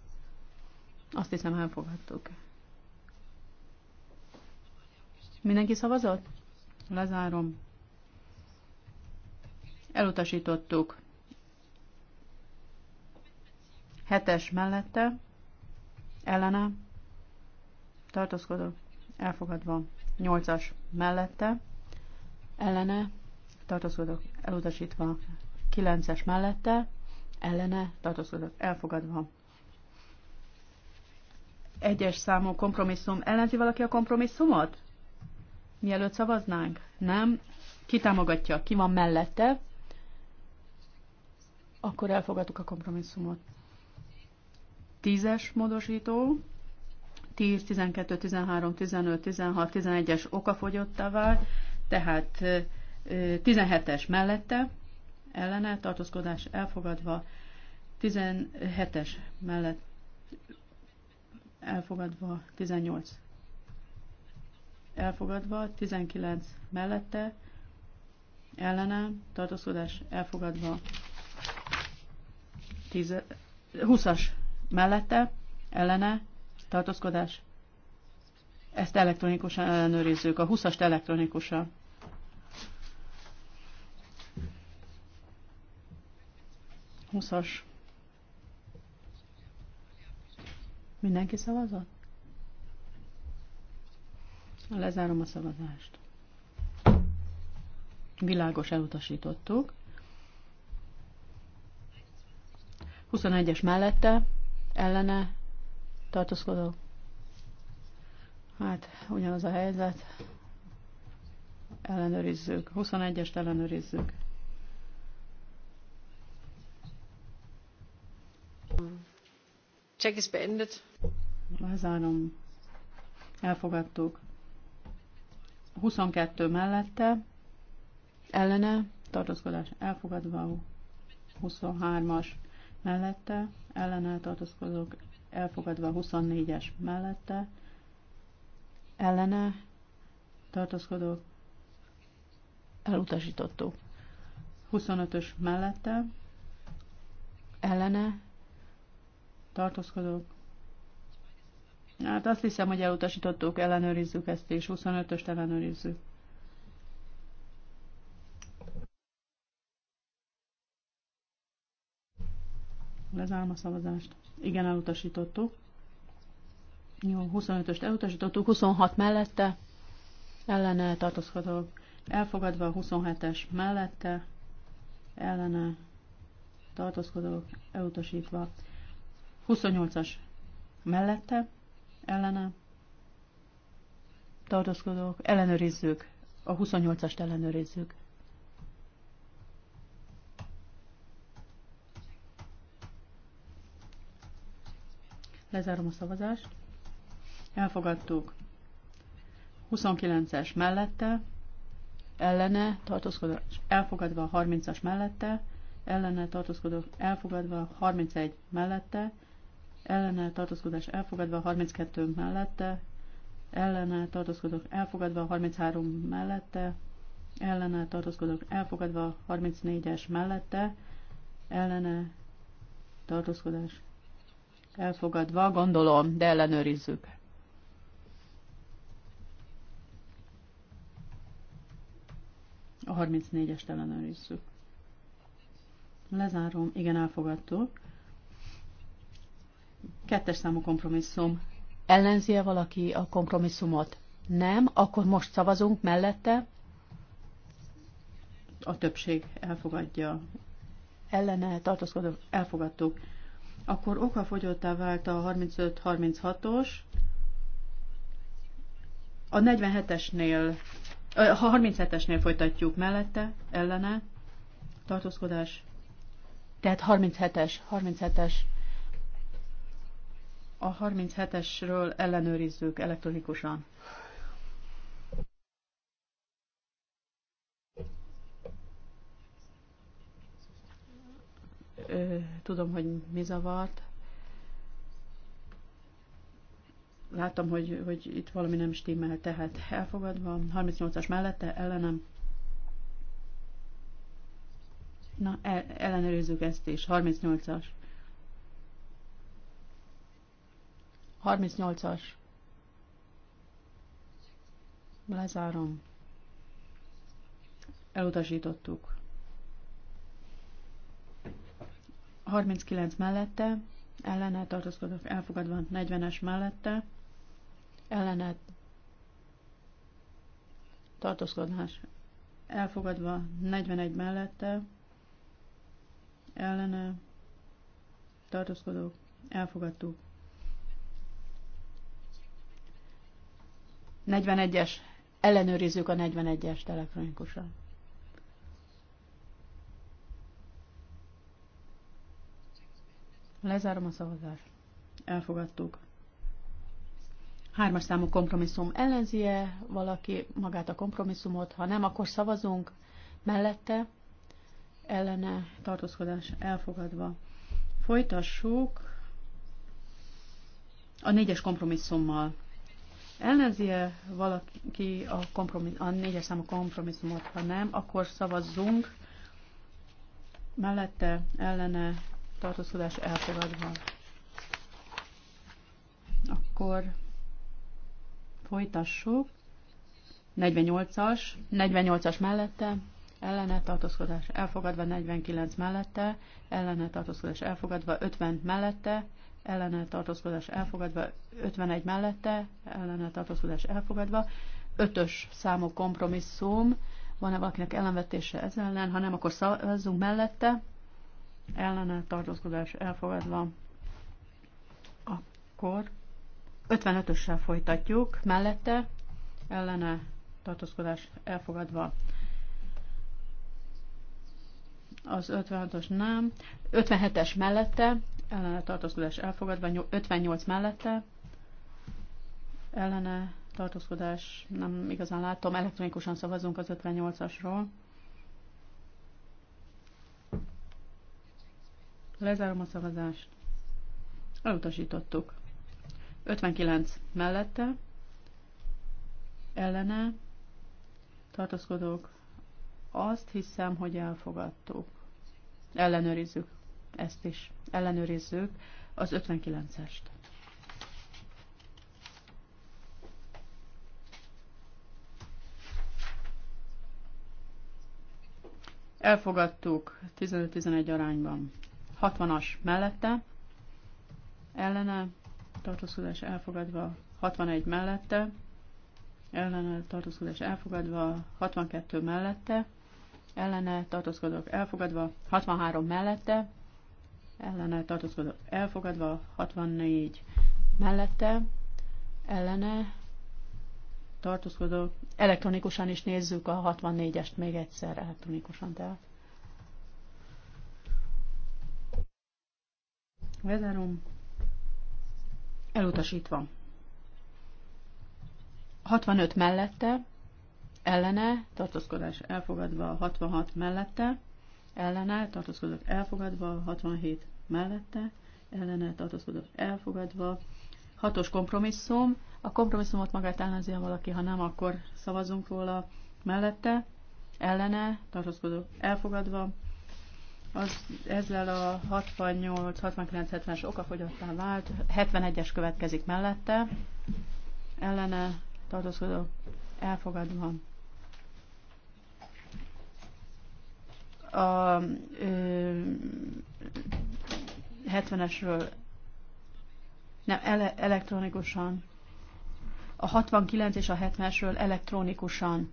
Azt hiszem elfogadtuk. Mindenki szavazott? Lezárom. Elutasítottuk. Hetes mellette, ellene, tartózkodó, elfogadva 8-as mellette, ellene tartózkodók elutasítva 9-es mellette, ellene tartózkodók elfogadva. Egyes számú kompromisszum. Ellenzi valaki a kompromisszumot? Mielőtt szavaznánk? Nem. Ki támogatja? Ki van mellette? Akkor elfogadtuk a kompromisszumot. Tízes módosító 10, 12, 13, 15, 16, 11-es okafogyottá vál, tehát 17-es mellette ellene tartózkodás elfogadva, 17-es mellett elfogadva, 18 elfogadva, 19 mellette ellene tartózkodás elfogadva, 10, 20-as mellette ellene Tartózkodás. Ezt elektronikusan ellenőrizzük. A 20-ast elektronikusan. Huszas. Mindenki szavazott? Lezárom a szavazást. Világos elutasítottuk. 21-es mellette, ellene, tartózkodó. Hát, ugyanaz a helyzet. Ellenőrizzük. 21-est ellenőrizzük. Check is beendet. Lezárom. Elfogadtuk. 22 mellette, ellene, tartózkodás elfogadva, 23-as mellette, ellene tartózkodók elfogadva 24-es mellette, ellene tartózkodók elutasítottuk. 25-ös mellette, ellene tartózkodók. Hát azt hiszem, hogy elutasítottuk, ellenőrizzük ezt, és 25-öst ellenőrizzük. Lezárom a szavazást. Igen, elutasítottuk. Jó, 25-öst elutasítottuk, 26 mellette, ellene tartózkodók. Elfogadva a 27-es mellette, ellene tartózkodók, elutasítva. 28-as mellette, ellene tartózkodók, ellenőrizzük, a 28-ast ellenőrizzük. Lezárom a szavazást. Elfogadtuk. 29-es mellette, ellene tartózkodás elfogadva 30-as mellette, ellene tartózkodás elfogadva 31 mellette, ellene tartózkodás elfogadva 32 mellette, ellene tartózkodók elfogadva 33 mellette, ellene tartózkodók elfogadva 34-es mellette, ellene tartózkodás Elfogadva, gondolom, de ellenőrizzük. A 34-est ellenőrizzük. Lezárom, igen, elfogadtuk. Kettes számú kompromisszum. ellenzi -e valaki a kompromisszumot? Nem, akkor most szavazunk mellette. A többség elfogadja. Ellene tartózkodó elfogadtuk akkor okafogyottá vált a 35-36-os. A 47-esnél, a 37-esnél folytatjuk mellette, ellene, tartózkodás. Tehát 37-es, 37-es. A 37-esről ellenőrizzük elektronikusan. tudom, hogy mi zavart. Láttam, hogy, hogy itt valami nem stimmel, tehát elfogadva. 38-as mellette, ellenem. Na, el, ellenőrizzük ezt is. 38-as. 38-as. Lezárom. Elutasítottuk. 39 mellette, ellene tartózkodók elfogadva 40-es mellette, ellene tartózkodás elfogadva 41 mellette, ellene tartózkodók elfogadtuk. 41-es, ellenőrizzük a 41 es telefonikusan. Lezárom a szavazást. Elfogadtuk. Hármas számú kompromisszum ellenzie valaki magát a kompromisszumot, ha nem, akkor szavazunk mellette, ellene tartózkodás elfogadva. Folytassuk a négyes kompromisszummal. Ellenzie valaki a, a négyes számú kompromisszumot, ha nem, akkor szavazzunk mellette, ellene tartózkodás elfogadva. Akkor folytassuk. 48-as, 48-as mellette, ellene tartózkodás elfogadva, 49 mellette, ellene tartózkodás elfogadva, 50 mellette, ellene tartózkodás elfogadva, 51 mellette, ellene tartózkodás elfogadva, 5-ös számú kompromisszum, van-e valakinek ellenvetése ez ellen, ha nem, akkor szavazzunk mellette, ellene tartózkodás elfogadva. Akkor 55-össel folytatjuk, mellette ellene tartózkodás elfogadva. Az 56-os nem, 57-es mellette ellene tartózkodás elfogadva, 58 mellette ellene tartózkodás, nem igazán látom, elektronikusan szavazunk az 58-asról. Lezárom a szavazást. Elutasítottuk. 59 mellette, ellene, tartózkodók. Azt hiszem, hogy elfogadtuk. Ellenőrizzük ezt is. Ellenőrizzük az 59-est. Elfogadtuk 15-11 arányban. 60-as mellette, ellene tartózkodás elfogadva 61 mellette, ellene tartózkodás elfogadva 62 mellette, ellene tartózkodok elfogadva 63 mellette, ellene tartózkodok elfogadva 64 mellette, ellene tartózkodok, Elektronikusan is nézzük a 64-est még egyszer elektronikusan, tehát. Lezárom. Elutasítva. 65 mellette, ellene, tartózkodás elfogadva, 66 mellette, ellene, tartózkodás elfogadva, 67 mellette, ellene, tartózkodás elfogadva, hatos kompromisszum. A kompromisszumot magát ellenzi, ha valaki, ha nem, akkor szavazunk róla mellette, ellene, tartózkodó elfogadva, az, ezzel a 68-69-70-es okafogyottá vált, 71-es következik mellette, ellene tartózkodó elfogadva. A ö, 70-esről nem, ele, elektronikusan. A 69 és a 70-esről elektronikusan.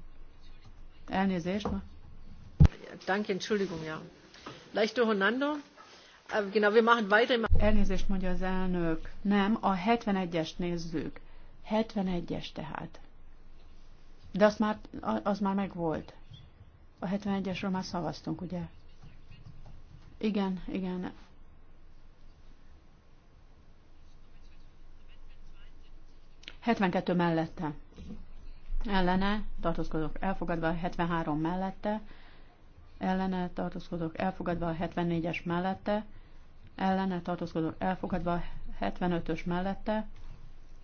Elnézést. ma. Danke, Entschuldigung, ja. Äh, Elnézést mondja az elnök. Nem, a 71-est nézzük. 71-es tehát. De az már, az már megvolt. A 71-esről már szavaztunk, ugye? Igen, igen. Hetvenkettő mellette. Ellene, tartózkodok elfogadva, 73 mellette ellene tartózkodok elfogadva a 74-es mellette, ellene tartózkodok elfogadva a 75-ös mellette,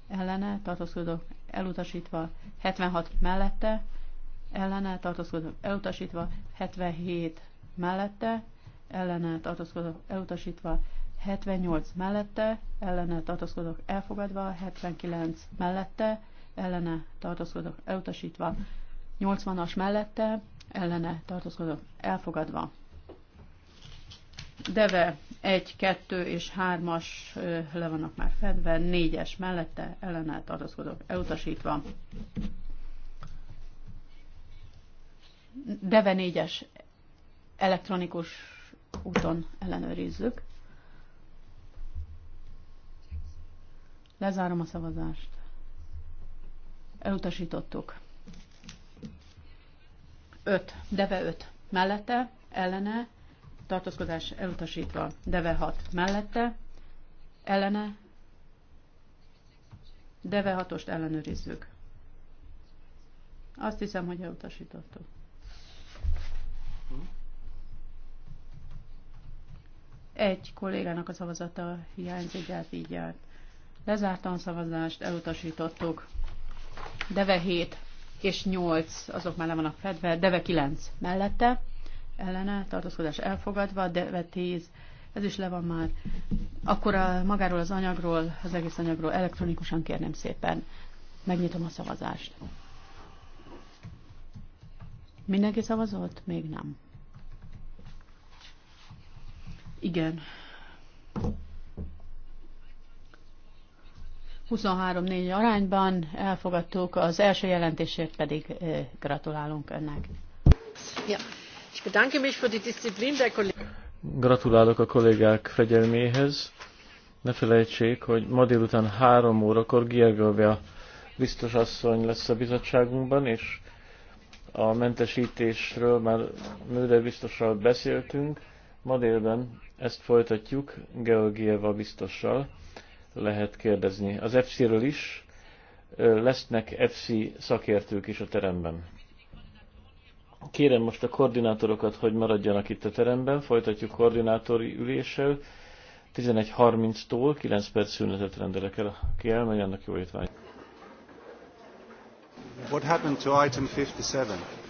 ellene tartózkodok elutasítva 76 mellette, ellene tartózkodok elutasítva 77 mellette, ellene tartózkodok elutasítva 78 mellette, ellene tartózkodok elfogadva 79 mellette, ellene tartózkodok elutasítva 80-as mellette, ellene tartózkodó elfogadva. Deve 1, 2 és 3-as le vannak már fedve, 4-es mellette ellene tartózkodó elutasítva. Deve 4-es elektronikus úton ellenőrizzük. Lezárom a szavazást. Elutasítottuk. 5, deve 5 mellette, ellene, tartózkodás elutasítva, deve 6 mellette, ellene, deve 6-ost ellenőrizzük. Azt hiszem, hogy elutasítottuk. Egy kollégának a szavazata hiányzik, de hát így járt. Lezártam a szavazást, elutasítottuk. Deve 7 és 8, azok már le vannak fedve, Deve 9 mellette, ellene, tartózkodás elfogadva, Deve 10, ez is le van már. Akkor a, magáról az anyagról, az egész anyagról elektronikusan kérném szépen. Megnyitom a szavazást. Mindenki szavazott? Még nem. Igen. 23-4 arányban elfogadtuk, az első jelentésért pedig gratulálunk önnek. Gratulálok a kollégák fegyelméhez. Ne felejtsék, hogy ma délután három órakor Gergővja biztos asszony lesz a bizottságunkban, és a mentesítésről már nőre biztossal beszéltünk. Ma délben ezt folytatjuk Georgieva biztossal lehet kérdezni. Az EFSI-ről is lesznek EFSI szakértők is a teremben. Kérem most a koordinátorokat, hogy maradjanak itt a teremben. Folytatjuk koordinátori üléssel. 11.30-tól 9 perc szünetet rendelek el. Aki elmegy, annak jó étvágy. What happened to item 57?